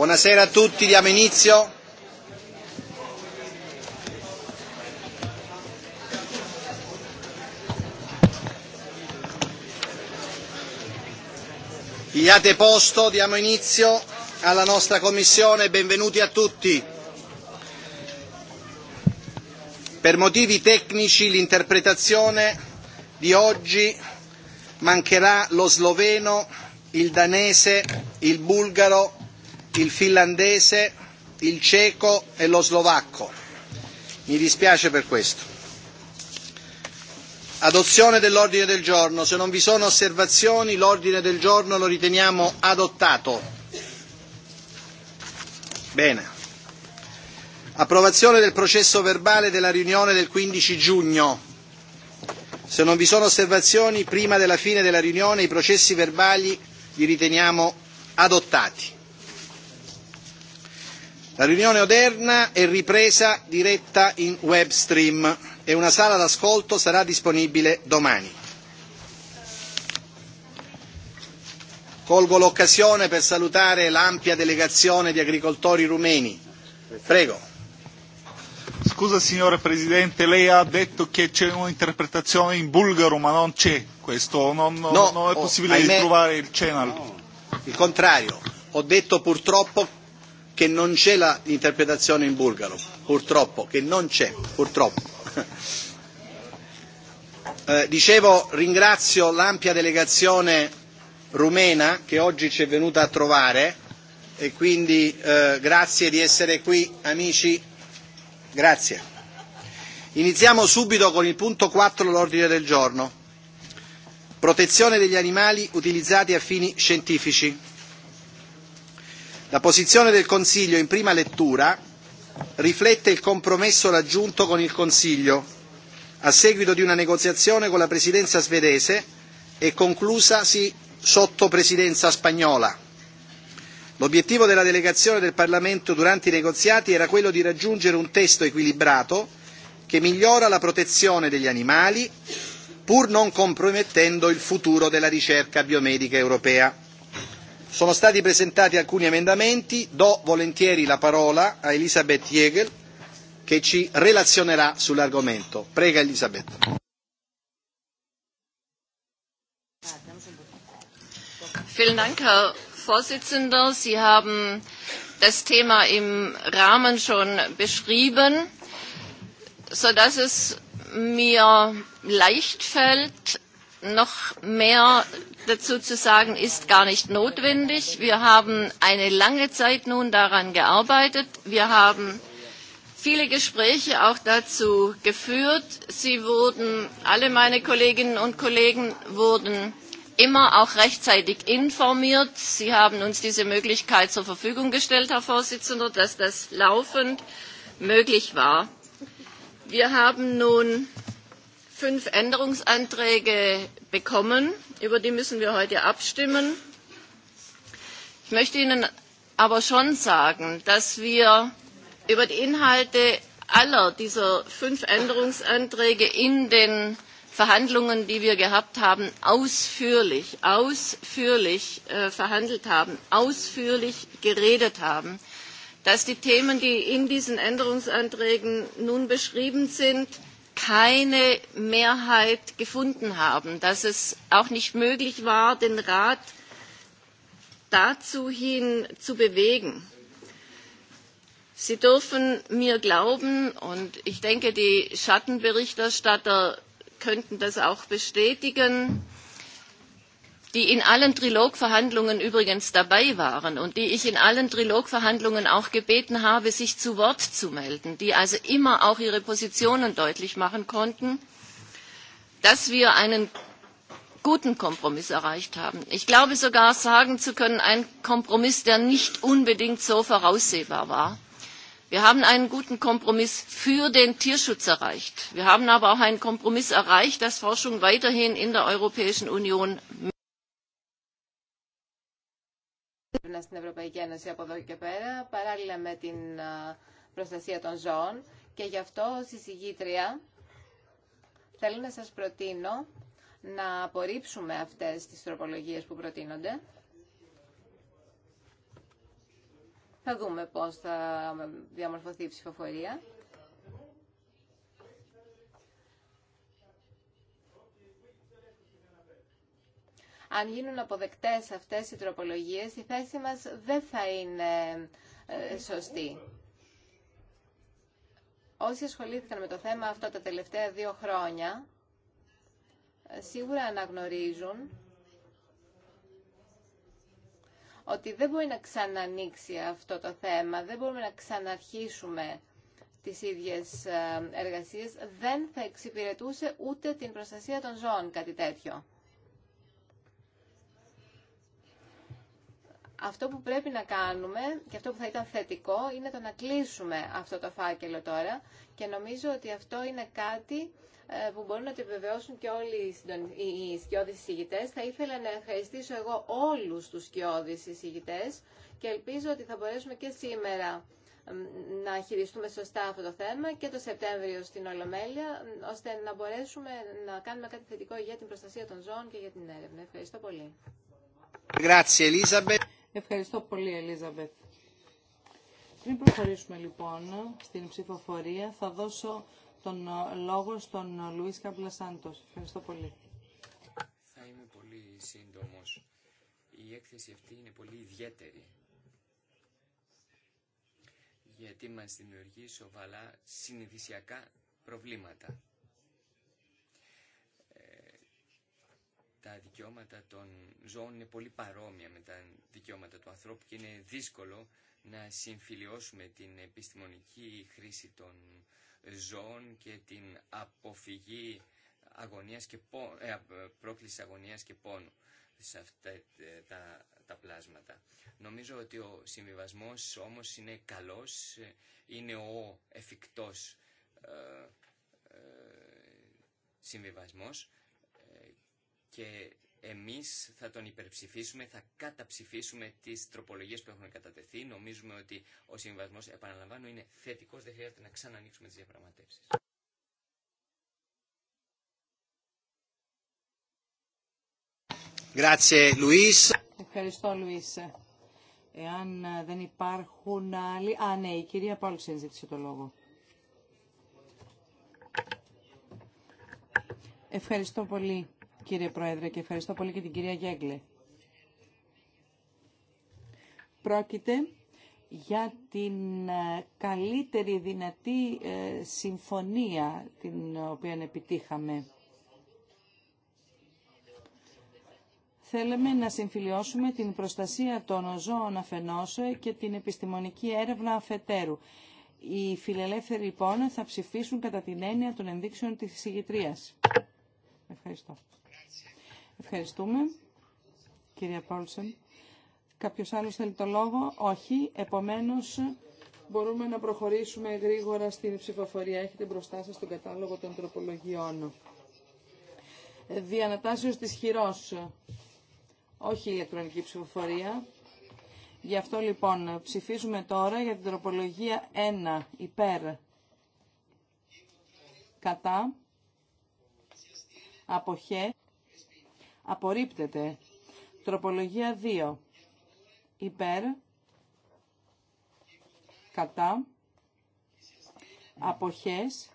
Buonasera a tutti, diamo inizio. Pigliate posto, diamo inizio alla nostra commissione, benvenuti a tutti. Per motivi tecnici l'interpretazione di oggi mancherà lo sloveno, il danese, il bulgaro il finlandese, il ceco e lo slovacco. Mi dispiace per questo. Adozione dell'ordine del giorno. Se non vi sono osservazioni, l'ordine del giorno lo riteniamo adottato. Bene. Approvazione del processo verbale della riunione del 15 giugno. Se non vi sono osservazioni, prima della fine della riunione i processi verbali li riteniamo adottati. La riunione odierna è ripresa diretta in web stream e una sala d'ascolto sarà disponibile domani. Colgo l'occasione per salutare l'ampia delegazione di agricoltori rumeni. Prego. Scusa signora Presidente, lei ha detto che c'è un'interpretazione in bulgaro ma non c'è questo, non, no, non è possibile oh, ritrovare il channel. No. Il contrario, ho detto purtroppo che non c'è l'interpretazione in bulgaro, purtroppo, che non c'è, purtroppo. Dicevo, ringrazio l'ampia delegazione rumena che oggi ci è venuta a trovare e quindi grazie di essere qui, amici. Grazie. Iniziamo subito con il punto 4 dell'ordine del giorno. Protezione degli animali utilizzati a fini scientifici La posizione del Consiglio in prima lettura riflette il compromesso raggiunto con il Consiglio a seguito di una negoziazione con la Presidenza svedese e conclusasi sotto Presidenza spagnola. L'obiettivo della delegazione del Parlamento durante i negoziati era quello di raggiungere un testo equilibrato che migliora la protezione degli animali pur non compromettendo il futuro della ricerca biomedica europea. Sono stati presentati alcuni emendamenti, do volentieri la parola a Elisabeth Jägel che ci relazionerà sull'argomento. Prega Elisabeth. Vielen Dank, Herr Vorsitzender. Sie haben das Thema im Rahmen schon beschrieben, sodass es mir leicht fällt, noch mehr dazu zu sagen ist gar nicht notwendig. wir haben eine lange zeit nun daran gearbeitet wir haben viele gespräche auch dazu geführt sie wurden alle meine kolleginnen und kollegen wurden immer auch rechtzeitig informiert sie haben uns diese möglichkeit zur verfügung gestellt herr vorsitzender dass das laufend möglich war. wir haben nun fünf Änderungsanträge bekommen. Über die müssen wir heute abstimmen. Ich möchte Ihnen aber schon sagen, dass wir über die Inhalte aller dieser fünf Änderungsanträge in den Verhandlungen, die wir gehabt haben, ausführlich, ausführlich verhandelt haben, ausführlich geredet haben, dass die Themen, die in diesen Änderungsanträgen nun beschrieben sind, keine Mehrheit gefunden haben, dass es auch nicht möglich war, den Rat dazu hin zu bewegen. Sie dürfen mir glauben, und ich denke, die Schattenberichterstatter könnten das auch bestätigen, die in allen Trilogverhandlungen übrigens dabei waren und die ich in allen Trilogverhandlungen auch gebeten habe, sich zu Wort zu melden, die also immer auch ihre Positionen deutlich machen konnten, dass wir einen guten Kompromiss erreicht haben. Ich glaube sogar sagen zu können, ein Kompromiss, der nicht unbedingt so voraussehbar war. Wir haben einen guten Kompromiss für den Tierschutz erreicht. Wir haben aber auch einen Kompromiss erreicht, dass Forschung weiterhin in der Europäischen Union έρευνα στην Ευρωπαϊκή Ένωση από εδώ και πέρα, παράλληλα με την προστασία των ζώων. Και γι' αυτό, ως εισηγήτρια, θέλω να σας προτείνω να απορρίψουμε αυτές τις τροπολογίες που προτείνονται. Θα δούμε πώς θα διαμορφωθεί η ψηφοφορία. Αν γίνουν αποδεκτές αυτές οι τροπολογίες, η θέση μας δεν θα είναι ε, σωστή. Όσοι ασχολήθηκαν με το θέμα αυτό τα τελευταία δύο χρόνια, ε, σίγουρα αναγνωρίζουν ότι δεν μπορεί να ξανανοίξει αυτό το θέμα, δεν μπορούμε να ξαναρχίσουμε τις ίδιες ε, εργασίες, δεν θα εξυπηρετούσε ούτε την προστασία των ζώων κάτι τέτοιο. Αυτό που πρέπει να κάνουμε και αυτό που θα ήταν θετικό είναι το να κλείσουμε αυτό το φάκελο τώρα και νομίζω ότι αυτό είναι κάτι ε, που μπορούν να το επιβεβαιώσουν και όλοι οι σκιώδεις εισηγητές. Θα ήθελα να ευχαριστήσω εγώ όλους τους σκιώδεις εισηγητές και ελπίζω ότι θα μπορέσουμε και σήμερα να χειριστούμε σωστά αυτό το θέμα και το Σεπτέμβριο στην Ολομέλεια, ώστε να μπορέσουμε να κάνουμε κάτι θετικό για την προστασία των ζώων και για την έρευνα. Ευχαριστώ πολύ. Grazie, Ευχαριστώ πολύ, Ελίζαβετ. Πριν προχωρήσουμε λοιπόν στην ψηφοφορία, θα δώσω τον λόγο στον Λουίς Καμπλασάντος. Ευχαριστώ πολύ. Θα είμαι πολύ σύντομος. Η έκθεση αυτή είναι πολύ ιδιαίτερη γιατί μας δημιουργεί σοβαλά συνειδησιακά προβλήματα. τα δικαιώματα των ζώων είναι πολύ παρόμοια με τα δικαιώματα του ανθρώπου και είναι δύσκολο να συμφιλιώσουμε την επιστημονική χρήση των ζώων και την αποφυγή αγωνίας και ε, πρόκληση αγωνίας και πόνου σε αυτά τα, τα πλάσματα. Νομίζω ότι ο συμβιβασμός όμως είναι καλός, είναι ο εφικτός ε, ε συμβιβασμός και εμείς θα τον υπερψηφίσουμε, θα καταψηφίσουμε τις τροπολογίες που έχουν κατατεθεί. Νομίζουμε ότι ο συμβασμός, επαναλαμβάνω, είναι θετικός, δεν χρειάζεται να ξανανοίξουμε τις διαπραγματεύσεις. Ευχαριστώ, Λουίς. Εάν ε, δεν υπάρχουν άλλοι... Α, ναι, η κυρία Πάλουσεν ζήτησε το λόγο. Ευχαριστώ πολύ κύριε Πρόεδρε και ευχαριστώ πολύ και την κυρία Γέγκλε. Πρόκειται για την ε, καλύτερη δυνατή ε, συμφωνία την οποία επιτύχαμε. Θέλαμε να συμφιλιώσουμε την προστασία των ζώων αφενός ε, και την επιστημονική έρευνα αφετέρου. Οι φιλελεύθεροι λοιπόν θα ψηφίσουν κατά την έννοια των ενδείξεων της συγγετρίας. Ευχαριστώ. Ευχαριστούμε, κυρία Πόλσεν. Κάποιος άλλος θέλει το λόγο. Όχι. Επομένως, μπορούμε να προχωρήσουμε γρήγορα στην ψηφοφορία. Έχετε μπροστά σας τον κατάλογο των τροπολογιών. Διανατάσεως της χειρός. Όχι ηλεκτρονική ψηφοφορία. Γι' αυτό λοιπόν ψηφίζουμε τώρα για την τροπολογία 1 υπέρ κατά αποχέ Απορρίπτεται. Τροπολογία 2. Υπέρ. Κατά. Αποχές.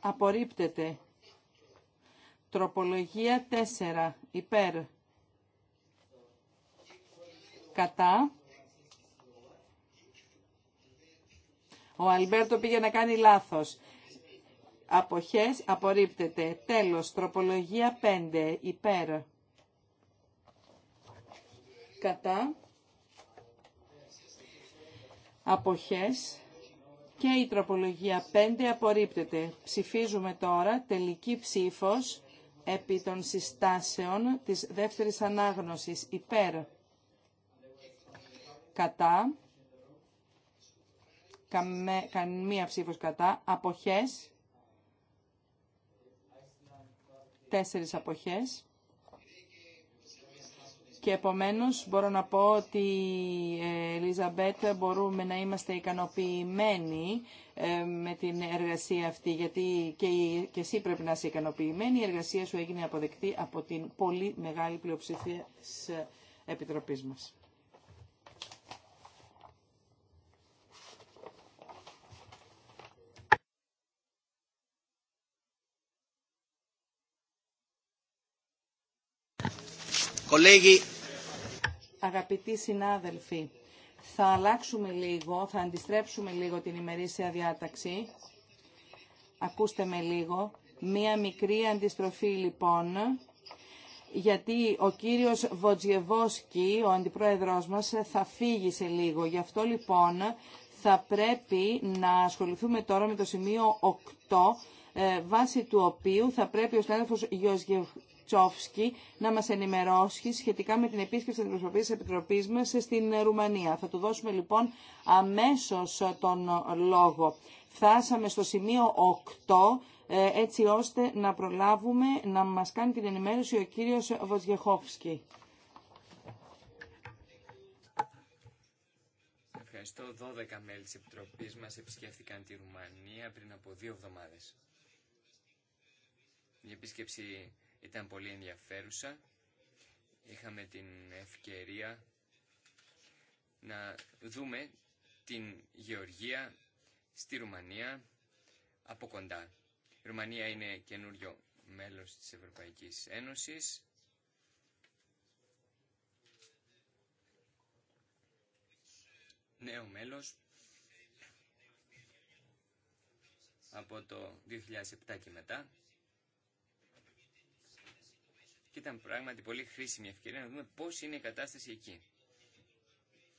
Απορρίπτεται. Τροπολογία 4. Υπέρ. Κατά. Ο Αλμπέρτο πήγε να κάνει λάθος. Αποχές απορρίπτεται. Τέλος, τροπολογία 5, υπέρ. Κατά. Αποχές και η τροπολογία 5 απορρίπτεται. Ψηφίζουμε τώρα τελική ψήφος επί των συστάσεων της δεύτερης ανάγνωσης υπέρ. Κατά. Καμία ψήφος κατά. Αποχές τέσσερις αποχές. Και επομένως μπορώ να πω ότι, ε, Ελίζαμπετ, μπορούμε να είμαστε ικανοποιημένοι ε, με την εργασία αυτή, γιατί και, και εσύ πρέπει να είσαι ικανοποιημένη. Η εργασία σου έγινε αποδεκτή από την πολύ μεγάλη πλειοψηφία της Επιτροπής μας. Αγαπητοί συνάδελφοι, θα αλλάξουμε λίγο, θα αντιστρέψουμε λίγο την ημερήσια διάταξη. Ακούστε με λίγο. Μία μικρή αντιστροφή λοιπόν, γιατί ο κύριος Βοτζιεβόσκι, ο αντιπρόεδρός μας, θα φύγει σε λίγο. Γι' αυτό λοιπόν θα πρέπει να ασχοληθούμε τώρα με το σημείο 8, ε, βάσει του οποίου θα πρέπει ο συνάδελφος Τσόφσκι να μας ενημερώσει σχετικά με την επίσκεψη της επιτροπή Επιτροπής μας στην Ρουμανία. Θα του δώσουμε λοιπόν αμέσως τον λόγο. Φτάσαμε στο σημείο 8 ε, έτσι ώστε να προλάβουμε να μας κάνει την ενημέρωση ο κύριος Βοζγεχόφσκι. Ευχαριστώ. 12 μέλη της Επιτροπής μας επισκέφθηκαν τη Ρουμανία πριν από δύο εβδομάδες. Η επίσκεψη ήταν πολύ ενδιαφέρουσα. Είχαμε την ευκαιρία να δούμε την Γεωργία στη Ρουμανία από κοντά. Η Ρουμανία είναι καινούριο μέλος της Ευρωπαϊκής Ένωσης. Νέο μέλος από το 2007 και μετά. Και ήταν πράγματι πολύ χρήσιμη ευκαιρία να δούμε πώς είναι η κατάσταση εκεί.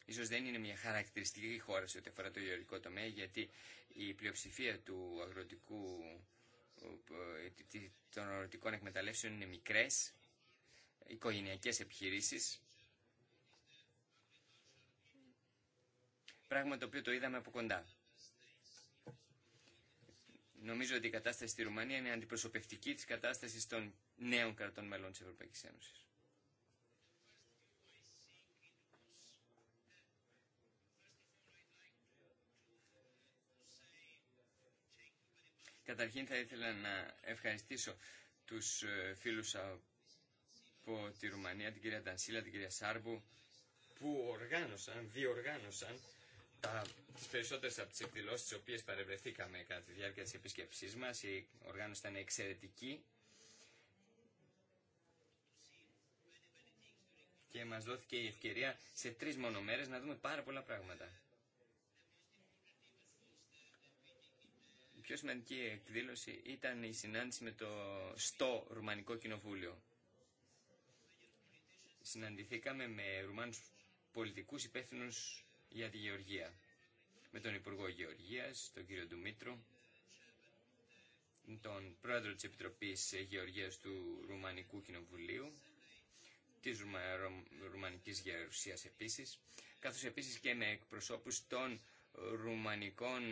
Ίσως δεν είναι μια χαρακτηριστική χώρα σε ό,τι αφορά το γεωργικό τομέα, γιατί η πλειοψηφία του αγροτικού, των αγροτικών εκμεταλλεύσεων είναι μικρές, οικογενειακές επιχειρήσεις, πράγμα το οποίο το είδαμε από κοντά. Νομίζω ότι η κατάσταση στη Ρουμανία είναι αντιπροσωπευτική της κατάστασης των νέων κρατών μελών της Ευρωπαϊκής Ένωσης. Καταρχήν θα ήθελα να ευχαριστήσω τους ε, φίλους από τη Ρουμανία, την κυρία Τανσίλα, την κυρία Σάρμπου, που οργάνωσαν, διοργάνωσαν τα, περισσότερε από τι εκδηλώσει τις οποίε παρευρεθήκαμε κατά τη διάρκεια τη επισκέψή μα, Η οργάνωση ήταν εξαιρετική και μας δόθηκε η ευκαιρία σε τρεις μόνο μέρε να δούμε πάρα πολλά πράγματα. Η πιο σημαντική εκδήλωση ήταν η συνάντηση με το στο Ρουμανικό Κοινοβούλιο. Συναντηθήκαμε με Ρουμάνους πολιτικούς υπεύθυνου για τη Γεωργία. Με τον Υπουργό Γεωργίας, τον κύριο Ντουμήτρου, τον πρόεδρο της Επιτροπής Γεωργίας του Ρουμανικού Κοινοβουλίου, της Ρουμα... Ρουμανικής Γεωργίας επίσης, καθώς επίσης και με εκπροσώπους των Ρουμανικών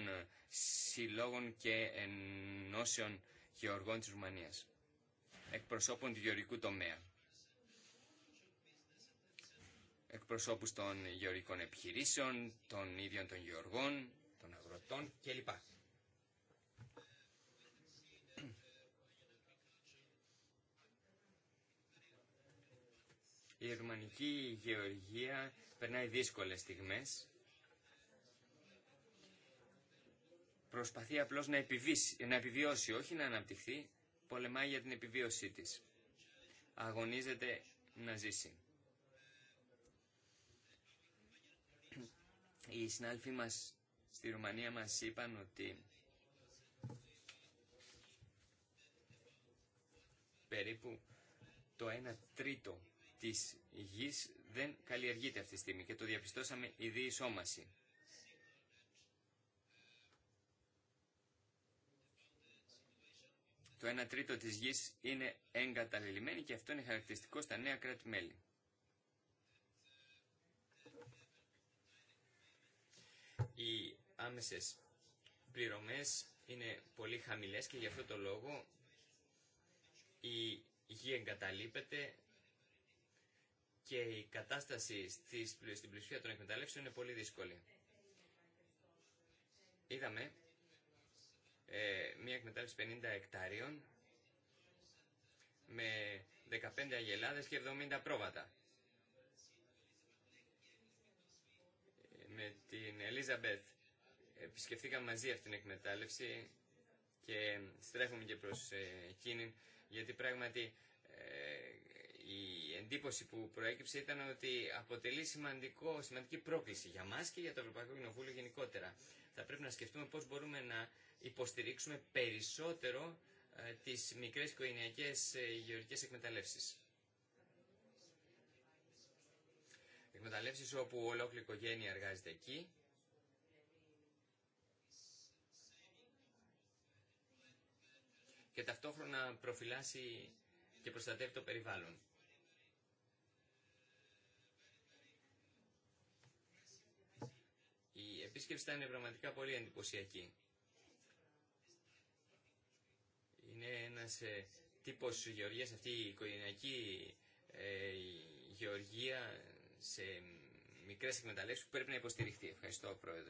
Συλλόγων και Ενώσεων Γεωργών της Ρουμανίας, εκπροσώπων του γεωργικού τομέα εκπροσώπους των γεωργικών επιχειρήσεων, των ίδιων των γεωργών, των αγροτών κλπ. Η ερμανική γεωργία περνάει δύσκολες στιγμές. Προσπαθεί απλώς να, να επιβιώσει, όχι να αναπτυχθεί. Πολεμάει για την επιβίωσή της. Αγωνίζεται να ζήσει. Οι συνάδελφοί μας στη Ρουμανία μας είπαν ότι περίπου το 1 τρίτο της γης δεν καλλιεργείται αυτή τη στιγμή και το διαπιστώσαμε η διεισόμαση. Το 1 τρίτο της γης είναι εγκαταλελειμμένη και αυτό είναι χαρακτηριστικό στα νέα κράτη-μέλη. οι άμεσες πληρωμές είναι πολύ χαμηλές και γι' αυτό το λόγο η γη εγκαταλείπεται και η κατάσταση στην πλησία των εκμεταλλεύσεων είναι πολύ δύσκολη. Είδαμε ε, μια εκμετάλλευση 50 εκτάριων με 15 αγελάδες και 70 πρόβατα. με την Ελίζαμπεθ επισκεφθήκαμε μαζί αυτήν την εκμετάλλευση και στρέφουμε και προς ε, εκείνη γιατί πράγματι ε, η εντύπωση που προέκυψε ήταν ότι αποτελεί σημαντικό, σημαντική πρόκληση για μας και για το Ευρωπαϊκό Κοινοβούλιο γενικότερα. Θα πρέπει να σκεφτούμε πώς μπορούμε να υποστηρίξουμε περισσότερο ε, τις μικρές οικογενειακές γεωργικές εκμεταλλεύσεις. εκμεταλλεύσεις όπου ολόκληρη οικογένεια εργάζεται εκεί. Και ταυτόχρονα προφυλάσσει και προστατεύει το περιβάλλον. Η επίσκεψη ήταν πραγματικά πολύ εντυπωσιακή. Είναι ένας ε, τύπος γεωργίας αυτή η οικογενειακή ε, γεωργία σε μικρές εκμεταλλεύσεις που πρέπει να υποστηριχτεί. Ευχαριστώ, Πρόεδρε.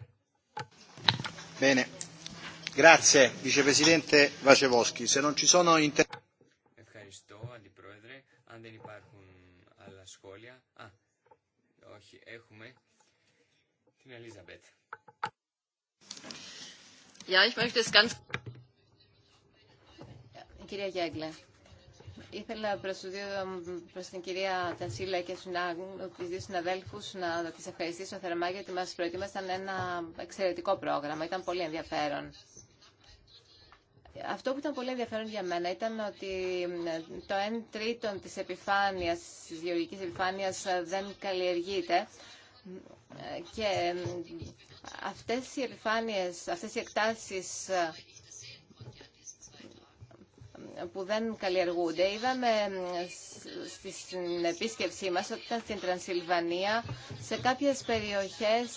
Ευχαριστώ, Αντιπρόεδρε. Αν δεν υπάρχουν άλλα σχόλια... Α, όχι, έχουμε την Ελίζαμπετ. Μπέτ. ganz... Κυρία Γέγκλε, Ήθελα προς, προς την κυρία Τανσίλα και τους δύο συναδέλφους να τις ευχαριστήσω θερμά γιατί μας προετοιμάσταν ένα εξαιρετικό πρόγραμμα. Ήταν πολύ ενδιαφέρον. Αυτό που ήταν πολύ ενδιαφέρον για μένα ήταν ότι ε, το 1 τρίτο της επιφάνειας, της γεωργικής επιφάνειας ε, δεν καλλιεργείται ε, και αυτές οι επιφάνειες, αυτές οι εκτάσεις που δεν καλλιεργούνται. Είδαμε στην επίσκεψή μας ότι ήταν στην Τρανσιλβανία σε κάποιες περιοχές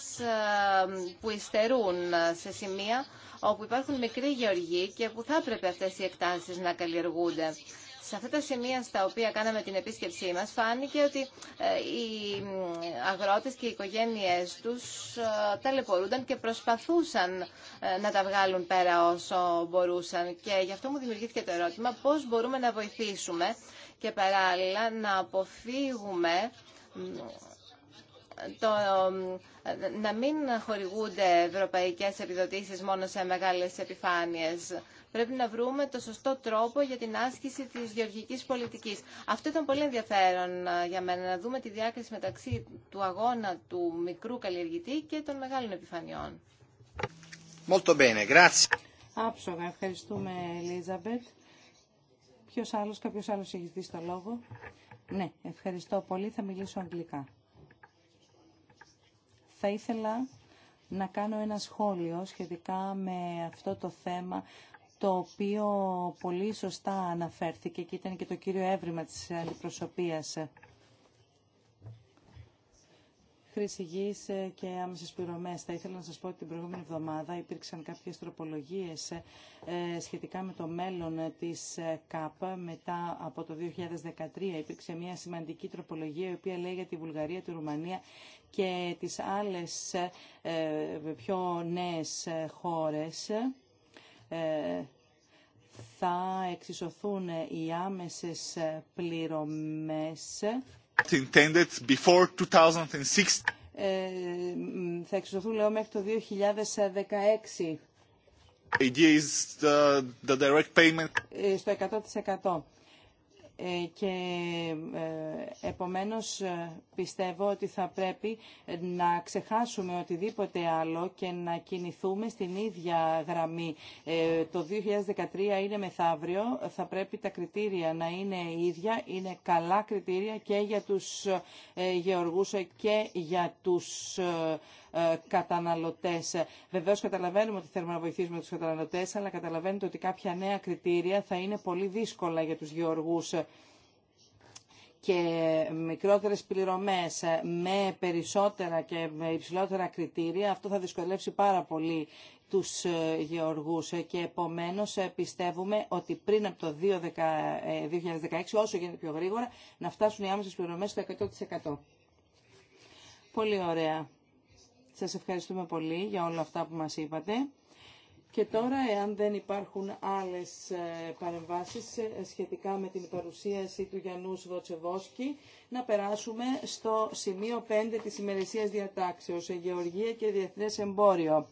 που υστερούν σε σημεία όπου υπάρχουν μικροί γεωργοί και που θα έπρεπε αυτές οι εκτάσεις να καλλιεργούνται. Σε αυτά τα σημεία στα οποία κάναμε την επίσκεψή μας φάνηκε ότι ε, οι αγρότες και οι οικογένειές τους ε, ταλαιπωρούνταν και προσπαθούσαν ε, να τα βγάλουν πέρα όσο μπορούσαν. Και γι' αυτό μου δημιουργήθηκε το ερώτημα πώς μπορούμε να βοηθήσουμε και παράλληλα να αποφύγουμε το, να μην χορηγούνται ευρωπαϊκές επιδοτήσεις μόνο σε μεγάλες επιφάνειες Πρέπει να βρούμε το σωστό τρόπο για την άσκηση της γεωργικής πολιτικής. Αυτό ήταν πολύ ενδιαφέρον ε, για μένα, να δούμε τη διάκριση μεταξύ του αγώνα του μικρού καλλιεργητή και των μεγάλων επιφανειών. Molto bene, grazie. Άψογα, ευχαριστούμε Ελίζαμπετ. Ποιος άλλος, κάποιο άλλος έχει δει στο λόγο. Ναι, ευχαριστώ πολύ. Θα μιλήσω αγγλικά. Θα ήθελα να κάνω ένα σχόλιο σχετικά με αυτό το θέμα το οποίο πολύ σωστά αναφέρθηκε και ήταν και το κύριο έβριμα της αντιπροσωπείας. Χρήση γης και άμεσες πληρωμές. Θα ήθελα να σας πω ότι την προηγούμενη εβδομάδα υπήρξαν κάποιες τροπολογίες ε, σχετικά με το μέλλον της ε, ΚΑΠ μετά από το 2013. Υπήρξε μια σημαντική τροπολογία η οποία λέει για τη Βουλγαρία, τη Ρουμανία και τις άλλες ε, πιο νέες χώρες ε, θα εξισωθούν ε, οι άμεσες ε, πληρωμές intended before 2006. θα εξισωθούν λέω μέχρι το 2016 idea is the, the direct payment. στο 100%. Ε, και ε, επομένως ε, πιστεύω ότι θα πρέπει να ξεχάσουμε οτιδήποτε άλλο και να κινηθούμε στην ίδια γραμμή. Το 2013 είναι μεθαύριο, θα πρέπει τα κριτήρια να είναι ίδια, είναι καλά κριτήρια και για τους γεωργούς και για τους ε, καταναλωτέ. Βεβαίω καταλαβαίνουμε ότι θέλουμε να βοηθήσουμε του καταναλωτέ, αλλά καταλαβαίνετε ότι κάποια νέα κριτήρια θα είναι πολύ δύσκολα για του γεωργού και μικρότερες πληρωμές με περισσότερα και με υψηλότερα κριτήρια, αυτό θα δυσκολεύσει πάρα πολύ τους ε, γεωργούς και επομένως ε, πιστεύουμε ότι πριν από το 2016, όσο γίνεται πιο γρήγορα, να φτάσουν οι άμεσες πληρωμές στο 100%. Πολύ ωραία. Σας ευχαριστούμε πολύ για όλα αυτά που μας είπατε. Και τώρα, εάν δεν υπάρχουν άλλες ε, παρεμβάσεις ε, σχετικά με την παρουσίαση του Γιάννου Βοτσεβόσκη, να περάσουμε στο σημείο 5 της ημερησίας διατάξεως, Γεωργία και Διεθνές Εμπόριο.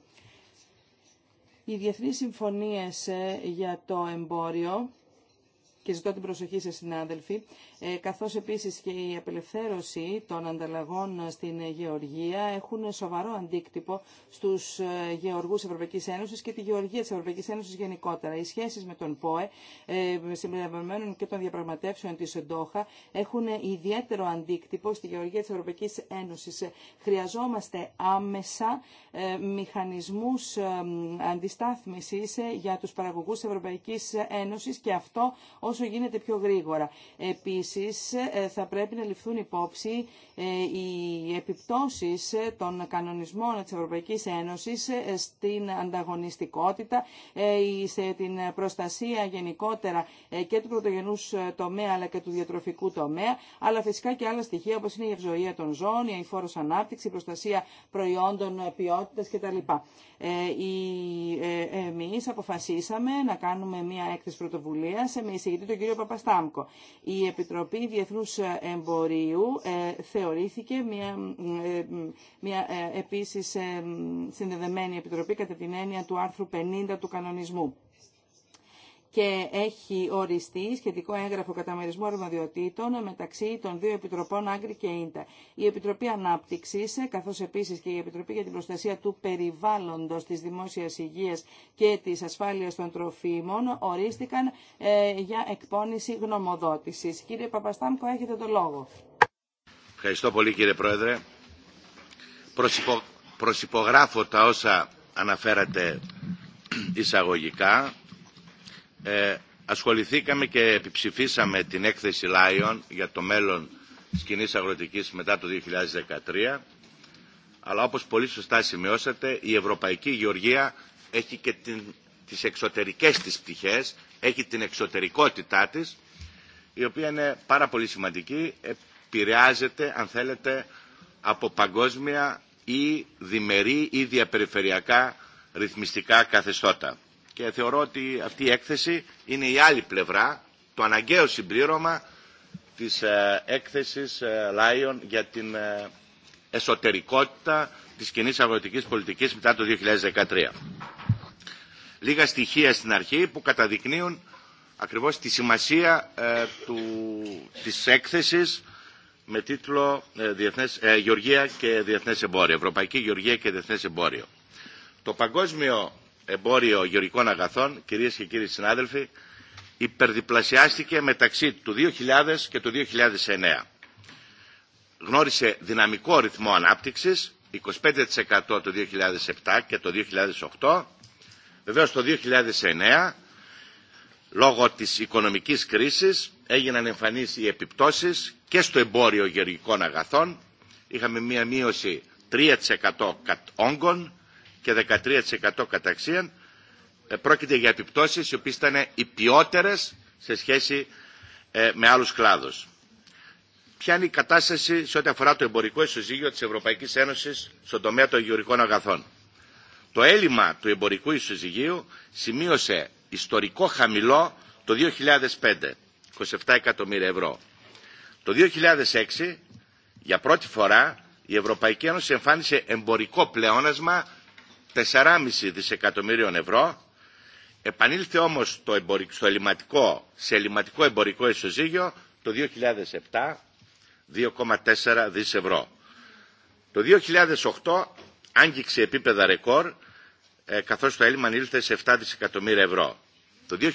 Οι διεθνείς συμφωνίες ε, για το εμπόριο, και ζητώ την προσοχή σε συνάδελφοι, ε, καθώς επίσης και η απελευθέρωση των ανταλλαγών στην Γεωργία έχουν σοβαρό αντίκτυπο στους ε, γεωργούς Ευρωπαϊκής Ένωσης και τη γεωργία της Ευρωπαϊκής Ένωσης γενικότερα. Οι σχέσεις με τον ΠΟΕ, ε, συμπεριλαμβανομένων και των διαπραγματεύσεων της ΕΝΤΟΧΑ έχουν ιδιαίτερο αντίκτυπο στη γεωργία της Ευρωπαϊκής Ένωσης. Χρειαζόμαστε άμεσα μηχανισμούς αντιστάθμισης για τους παραγωγούς Ευρωπαϊκής Ένωσης και αυτό όσο γίνεται πιο γρήγορα. Επίσης, Επίσης ε, θα πρέπει να ληφθούν υπόψη ε, οι επιπτώσεις ε, των κανονισμών της Ευρωπαϊκής Ένωσης στην ανταγωνιστικότητα, σε την προστασία γενικότερα και του πρωτογενούς τομέα αλλά και του διατροφικού τομέα, αλλά φυσικά και άλλα στοιχεία όπως είναι η ευζοία των ζώων, η αηφόρος ανάπτυξη, η προστασία προϊόντων ποιότητας κτλ. Εμείς αποφασίσαμε να κάνουμε μια έκθεση πρωτοβουλία με εισηγητή τον κύριο Παπαστάμκο. Η Επιτροπή Διεθνούς Εμπορίου ε, θεωρήθηκε μια, ε, μια ε, επίσης συνδεδεμένη επιτροπή κατά την έννοια του άρθρου 50 του κανονισμού και έχει οριστεί σχετικό έγγραφο καταμερισμό αρμοδιοτήτων μεταξύ των δύο Επιτροπών Άγκρη και Ίντα. Η Επιτροπή Ανάπτυξη, καθώ επίση και η Επιτροπή για την Προστασία του Περιβάλλοντο, τη Δημόσια Υγεία και τη Ασφάλεια των Τροφίμων, ορίστηκαν ε, για εκπόνηση γνωμοδότηση. Κύριε Παπαστάμκο, έχετε το λόγο. Ευχαριστώ πολύ κύριε Πρόεδρε. Προσυπο... Προσυπογράφω τα όσα αναφέρατε εισαγωγικά ε, ασχοληθήκαμε και επιψηφίσαμε την έκθεση Lion για το μέλλον της κοινή αγροτικής μετά το 2013 αλλά όπως πολύ σωστά σημειώσατε η Ευρωπαϊκή Γεωργία έχει και την, τις εξωτερικές της πτυχές, έχει την εξωτερικότητά της η οποία είναι πάρα πολύ σημαντική, επηρεάζεται αν θέλετε από παγκόσμια ή διμερή ή διαπεριφερειακά ρυθμιστικά καθεστώτα και θεωρώ ότι αυτή η έκθεση είναι η άλλη πλευρά, το αναγκαίο συμπλήρωμα της ε, έκθεσης ε, Λάιον για την ε, εσωτερικότητα της κοινή αγροτικής πολιτικής μετά το 2013. Λίγα στοιχεία στην αρχή που καταδεικνύουν ακριβώς τη σημασία του, της έκθεσης με τίτλο Διεθνές, Γεωργία και Διεθνές Εμπόριο, Ευρωπαϊκή Γεωργία και Διεθνές Εμπόριο. Το Παγκόσμιο εμπόριο γεωργικών αγαθών, κυρίες και κύριοι συνάδελφοι, υπερδιπλασιάστηκε μεταξύ του 2000 και του 2009. Γνώρισε δυναμικό ρυθμό ανάπτυξης, 25% το 2007 και το 2008. Βεβαίως το 2009, λόγω της οικονομικής κρίσης, έγιναν εμφανείς οι επιπτώσεις και στο εμπόριο γεωργικών αγαθών. Είχαμε μία μείωση 3% κατ' όγκων και 13% καταξίαν. Ε, πρόκειται για επιπτώσεις οι οποίες ήταν οι ποιότερες σε σχέση ε, με άλλους κλάδους. Ποια είναι η κατάσταση σε ό,τι αφορά το εμπορικό ισοζύγιο της Ευρωπαϊκής Ένωσης στον τομέα των γεωργικών αγαθών. Το έλλειμμα του εμπορικού ισοζυγίου σημείωσε ιστορικό χαμηλό το 2005, 27 εκατομμύρια ευρώ. Το 2006, για πρώτη φορά, η Ευρωπαϊκή Ένωση εμφάνισε εμπορικό πλεόνασμα 4,5 δισεκατομμύριων ευρώ, επανήλθε όμως το στο ελληματικό, σε ελληματικό εμπορικό ισοζύγιο το 2007 2,4 δις Το 2008 άγγιξε επίπεδα ρεκόρ ε, καθώς το έλλειμμα ανήλθε σε 7 δισεκατομμύρια ευρώ. Το 2009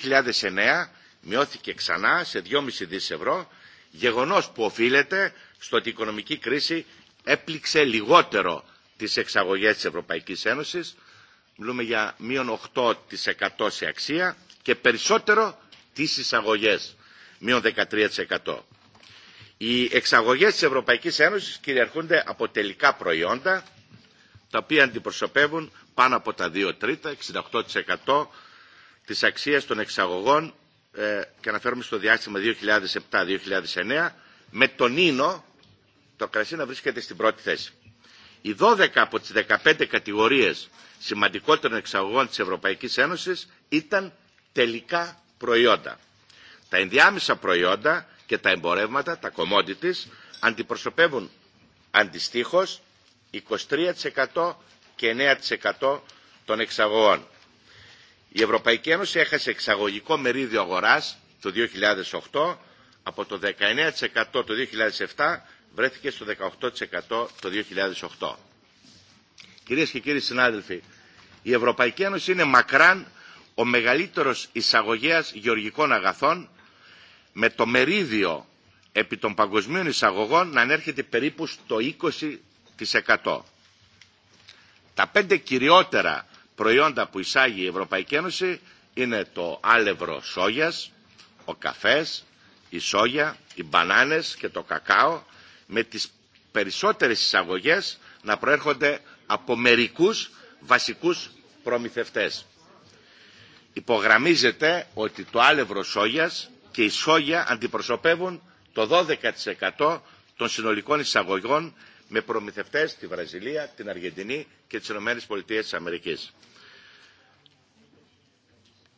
μειώθηκε ξανά σε 2,5 δις ευρώ, γεγονός που οφείλεται στο ότι η οικονομική κρίση έπληξε λιγότερο τις εξαγωγές της Ευρωπαϊκής Ένωσης. Μιλούμε για μείον 8% σε αξία και περισσότερο τις εισαγωγές, μείον 13%. Οι εξαγωγές της Ευρωπαϊκής Ένωσης κυριαρχούνται από τελικά προϊόντα, τα οποία αντιπροσωπεύουν πάνω από τα 2 τρίτα, 68% της αξίας των εξαγωγών ε, και αναφέρουμε στο διάστημα 2007-2009, με τον Ίνο το κρασί να βρίσκεται στην πρώτη θέση οι 12 από τις 15 κατηγορίες σημαντικότερων εξαγωγών της Ευρωπαϊκής Ένωσης ήταν τελικά προϊόντα. Τα ενδιάμεσα προϊόντα και τα εμπορεύματα, τα commodities, αντιπροσωπεύουν αντιστοίχως 23% και 9% των εξαγωγών. Η Ευρωπαϊκή Ένωση έχασε εξαγωγικό μερίδιο αγοράς το 2008 από το 19% το 2007 βρέθηκε στο 18% το 2008. Κυρίες και κύριοι συνάδελφοι, η Ευρωπαϊκή Ένωση είναι μακράν ο μεγαλύτερος εισαγωγέας γεωργικών αγαθών με το μερίδιο επί των παγκοσμίων εισαγωγών να ανέρχεται περίπου στο 20%. Τα πέντε κυριότερα προϊόντα που εισάγει η Ευρωπαϊκή Ένωση είναι το άλευρο σόγιας, ο καφές, η σόγια, οι μπανάνες και το κακάο με τις περισσότερες εισαγωγές να προέρχονται από μερικούς βασικούς προμηθευτές. Υπογραμμίζεται ότι το άλευρο σόγιας και η σόγια αντιπροσωπεύουν το 12% των συνολικών εισαγωγών με προμηθευτές στη Βραζιλία, την Αργεντινή και τις ΗΠΑ.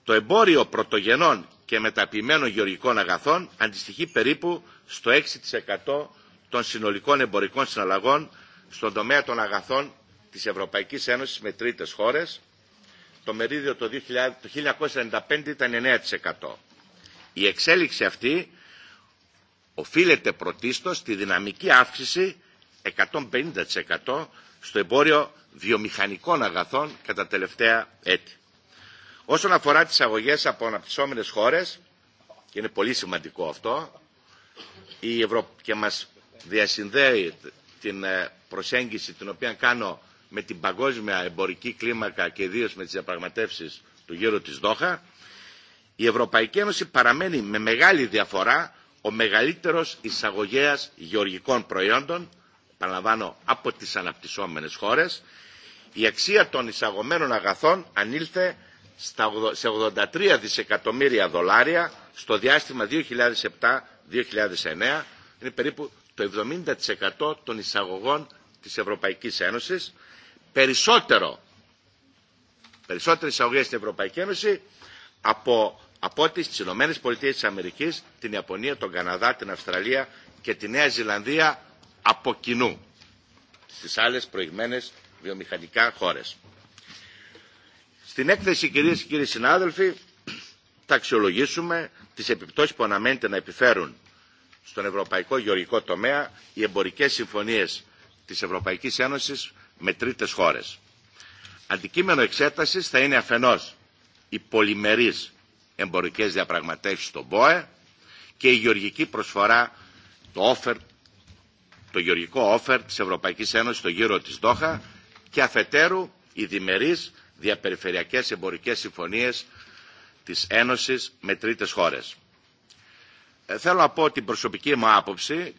Το εμπόριο πρωτογενών και μεταποιημένων γεωργικών αγαθών αντιστοιχεί περίπου στο 6% των συνολικών εμπορικών συναλλαγών στον τομέα των αγαθών της Ευρωπαϊκής Ένωσης με τρίτες χώρες. Το μερίδιο το 1995 ήταν 9%. Η εξέλιξη αυτή οφείλεται πρωτίστως στη δυναμική αύξηση 150% στο εμπόριο βιομηχανικών αγαθών κατά τα τελευταία έτη. Όσον αφορά τις αγωγές από αναπτυσσόμενες χώρες, και είναι πολύ σημαντικό αυτό, η και μας διασυνδέει την ε, προσέγγιση την οποία κάνω με την παγκόσμια εμπορική κλίμακα και ιδίω με τις διαπραγματεύσει του γύρου της Δόχα, η Ευρωπαϊκή Ένωση παραμένει με μεγάλη διαφορά ο μεγαλύτερος εισαγωγέας γεωργικών προϊόντων, παραλαμβάνω από τις αναπτυσσόμενες χώρες, η αξία των εισαγωμένων αγαθών ανήλθε σε 83 δισεκατομμύρια δολάρια στο διάστημα 2007-2009, είναι περίπου το 70% των εισαγωγών της Ευρωπαϊκής Ένωσης, περισσότερο, περισσότερες εισαγωγές στην Ευρωπαϊκή Ένωση από, από ό,τι στις Ηνωμένες Πολιτείες της Αμερικής, την Ιαπωνία, τον Καναδά, την Αυστραλία και τη Νέα Ζηλανδία από κοινού στις άλλες προηγμένες βιομηχανικά χώρες. Στην έκθεση κυρίες και κύριοι συνάδελφοι θα αξιολογήσουμε τις επιπτώσεις που αναμένεται να επιφέρουν στον ευρωπαϊκό γεωργικό τομέα οι εμπορικές συμφωνίες της Ευρωπαϊκής Ένωσης με τρίτες χώρες. Αντικείμενο εξέτασης θα είναι αφενός οι πολυμερείς εμπορικές διαπραγματεύσεις στον ΠΟΕ και η γεωργική προσφορά, το, offer, το γεωργικό offer της Ευρωπαϊκής Ένωσης στο γύρο της Δόχα και αφετέρου οι διμερείς διαπεριφερειακές εμπορικές συμφωνίες της Ένωσης με τρίτες χώρες. Ε, θέλω να πω την προσωπική μου άποψη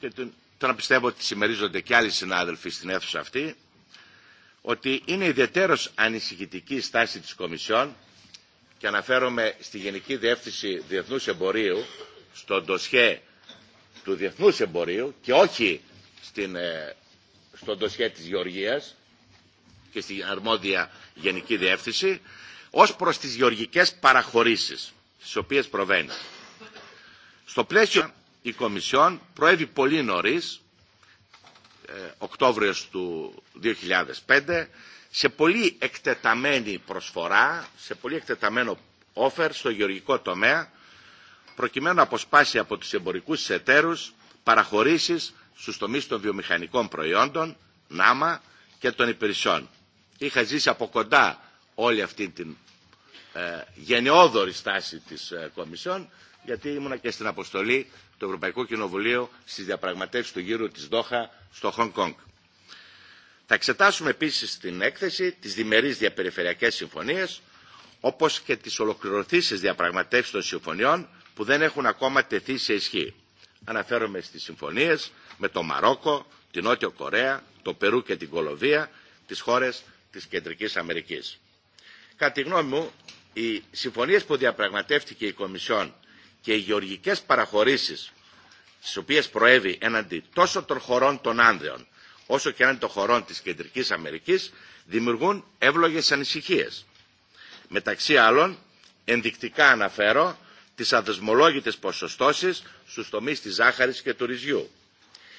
και να πιστεύω ότι συμμερίζονται και άλλοι συνάδελφοι στην αίθουσα αυτή ότι είναι ιδιαίτερος ανησυχητική η στάση της Κομισιόν και αναφέρομαι στη Γενική Διεύθυνση Διεθνούς Εμπορίου στο ντοσχέ του Διεθνούς Εμπορίου και όχι στην, ε, στο ντοσχέ της Γεωργίας και στην αρμόδια Γενική Διεύθυνση ως προς τις γεωργικές παραχωρήσεις στις οποίες προβαίνει. Στο πλαίσιο η Κομισιόν προέβη πολύ νωρίς, ε, Οκτώβριος του 2005, σε πολύ εκτεταμένη προσφορά, σε πολύ εκτεταμένο offer στο γεωργικό τομέα, προκειμένου να αποσπάσει από τους εμπορικούς σετέρους εταίρους παραχωρήσεις στους τομείς των βιομηχανικών προϊόντων, ΝΑΜΑ και των υπηρεσιών. Είχα ζήσει από κοντά όλη αυτή την ε, γενναιόδορη στάση της ε, Κομισιόν γιατί ήμουνα και στην αποστολή του Ευρωπαϊκού Κοινοβουλίου στι διαπραγματεύσει του γύρου τη Δόχα στο Χονγκ Κονγκ. Θα εξετάσουμε επίση την έκθεση τι διμερεί διαπεριφερειακέ συμφωνίε, όπω και τι ολοκληρωθήσει διαπραγματεύσει των συμφωνιών που δεν έχουν ακόμα τεθεί σε ισχύ. Αναφέρομαι στι συμφωνίε με το Μαρόκο, την Νότιο Κορέα, το Περού και την Κολοβία, τι χώρε τη Κεντρική Αμερική. Κατά τη γνώμη μου, οι συμφωνίε που διαπραγματεύτηκε η Κομισιόν και οι γεωργικές παραχωρήσεις στις οποίες προέβη έναντι τόσο των χωρών των Άνδεων όσο και έναντι των χωρών της Κεντρικής Αμερικής δημιουργούν εύλογες ανησυχίες. Μεταξύ άλλων, ενδεικτικά αναφέρω τις αδεσμολόγητες ποσοστώσεις στους τομείς της ζάχαρης και του ρυζιού.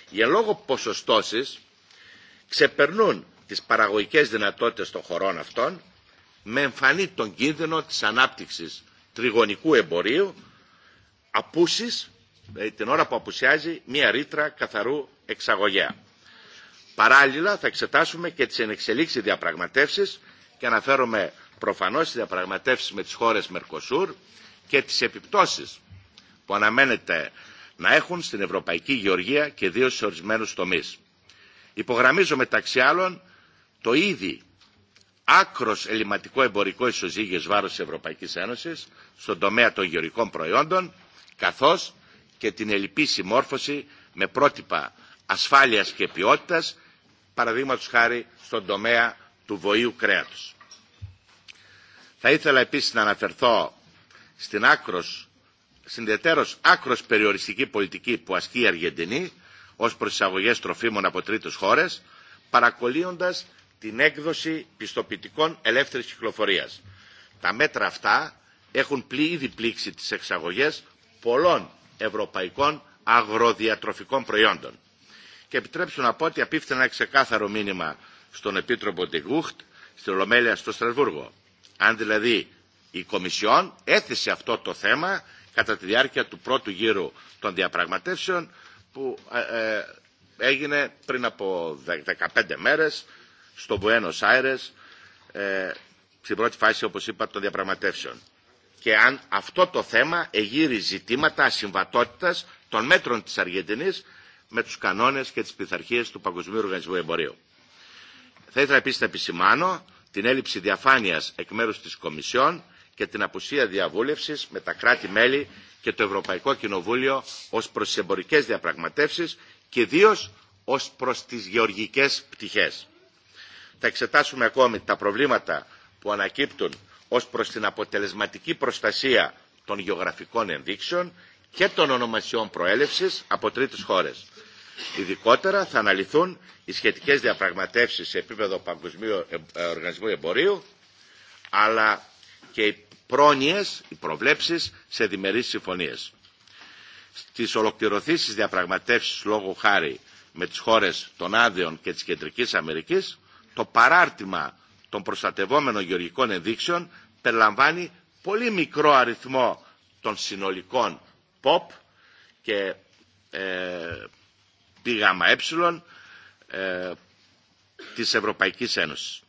Οι λόγω ποσοστώσεις ξεπερνούν τις παραγωγικές δυνατότητες των χωρών αυτών με εμφανή τον κίνδυνο της ανάπτυξης τριγωνικού εμπορίου απούσεις, δηλαδή την ώρα που απουσιάζει, μία ρήτρα καθαρού εξαγωγέα. Παράλληλα θα εξετάσουμε και τις ενεξελίξεις διαπραγματεύσεις και αναφέρομαι προφανώς τις διαπραγματεύσεις με τις χώρες Μερκοσούρ και τις επιπτώσεις που αναμένεται να έχουν στην Ευρωπαϊκή Γεωργία και δύο σε ορισμένους τομείς. Υπογραμμίζω μεταξύ άλλων το ήδη άκρος ελληματικό εμπορικό ισοζύγιος βάρος της Ευρωπαϊκής Ένωσης στον τομέα των γεωργικών προϊόντων καθώς και την ελληπή συμμόρφωση με πρότυπα ασφάλειας και ποιότητας, παραδείγματο χάρη στον τομέα του βοήου κρέατος. Θα ήθελα επίσης να αναφερθώ στην άκρος, συνδετέρως άκρος περιοριστική πολιτική που ασκεί η Αργεντινή ως προσαγωγές τροφίμων από τρίτες χώρες, παρακολύοντας την έκδοση πιστοποιητικών ελεύθερης κυκλοφορίας. Τα μέτρα αυτά έχουν ήδη πλήξει τις εξαγωγές πολλών ευρωπαϊκών αγροδιατροφικών προϊόντων. Και επιτρέψτε να πω ότι απίφθηνα ένα ξεκάθαρο μήνυμα στον Επίτροπο Ντεγούχτ στην Ολομέλεια στο Στρασβούργο. Αν δηλαδή η Κομισιόν έθεσε αυτό το θέμα κατά τη διάρκεια του πρώτου γύρου των διαπραγματεύσεων που ε, ε, έγινε πριν από 15 μέρες στο Buenos Aires ε, στην πρώτη φάση όπως είπα των διαπραγματεύσεων και αν αυτό το θέμα εγείρει ζητήματα ασυμβατότητας των μέτρων της Αργεντινής με τους κανόνες και τις πειθαρχίε του Παγκοσμίου Οργανισμού Εμπορίου. Θα ήθελα επίσης να επισημάνω την έλλειψη διαφάνειας εκ μέρους της Κομισιόν και την απουσία διαβούλευσης με τα κράτη-μέλη και το Ευρωπαϊκό Κοινοβούλιο ως προς τις εμπορικές διαπραγματεύσεις και ιδίω ως προς τις γεωργικές πτυχές. Θα εξετάσουμε ακόμη τα προβλήματα που ανακύπτουν ως προς την αποτελεσματική προστασία των γεωγραφικών ενδείξεων και των ονομασιών προέλευσης από τρίτες χώρες. Ειδικότερα θα αναλυθούν οι σχετικές διαπραγματεύσεις σε επίπεδο Παγκοσμίου ε, Οργανισμού Εμπορίου, αλλά και οι πρόνοιες, οι προβλέψεις σε διμερείς συμφωνίες. Στις ολοκληρωθήσεις διαπραγματεύσεις λόγω χάρη με τις χώρες των Άδεων και της Κεντρικής Αμερικής, το παράρτημα των προστατευόμενων γεωργικών ενδείξεων περιλαμβάνει πολύ μικρό αριθμό των συνολικών ΠΟΠ και ΠΓΕ ε, ε, της Ευρωπαϊκής Ένωσης.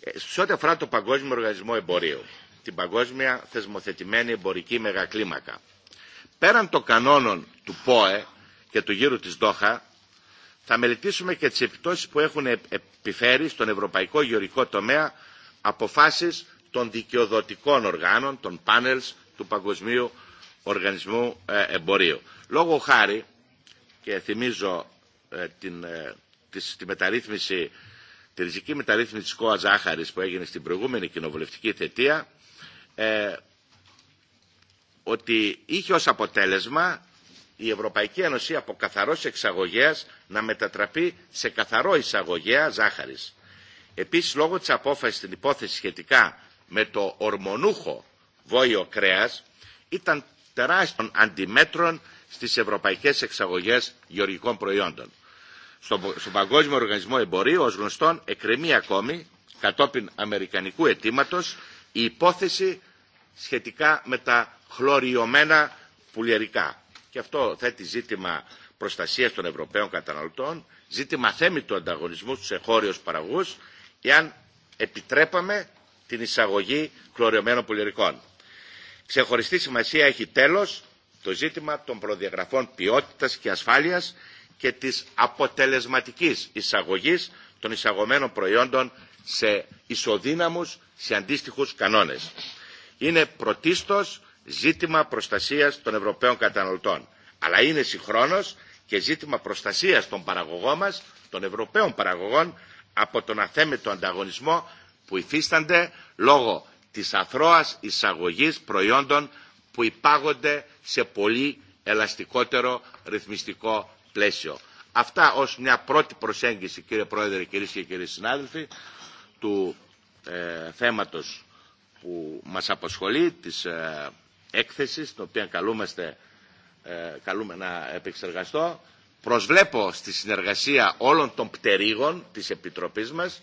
Ε, σε ό,τι αφορά το Παγκόσμιο Οργανισμό Εμπορίου, την παγκόσμια θεσμοθετημένη εμπορική μεγακλίμακα, πέραν των κανόνων του ΠΟΕ και του γύρου της Δόχα, θα μελετήσουμε και τις επιπτώσεις που έχουν επιφέρει στον ευρωπαϊκό γεωρικό τομέα αποφάσεις των δικαιοδοτικών οργάνων, των πάνελς του Παγκοσμίου Οργανισμού ε, Εμπορίου. Λόγω χάρη, και θυμίζω ε, την, ε, τη, τη, μεταρρύθμιση, τη ριζική μεταρρύθμιση της ΚΟΑ Ζάχαρης που έγινε στην προηγούμενη κοινοβουλευτική θετία, ότι είχε ως αποτέλεσμα η Ευρωπαϊκή Ένωση από καθαρό εξαγωγέας να μετατραπεί σε καθαρό εισαγωγέα ζάχαρης. Επίσης, λόγω της απόφασης στην υπόθεση σχετικά με το ορμονούχο βόηο κρέας, ήταν τεράστιων αντιμέτρων στις ευρωπαϊκές εξαγωγές γεωργικών προϊόντων. Στον στο Παγκόσμιο Οργανισμό Εμπορίου, ως γνωστόν, εκκρεμεί ακόμη, κατόπιν αμερικανικού αιτήματο, η υπόθεση σχετικά με τα χλωριωμένα πουλιαρικά και αυτό θέτει ζήτημα προστασίας των Ευρωπαίων καταναλωτών, ζήτημα θέμη του ανταγωνισμού στους εχώριους παραγούς, εάν επιτρέπαμε την εισαγωγή χλωριωμένων πολυερικών. Ξεχωριστή σημασία έχει τέλος το ζήτημα των προδιαγραφών ποιότητας και ασφάλειας και της αποτελεσματικής εισαγωγής των εισαγωμένων προϊόντων σε ισοδύναμους, σε αντίστοιχους κανόνες. Είναι πρωτίστως ζήτημα προστασίας των Ευρωπαίων καταναλωτών. Αλλά είναι συγχρόνως και ζήτημα προστασίας των παραγωγών μας, των Ευρωπαίων παραγωγών, από τον αθέμετο ανταγωνισμό που υφίστανται λόγω της αθρώας εισαγωγής προϊόντων που υπάγονται σε πολύ ελαστικότερο ρυθμιστικό πλαίσιο. Αυτά ως μια πρώτη προσέγγιση, κύριε Πρόεδρε, κυρίε και κύριοι συνάδελφοι, του ε, θέματος που μας αποσχολεί, της ε, Έκθεση την οποία καλούμαστε, ε, καλούμε να επεξεργαστώ. Προσβλέπω στη συνεργασία όλων των πτερίγων της Επιτροπής μας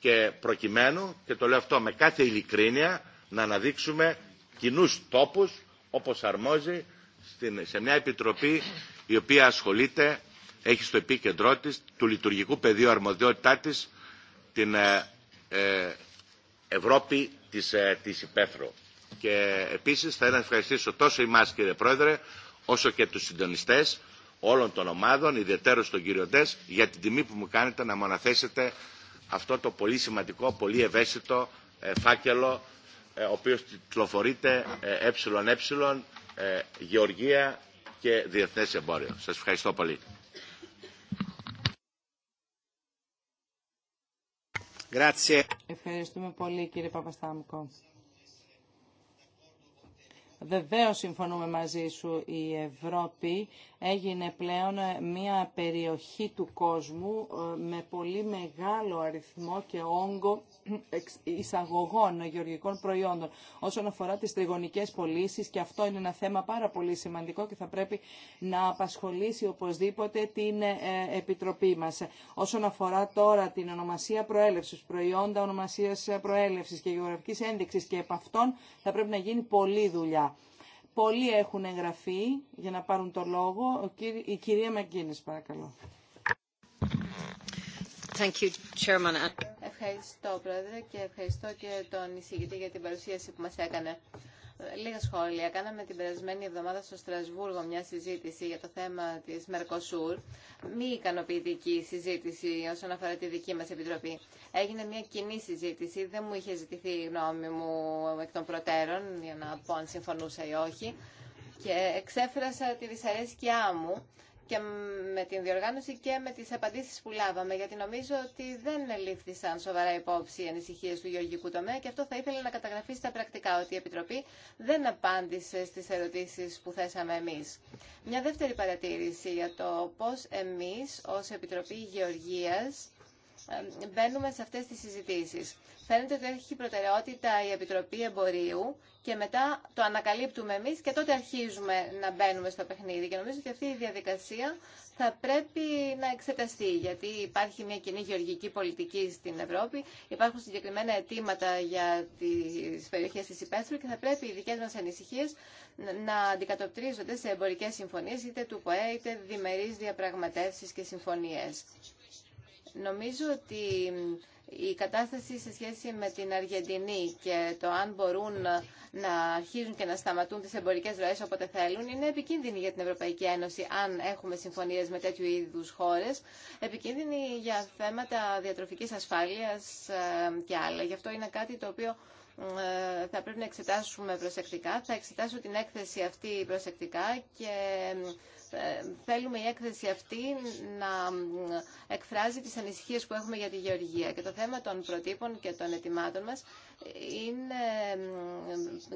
και προκειμένου, και το λέω αυτό με κάθε ειλικρίνεια, να αναδείξουμε κοινού τόπους όπως αρμόζει σε μια Επιτροπή η οποία ασχολείται, έχει στο επίκεντρό της, του λειτουργικού πεδίου αρμοδιότητά της, την ε, ε, Ευρώπη της, της και επίσης θα ήθελα να ευχαριστήσω τόσο εμάς κύριε Πρόεδρε, όσο και τους συντονιστές όλων των ομάδων, ιδιαίτερα τον κύριο Ντες, για την τιμή που μου κάνετε να μου αναθέσετε αυτό το πολύ σημαντικό, πολύ ευαίσθητο ε, φάκελο, ε, ο οποίος τυκλοφορείται ε, ε, γεωργία και διεθνές εμπόριο. Σας ευχαριστώ πολύ. Ευχαριστούμε πολύ κύριε Παπαστάμικο. Βεβαίω συμφωνούμε μαζί σου, η Ευρώπη έγινε πλέον μια περιοχή του κόσμου ε, με πολύ μεγάλο αριθμό και όγκο εισαγωγών γεωργικών προϊόντων όσον αφορά τις τριγωνικές πωλήσει και αυτό είναι ένα θέμα πάρα πολύ σημαντικό και θα πρέπει να απασχολήσει οπωσδήποτε την ε, Επιτροπή μας. Όσον αφορά τώρα την ονομασία προέλευσης, προϊόντα ονομασίας προέλευσης και γεωγραφικής ένδειξης και επ' αυτών θα πρέπει να γίνει πολλή δουλειά. Πολλοί έχουν εγγραφεί για να πάρουν το λόγο. Η κυρία Μαγκίνης, παρακαλώ. Thank you, Chairman. Ευχαριστώ, Πρόεδρε, και ευχαριστώ και τον εισηγητή για την παρουσίαση που μας έκανε. Λίγα σχόλια. Κάναμε την περασμένη εβδομάδα στο Στρασβούργο μια συζήτηση για το θέμα τη Μερκοσούρ. Μη ικανοποιητική συζήτηση όσον αφορά τη δική μα επιτροπή. Έγινε μια κοινή συζήτηση. Δεν μου είχε ζητηθεί η γνώμη μου εκ των προτέρων για να πω αν συμφωνούσα ή όχι. Και εξέφρασα τη δυσαρέσκειά μου και με την διοργάνωση και με τις απαντήσεις που λάβαμε, γιατί νομίζω ότι δεν ελήφθησαν σοβαρά υπόψη οι ανησυχίες του γεωργικού τομέα και αυτό θα ήθελα να καταγραφεί στα πρακτικά, ότι η Επιτροπή δεν απάντησε στις ερωτήσεις που θέσαμε εμείς. Μια δεύτερη παρατήρηση για το πώς εμείς ως Επιτροπή Γεωργίας ε, μπαίνουμε σε αυτές τις συζητήσεις. Φαίνεται ότι έχει προτεραιότητα η Επιτροπή Εμπορίου και μετά το ανακαλύπτουμε εμείς και τότε αρχίζουμε να μπαίνουμε στο παιχνίδι. Και νομίζω ότι αυτή η διαδικασία θα πρέπει να εξεταστεί, γιατί υπάρχει μια κοινή γεωργική πολιτική στην Ευρώπη, υπάρχουν συγκεκριμένα αιτήματα για τις περιοχές της Υπέστρου και θα πρέπει οι δικές μας ανησυχίες να αντικατοπτρίζονται σε εμπορικές συμφωνίες, είτε του ΠΟΕ, είτε διμερείς διαπραγματεύσεις και συμφωνίες. Νομίζω ότι η κατάσταση σε σχέση με την Αργεντινή και το αν μπορούν να αρχίζουν και να σταματούν τις εμπορικές ροές όποτε θέλουν είναι επικίνδυνη για την Ευρωπαϊκή Ένωση αν έχουμε συμφωνίες με τέτοιου είδους χώρες, επικίνδυνη για θέματα διατροφικής ασφάλειας ε, και άλλα. Γι' αυτό είναι κάτι το οποίο ε, θα πρέπει να εξετάσουμε προσεκτικά. Θα εξετάσω την έκθεση αυτή προσεκτικά και θέλουμε η έκθεση αυτή να εκφράζει τις ανησυχίες που έχουμε για τη γεωργία. Και το θέμα των προτύπων και των ετοιμάτων μας είναι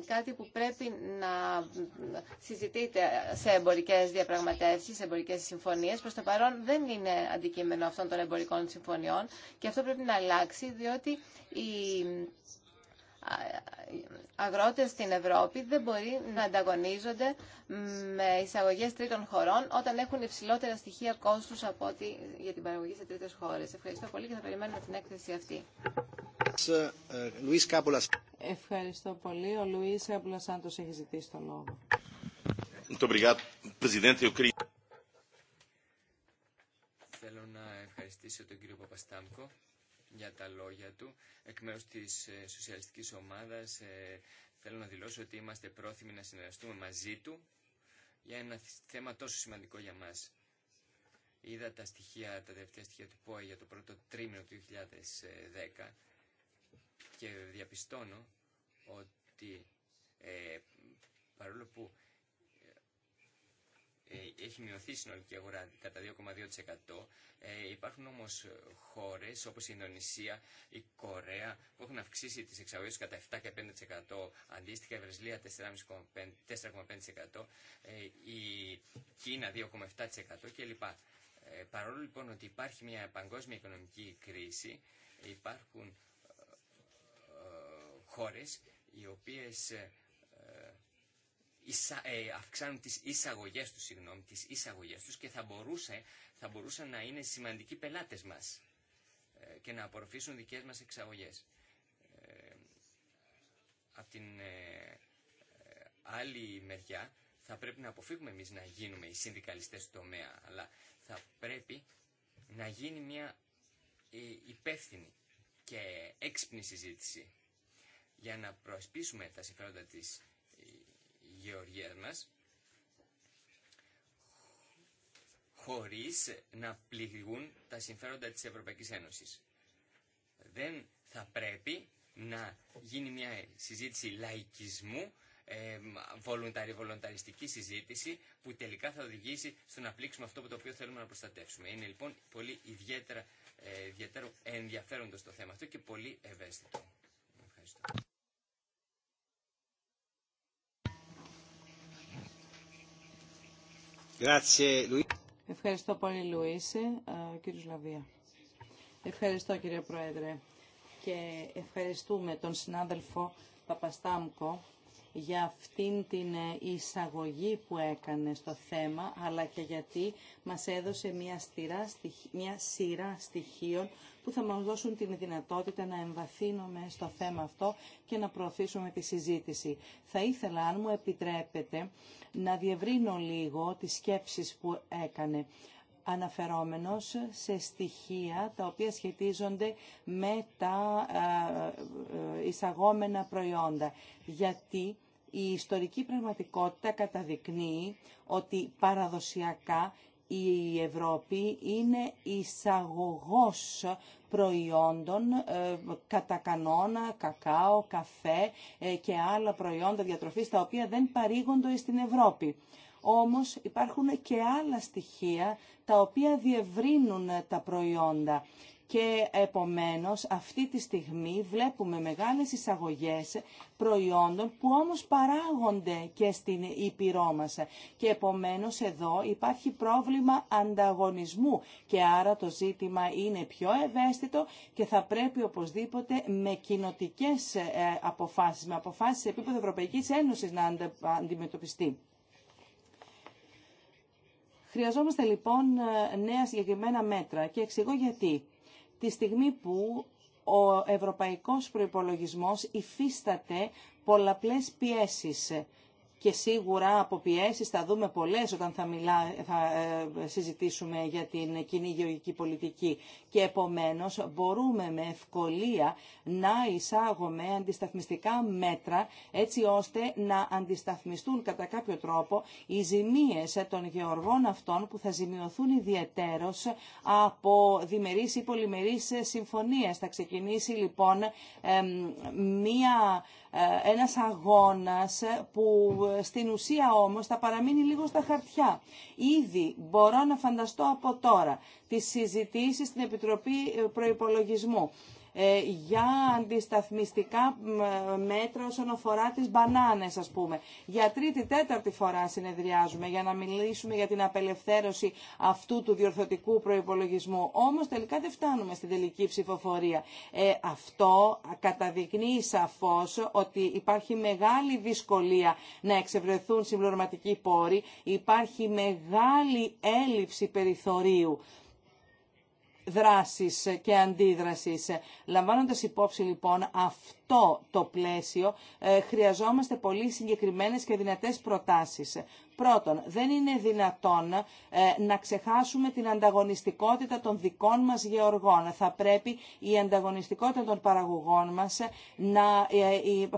κάτι που πρέπει να συζητείτε σε εμπορικές διαπραγματεύσεις, σε εμπορικές συμφωνίες. Προς το παρόν δεν είναι αντικείμενο αυτών των εμπορικών συμφωνιών και αυτό πρέπει να αλλάξει διότι η αγρότες στην Ευρώπη δεν μπορεί να ανταγωνίζονται με εισαγωγές τρίτων χωρών όταν έχουν υψηλότερα στοιχεία κόστους από ό,τι για την παραγωγή σε τρίτες χώρες. Ευχαριστώ πολύ και θα περιμένουμε την έκθεση αυτή. Ευχαριστώ πολύ. Ο Λουίς Κάπουλας Σάντος έχει ζητήσει το λόγο. Θέλω να ευχαριστήσω τον κύριο Παπαστάμκο για τα λόγια του. Εκ μέρους της ε, σοσιαλιστικής ομάδας ε, θέλω να δηλώσω ότι είμαστε πρόθυμοι να συνεργαστούμε μαζί του για ένα θέμα τόσο σημαντικό για μας. Είδα τα στοιχεία, τα τελευταία στοιχεία του ΠΟΕ για το πρώτο τρίμηνο του 2010 και διαπιστώνω ότι ε, παρόλο που ε, έχει μειωθεί η συνολική αγορά κατά 2,2%. Ε, υπάρχουν όμως χώρες όπως η Ινδονησία, η Κορέα που έχουν αυξήσει τις εξαγωγές κατά 7,5%, αντίστοιχα η Βραζιλία 4,5%, ε, η Κίνα 2,7% κλπ. Ε, παρόλο λοιπόν ότι υπάρχει μια παγκόσμια οικονομική κρίση, υπάρχουν ε, χώρες οι οποίες ε, αυξάνουν τις εισαγωγές τους, συγγνώμη, τις εισαγωγές τους και θα, μπορούσε, θα μπορούσαν να είναι σημαντικοί πελάτες μας ε, και να απορροφήσουν δικές μας εξαγωγές. Ε, από την άλλη μεριά θα πρέπει να αποφύγουμε εμείς να γίνουμε οι συνδικαλιστές του τομέα, αλλά θα πρέπει να γίνει μια υπεύθυνη και έξυπνη συζήτηση για να προασπίσουμε τα συμφέροντα της γεωργίας μας χωρίς να πληγούν τα συμφέροντα της Ευρωπαϊκής Ένωσης. Δεν θα πρέπει να γίνει μια συζήτηση λαϊκισμού, ε, βολονταρι, βολονταριστική συζήτηση που τελικά θα οδηγήσει στο να πλήξουμε αυτό που το οποίο θέλουμε να προστατεύσουμε. Είναι λοιπόν πολύ ιδιαίτερα, ε, ιδιαίτερο ενδιαφέροντο το θέμα αυτό και πολύ ευαίσθητο. Ευχαριστώ πολύ, Λουίση. κύριε Λαβία. Ευχαριστώ, κύριε Πρόεδρε. Και ευχαριστούμε τον συνάδελφο Παπαστάμκο για αυτήν την ε, εισαγωγή που έκανε στο θέμα, αλλά και γιατί μας έδωσε μια, μια σειρά στοιχείων που θα μας δώσουν την δυνατότητα να εμβαθύνουμε στο θέμα αυτό και να προωθήσουμε τη συζήτηση. Θα ήθελα, αν μου επιτρέπετε, να διευρύνω λίγο τις σκέψεις που έκανε αναφερόμενος σε στοιχεία τα οποία σχετίζονται με τα ε, ε, εισαγόμενα προϊόντα. Γιατί η ιστορική πραγματικότητα καταδεικνύει ότι παραδοσιακά η Ευρώπη είναι εισαγωγός προϊόντων ε, κατά κανόνα, κακάο, καφέ και άλλα προϊόντα διατροφής τα οποία δεν παρήγονται στην Ευρώπη. Όμως υπάρχουν και άλλα στοιχεία τα οποία διευρύνουν τα προϊόντα. Και επομένως αυτή τη στιγμή βλέπουμε μεγάλες εισαγωγές προϊόντων που όμως παράγονται και στην Ήπειρό μας. Και επομένως εδώ υπάρχει πρόβλημα ανταγωνισμού και άρα το ζήτημα είναι πιο ευαίσθητο και θα πρέπει οπωσδήποτε με κοινοτικές ε, αποφάσεις, με αποφάσεις σε επίπεδο Ευρωπαϊκής Ένωσης να αντιμετωπιστεί. Χρειαζόμαστε λοιπόν ε, νέα συγκεκριμένα μέτρα και εξηγώ γιατί. Τη στιγμή που ο ευρωπαϊκός προϋπολογισμός υφίσταται πολλαπλές πιέσεις και σίγουρα από πιέσει θα δούμε πολλέ όταν θα, μιλά, θα ε, συζητήσουμε για την κοινή γεωργική πολιτική. Και επομένω μπορούμε με ευκολία να εισάγουμε αντισταθμιστικά μέτρα έτσι ώστε να αντισταθμιστούν κατά κάποιο τρόπο οι ζημίε των γεωργών αυτών που θα ζημιωθούν ιδιαιτέρω από διμερεί ή πολυμερει συμφωνίε. Θα ξεκινήσει λοιπόν μία ε, ένας αγώνας ε, που ε, στην ουσία όμως θα παραμείνει λίγο στα χαρτιά. Ήδη μπορώ να φανταστώ από τώρα τις συζητήσεις στην Επιτροπή Προϋπολογισμού ε, για αντισταθμιστικά μέτρα όσον αφορά τις μπανάνες ας πούμε. Για τρίτη τέταρτη φορά συνεδριάζουμε για να μιλήσουμε για την απελευθέρωση αυτού του διορθωτικού προϋπολογισμού. Όμως τελικά δεν φτάνουμε στην τελική ψηφοφορία. Ε, αυτό καταδεικνύει σαφώς ότι υπάρχει μεγάλη δυσκολία να εξευρεθούν συμπληρωματικοί πόροι. Υπάρχει μεγάλη έλλειψη περιθωρίου δράσης και αντίδρασης. Λαμβάνοντας υπόψη λοιπόν αυτό το πλαίσιο, ε, χρειαζόμαστε πολύ συγκεκριμένες και δυνατές προτάσεις. Πρώτον, δεν είναι δυνατόν ε, να ξεχάσουμε την ανταγωνιστικότητα των δικών μας γεωργών. Θα πρέπει η ανταγωνιστικότητα των παραγωγών μας ε, να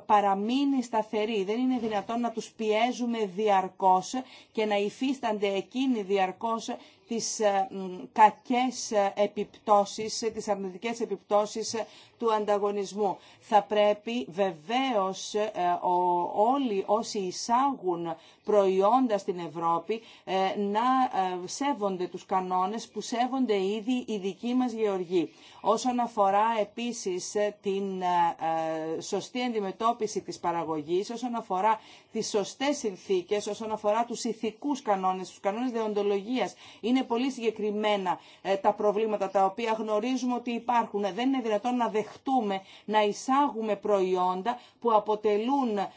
παραμείνει σταθερή. Δεν είναι δυνατόν να τους πιέζουμε διαρκώς και να υφίστανται εκείνοι διαρκώς τις ε, κακές ε, επιπτώσεις, ε, τις αρνητικές επιπτώσεις του ανταγωνισμού. Θα πρέπει βεβαίως όλοι όσοι εισάγουν προϊόντα στην Ευρώπη να σέβονται τους κανόνες που σέβονται ήδη οι δικοί μας γεωργοί. Όσον αφορά επίσης την σωστή αντιμετώπιση της παραγωγής, όσον αφορά τις σωστές συνθήκες, όσον αφορά τους ηθικούς κανόνες, τους κανόνες δεοντολογίας, είναι είναι πολύ συγκεκριμένα ε, τα προβλήματα τα οποία γνωρίζουμε ότι υπάρχουν. Δεν είναι δυνατόν να δεχτούμε να εισάγουμε προϊόντα που αποτελούν ε,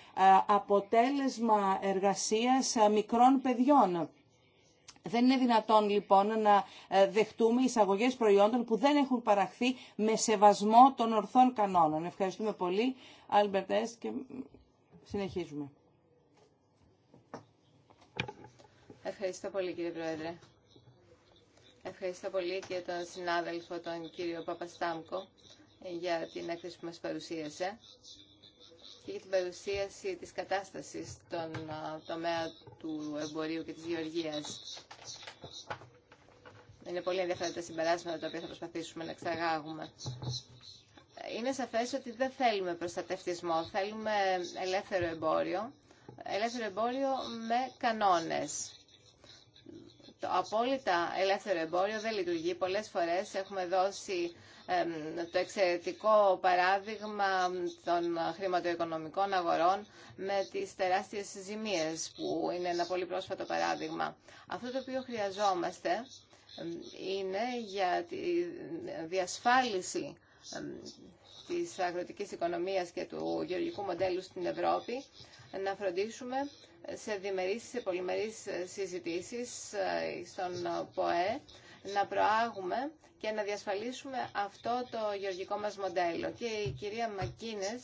αποτέλεσμα εργασίας ε, μικρών παιδιών. Δεν είναι δυνατόν λοιπόν να δεχτούμε εισαγωγές προϊόντων που δεν έχουν παραχθεί με σεβασμό των ορθών κανόνων. Ευχαριστούμε πολύ, Εσ, και συνεχίζουμε. Ευχαριστώ πολύ κύριε Πρόεδρε. Ευχαριστώ πολύ και τον συνάδελφο, τον κύριο Παπαστάμκο, για την έκθεση που μας παρουσίασε και για την παρουσίαση της κατάστασης στον τομέα του εμπορίου και της γεωργίας. Είναι πολύ ενδιαφέροντα τα συμπεράσματα τα οποία θα προσπαθήσουμε να εξαγάγουμε. Είναι σαφές ότι δεν θέλουμε προστατευτισμό, θέλουμε ελεύθερο εμπόριο, ελεύθερο εμπόριο με κανόνες το απόλυτα ελεύθερο εμπόριο δεν λειτουργεί. Πολλές φορές έχουμε δώσει το εξαιρετικό παράδειγμα των χρηματοοικονομικών αγορών με τις τεράστιες ζημίες που είναι ένα πολύ πρόσφατο παράδειγμα. Αυτό το οποίο χρειαζόμαστε είναι για τη διασφάλιση της αγροτικής οικονομίας και του γεωργικού μοντέλου στην Ευρώπη να φροντίσουμε σε διμερείς, σε πολυμερείς συζητήσεις ε, στον ΠΟΕ να προάγουμε και να διασφαλίσουμε αυτό το γεωργικό μας μοντέλο. Και η κυρία Μακίνες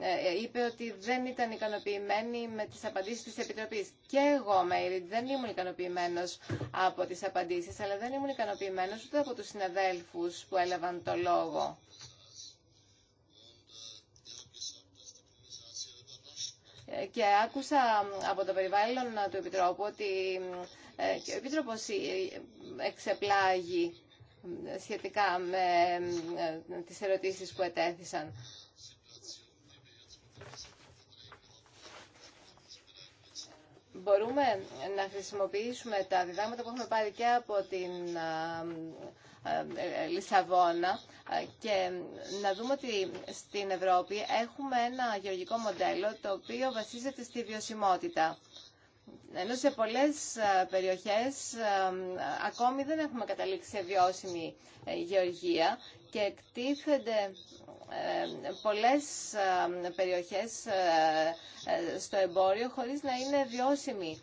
ε, ε, είπε ότι δεν ήταν ικανοποιημένη με τις απαντήσεις της Επιτροπής. Και εγώ, Μέιριντ, δεν ήμουν ικανοποιημένος από τις απαντήσεις, αλλά δεν ήμουν ικανοποιημένος ούτε από τους συναδέλφους που έλαβαν το λόγο. Και άκουσα από το περιβάλλον του Επιτρόπου ότι ε, και ο Επίτροπος ε, εξεπλάγει σχετικά με ε, τις ερωτήσεις που ετέθησαν. Μπορούμε να χρησιμοποιήσουμε τα διδάγματα που έχουμε πάρει και από την Λισαβόνα και να δούμε ότι στην Ευρώπη έχουμε ένα γεωργικό μοντέλο το οποίο βασίζεται στη βιωσιμότητα ενώ σε πολλές ε, περιοχές ε, ακόμη δεν έχουμε καταλήξει σε βιώσιμη ε, γεωργία και εκτίθενται πολλές περιοχές στο εμπόριο χωρίς να είναι βιώσιμη,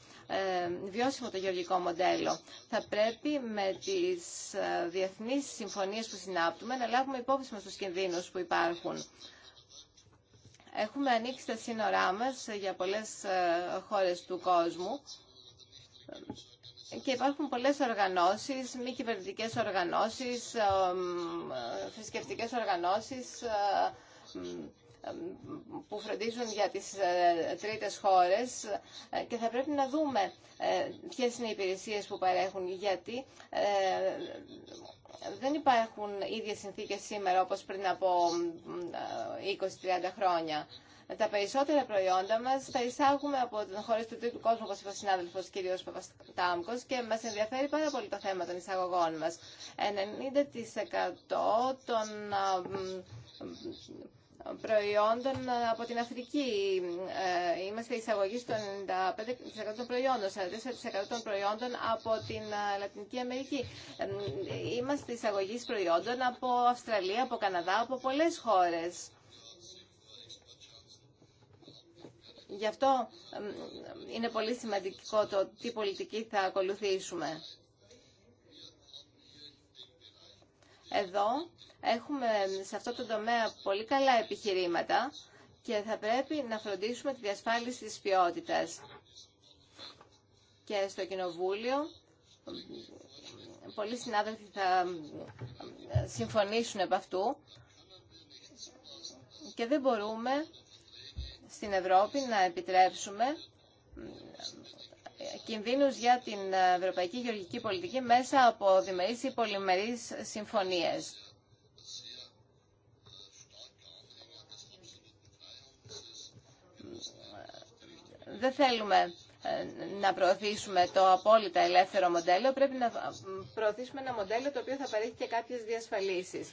βιώσιμο το γεωργικό μοντέλο. Θα πρέπει με τις διεθνείς συμφωνίες που συνάπτουμε να λάβουμε υπόψη μας τους κινδύνους που υπάρχουν. Έχουμε ανοίξει τα σύνορά μας για πολλές ε, χώρες του κόσμου και υπάρχουν πολλές οργανώσεις, μη κυβερνητικέ οργανώσεις, ε, ε, θρησκευτικέ οργανώσεις που φροντίζουν για τις τρίτες χώρες και θα πρέπει να δούμε ποιες είναι οι υπηρεσίες που παρέχουν γιατί δεν υπάρχουν ίδιες συνθήκε σήμερα όπως πριν από 20-30 ε, χρόνια. Τα περισσότερα προϊόντα μας τα εισάγουμε από τον χώρο του τρίτου κόσμου, όπω είπε ο συνάδελφο κ. Παπαστάμκος, και μας ενδιαφέρει πάρα πολύ το θέμα των εισαγωγών μας. 90% των ε, προϊόντων ε, από την Αφρική. Ε, είμαστε εισαγωγή των 95% των προϊόντων, 44% των προϊόντων από την ε, Λατινική Αμερική. Είμαστε εισαγωγή προϊόντων από Αυστραλία, από Καναδά, από πολλές χώρες. Γι' αυτό είναι πολύ σημαντικό το τι πολιτική θα ακολουθήσουμε. Εδώ Έχουμε σε αυτό το τομέα πολύ καλά επιχειρήματα και θα πρέπει να φροντίσουμε τη διασφάλιση της ποιότητας. Και στο Κοινοβούλιο πολλοί συνάδελφοι θα συμφωνήσουν επ' αυτού και δεν μπορούμε στην Ευρώπη να επιτρέψουμε κινδύνους για την ευρωπαϊκή γεωργική πολιτική μέσα από διμερείς ή πολυμερείς συμφωνίες. δεν θέλουμε ε, να προωθήσουμε το απόλυτα ελεύθερο μοντέλο, πρέπει να προωθήσουμε ένα μοντέλο το οποίο θα παρέχει και κάποιες διασφαλίσεις.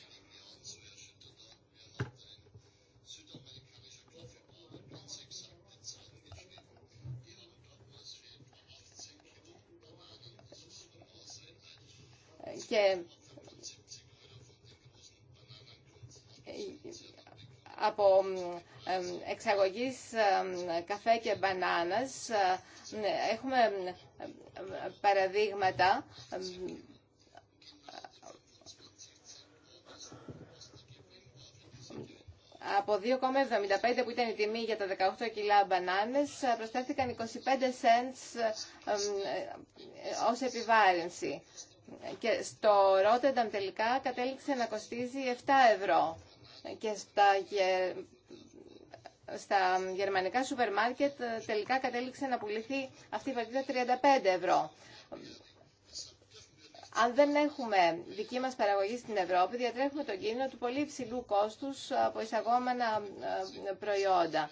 Και από εξαγωγής καφέ και μπανάνας ε, έχουμε παραδείγματα από 2,75 που ήταν η τιμή για τα 18 κιλά μπανάνες προσθέθηκαν 25 cents ε, ως επιβάρυνση και στο Ρότενταμ τελικά κατέληξε να κοστίζει 7 ευρώ και στα στα γερμανικά σούπερ μάρκετ ε, τελικά κατέληξε να πουληθεί αυτή η βαλίτσα 35 ευρώ. Αν δεν έχουμε δική μας παραγωγή στην Ευρώπη, διατρέχουμε τον κίνδυνο του πολύ υψηλού κόστους από εισαγόμενα ε, προϊόντα.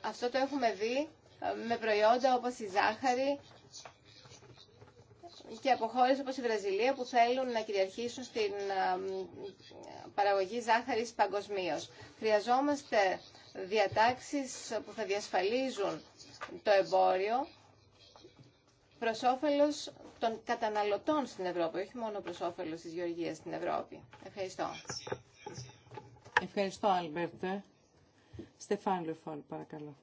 Αυτό το έχουμε δει ε, με προϊόντα όπως η ζάχαρη και από χώρες όπως η Βραζιλία που θέλουν να κυριαρχήσουν στην ε, παραγωγή ζάχαρης παγκοσμίω. Χρειαζόμαστε διατάξεις που θα διασφαλίζουν το εμπόριο προς όφελος των καταναλωτών στην Ευρώπη, όχι μόνο προς όφελος της γεωργίας στην Ευρώπη. Ευχαριστώ. Ευχαριστώ, Άλμπερτ. Στεφάν Λεφόλ, παρακαλώ.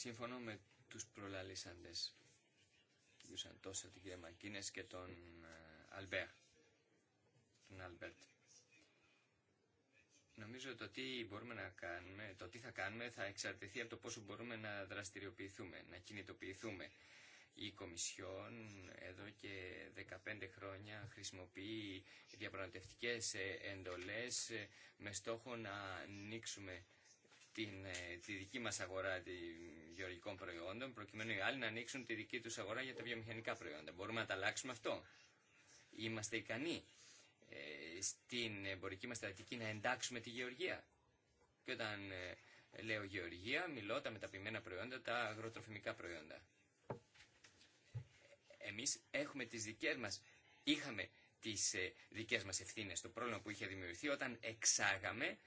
Σύμφωνο με τους προλαλήσαντες, τον κ. Σαντόσα, την κυρία και τον ε, Αλμπέρ, τον Αλμπέρτ. Νομίζω το τι μπορούμε να κάνουμε, το τι θα κάνουμε θα εξαρτηθεί από το πόσο μπορούμε να δραστηριοποιηθούμε, να κινητοποιηθούμε. Η Κομισιόν εδώ και 15 χρόνια χρησιμοποιεί διαπραγματευτικές ε, εντολές ε, με στόχο να ανοίξουμε ε, τη δική μας αγορά τη, γεωργικών προϊόντων, προκειμένου οι άλλοι να ανοίξουν τη δική τους αγορά για τα βιομηχανικά προϊόντα. Μπορούμε να τα αλλάξουμε αυτό. Είμαστε ικανοί ε, στην εμπορική μας στρατική να εντάξουμε τη γεωργία. Και όταν ε, λέω γεωργία, μιλώ τα μεταποιημένα προϊόντα, τα αγροτροφημικά προϊόντα. Εμείς έχουμε τις δικές μας, είχαμε τις ε, δικές μας ευθύνες, το πρόβλημα που είχε δημιουργηθεί όταν εξάγαμε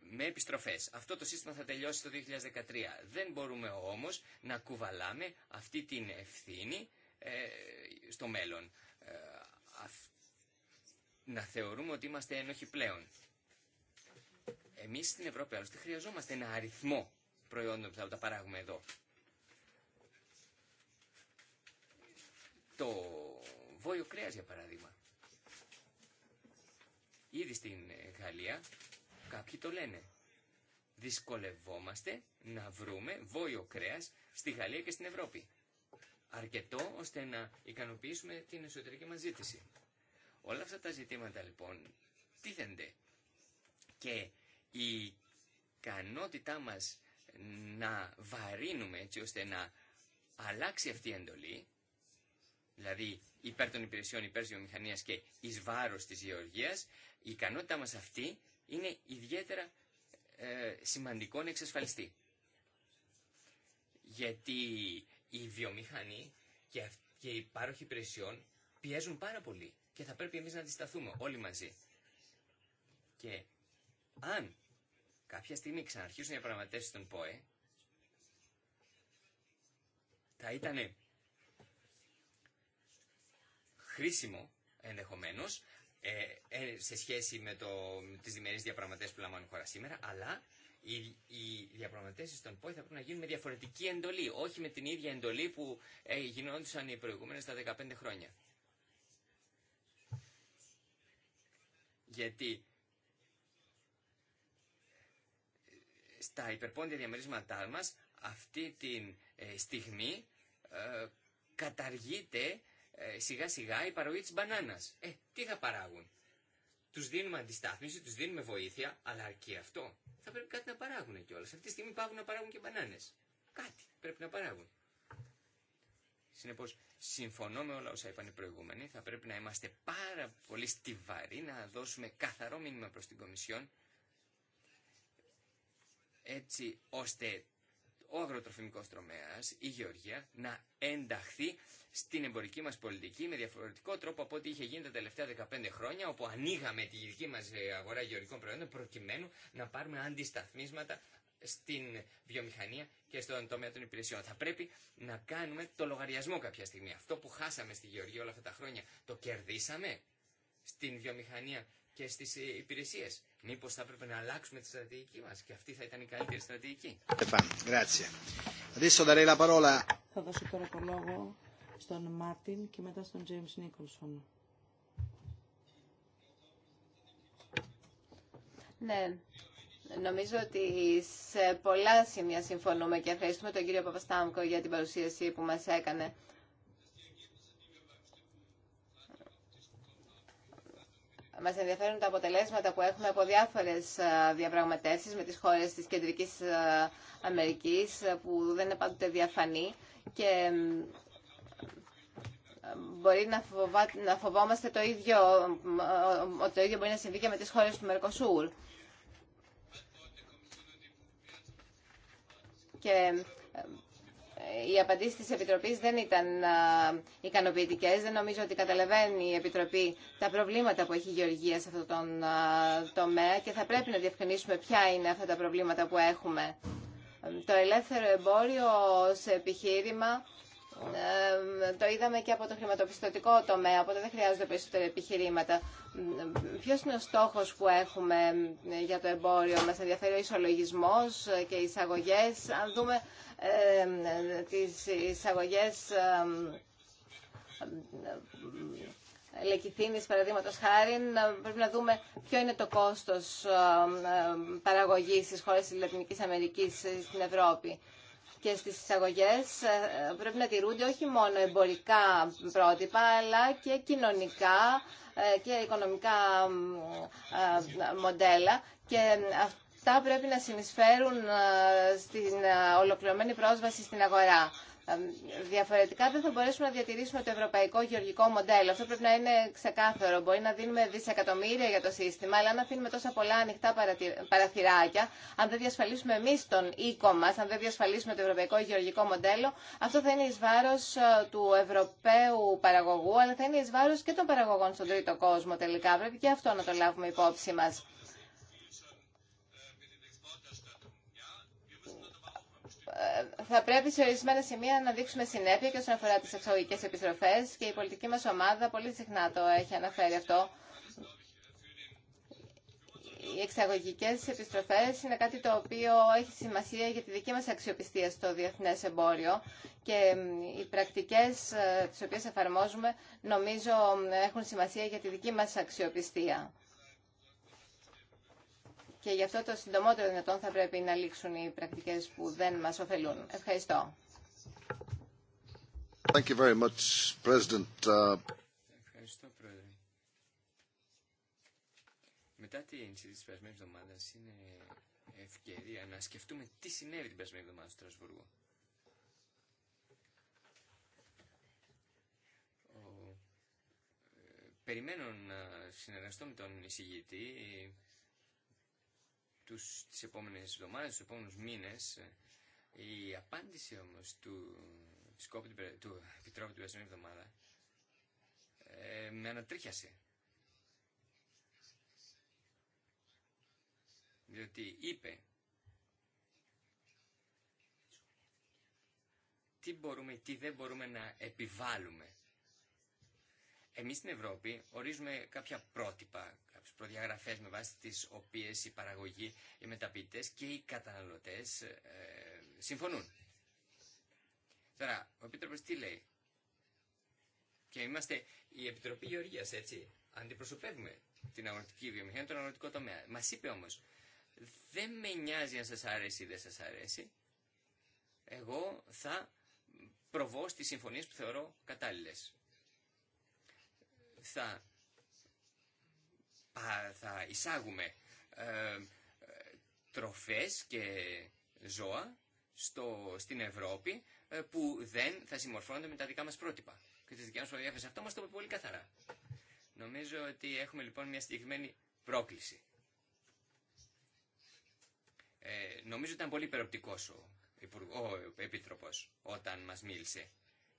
με επιστροφές. Αυτό το σύστημα θα τελειώσει το 2013. Δεν μπορούμε όμως να κουβαλάμε αυτή την ευθύνη ε, στο μέλλον. Ε, να θεωρούμε ότι είμαστε ένοχοι πλέον. Εμείς στην Ευρώπη άλλωστε χρειαζόμαστε ένα αριθμό προϊόντων που θα τα παράγουμε εδώ. Το βόλιο κρέα, για παράδειγμα. Ήδη στην Γαλλία Κάποιοι το λένε. Δυσκολευόμαστε να βρούμε βόλιο κρέας στη Γαλλία και στην Ευρώπη. Αρκετό ώστε να ικανοποιήσουμε την εσωτερική μας ζήτηση. Όλα αυτά τα ζητήματα λοιπόν τίθενται και η ικανότητά μας να βαρύνουμε έτσι ώστε να αλλάξει αυτή η εντολή, δηλαδή υπέρ των υπηρεσιών, υπέρ της και εις βάρος της γεωργίας, η ικανότητά μας αυτή είναι ιδιαίτερα ε, σημαντικό να εξασφαλιστεί. Γιατί οι βιομηχανοί και, και οι πάροχοι υπηρεσιών πιέζουν πάρα πολύ και θα πρέπει εμείς να αντισταθούμε όλοι μαζί. Και αν κάποια στιγμή ξαναρχίσουν οι διαπραγματεύσει των ΠΟΕ, θα ήταν χρήσιμο ενδεχομένω. Ε, ε, σε σχέση με το, τις διμερείς διαπραγματεύσεις που λαμβάνουν χώρα σήμερα, αλλά οι, οι διαπραγματεύσει των ΠΟΗ θα πρέπει να γίνουν με διαφορετική εντολή, όχι με την ίδια εντολή που ε, γινόντουσαν οι προηγούμενες τα 15 χρόνια. Γιατί στα υπερπόντια διαμερίσματά μας αυτή τη ε, στιγμή καταργείται ε, σιγά σιγά η παραγωγή της μπανάνας. Ε, τι θα παράγουν. Τους δίνουμε αντιστάθμιση, τους δίνουμε βοήθεια, αλλά αρκεί αυτό. Θα πρέπει κάτι να παράγουν κιόλα. Αυτή τη στιγμή πάγουν να παράγουν και μπανάνες. Κάτι πρέπει να παράγουν. Συνεπώ, συμφωνώ με όλα όσα είπαν οι προηγούμενοι. Θα πρέπει να είμαστε πάρα πολύ στιβαροί, να δώσουμε καθαρό μήνυμα προ την Κομισιόν, έτσι ώστε ο αγροτροφημικός τρομέας, η γεωργία, να ενταχθεί στην εμπορική μας πολιτική με διαφορετικό τρόπο από ό,τι είχε γίνει τα τελευταία 15 χρόνια, όπου ανοίγαμε τη δική μας ε, αγορά γεωργικών προϊόντων προκειμένου να πάρουμε αντισταθμίσματα στην βιομηχανία και στον τομέα των υπηρεσιών. Θα πρέπει να κάνουμε το λογαριασμό κάποια στιγμή. Αυτό που χάσαμε στη γεωργία όλα αυτά τα χρόνια το κερδίσαμε στην βιομηχανία και στι ε, υπηρεσίε. Μήπως θα έπρεπε να αλλάξουμε τη στρατηγική μα και αυτή θα ήταν η καλύτερη στρατηγική. Θα δώσω τώρα το λόγο στον Μάρτιν και μετά στον Τζέιμ Νίκολσον. Ναι, νομίζω ότι σε πολλά σημεία συμφωνούμε και ευχαριστούμε τον κύριο Παπαστάμκο για την παρουσίαση που μας έκανε. Μας ενδιαφέρουν τα αποτελέσματα που έχουμε από διάφορες διαπραγματεύσεις με τις χώρες της Κεντρικής Αμερικής που δεν είναι πάντοτε διαφανή και μπορεί να, φοβά, φοβόμαστε το ίδιο, ότι το ίδιο μπορεί να συμβεί και με τις χώρες του Μερκοσούρ. Και οι απαντήσει τη επιτροπή δεν ήταν ικανοποιητικέ. Δεν νομίζω ότι καταλαβαίνει η Επιτροπή τα προβλήματα που έχει η Γεωργία σε αυτό τον τομέα και θα πρέπει να διευκρινίσουμε ποια είναι αυτά τα προβλήματα που έχουμε. Το ελεύθερο εμπόριο σε επιχείρημα το είδαμε και από το χρηματοπιστωτικό τομέα, οπότε δεν χρειάζονται περισσότερα επιχειρήματα. Ποιο είναι ο στόχο που έχουμε για το εμπόριο, μα ενδιαφέρει ο ισολογισμό και οι εισαγωγέ. Αν δούμε τις εισαγωγές λεκυθίνης παραδείγματος χάρη, πρέπει να δούμε ποιο είναι το κόστος παραγωγής στις χώρες της Λατινικής Αμερικής στην Ευρώπη. Και στις εισαγωγές ε, πρέπει να τηρούνται όχι μόνο εμπορικά πρότυπα, αλλά και κοινωνικά ε, και οικονομικά ε, μοντέλα. Και τα πρέπει να συνεισφέρουν ε, στην ε, ολοκληρωμένη πρόσβαση στην αγορά. Ε, διαφορετικά δεν θα μπορέσουμε να διατηρήσουμε το ευρωπαϊκό γεωργικό μοντέλο. Αυτό πρέπει να είναι ξεκάθαρο. Μπορεί να δίνουμε δισεκατομμύρια για το σύστημα, αλλά αν αφήνουμε τόσα πολλά ανοιχτά παραθυράκια, αν δεν διασφαλίσουμε εμεί τον οίκο μα, αν δεν διασφαλίσουμε το ευρωπαϊκό γεωργικό μοντέλο, αυτό θα είναι ει βάρο του ευρωπαίου παραγωγού, αλλά θα είναι ει βάρο και των παραγωγών στον τρίτο κόσμο τελικά. Πρέπει και αυτό να το λάβουμε υπόψη μα. θα πρέπει σε ορισμένα σημεία να δείξουμε συνέπεια και όσον αφορά τι εξαγωγικέ επιστροφέ και η πολιτική μα ομάδα πολύ συχνά το έχει αναφέρει αυτό. Οι εξαγωγικέ επιστροφέ είναι κάτι το οποίο έχει σημασία για τη δική μα αξιοπιστία στο διεθνέ εμπόριο και οι πρακτικέ ε, τι οποίες εφαρμόζουμε νομίζω έχουν σημασία για τη δική μα αξιοπιστία και γι' αυτό το συντομότερο δυνατόν θα πρέπει να λήξουν οι πρακτικές που δεν μας ωφελούν. Ευχαριστώ. Thank you very much, President. Uh, Ευχαριστώ, Πρόεδρε. Μετά την συζήτηση τη περασμένης εβδομάδα είναι ευκαιρία να σκεφτούμε τι συνέβη την περασμένη εβδομάδα στο Στρασβούργο. Ε, περιμένω να συνεργαστώ με τον εισηγητή τους, τις επόμενες εβδομάδες, τους επόμενους μήνες. Ε, η απάντηση όμως του, σκόπου, του Επιτρόπου την περασμένη εβδομάδα ε, με ανατρίχιασε. Διότι είπε τι μπορούμε, τι δεν μπορούμε να επιβάλλουμε. Εμείς στην Ευρώπη ορίζουμε κάποια πρότυπα, κάποιες προδιαγραφές με βάση τις οποίες η παραγωγοί, οι μεταποιητές και οι καταναλωτές ε, συμφωνούν. Τώρα, ο Επίτροπος τι λέει. Και είμαστε η Επιτροπή Γεωργίας, έτσι. Αντιπροσωπεύουμε την αγροτική βιομηχανία, τον αγροτικό τομέα. Μας είπε όμως, δεν με νοιάζει αν σας αρέσει ή δεν σας αρέσει. Εγώ θα προβώ στις συμφωνίες που θεωρώ κατάλληλες. Θα θα εισάγουμε ε, τροφές και ζώα στο, στην Ευρώπη ε, που δεν θα συμμορφώνονται με τα δικά μας πρότυπα και τις δικές μας προδιάφεσες. Αυτό μας το πολύ καθαρά. Νομίζω ότι έχουμε λοιπόν μια συγκεκριμένη πρόκληση. Ε, νομίζω ήταν πολύ υπεροπτικός ο, ο Επίτροπος όταν μας μίλησε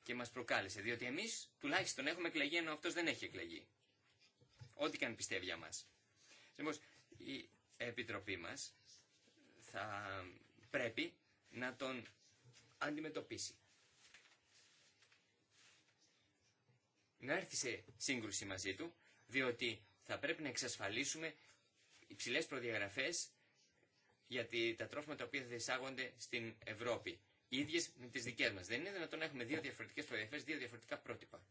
και μας προκάλεσε, διότι εμείς τουλάχιστον έχουμε εκλεγεί ενώ αυτός δεν έχει εκλεγεί ό,τι και αν πιστεύει για μας. Λοιπόν, η Επιτροπή μας θα πρέπει να τον αντιμετωπίσει. Να έρθει σε σύγκρουση μαζί του, διότι θα πρέπει να εξασφαλίσουμε υψηλές προδιαγραφές για τα τρόφιμα τα οποία θα εισάγονται στην Ευρώπη. Οι ίδιες με τις δικές μας. Δεν είναι δυνατόν να έχουμε δύο διαφορετικές προδιαγραφές, δύο διαφορετικά πρότυπα.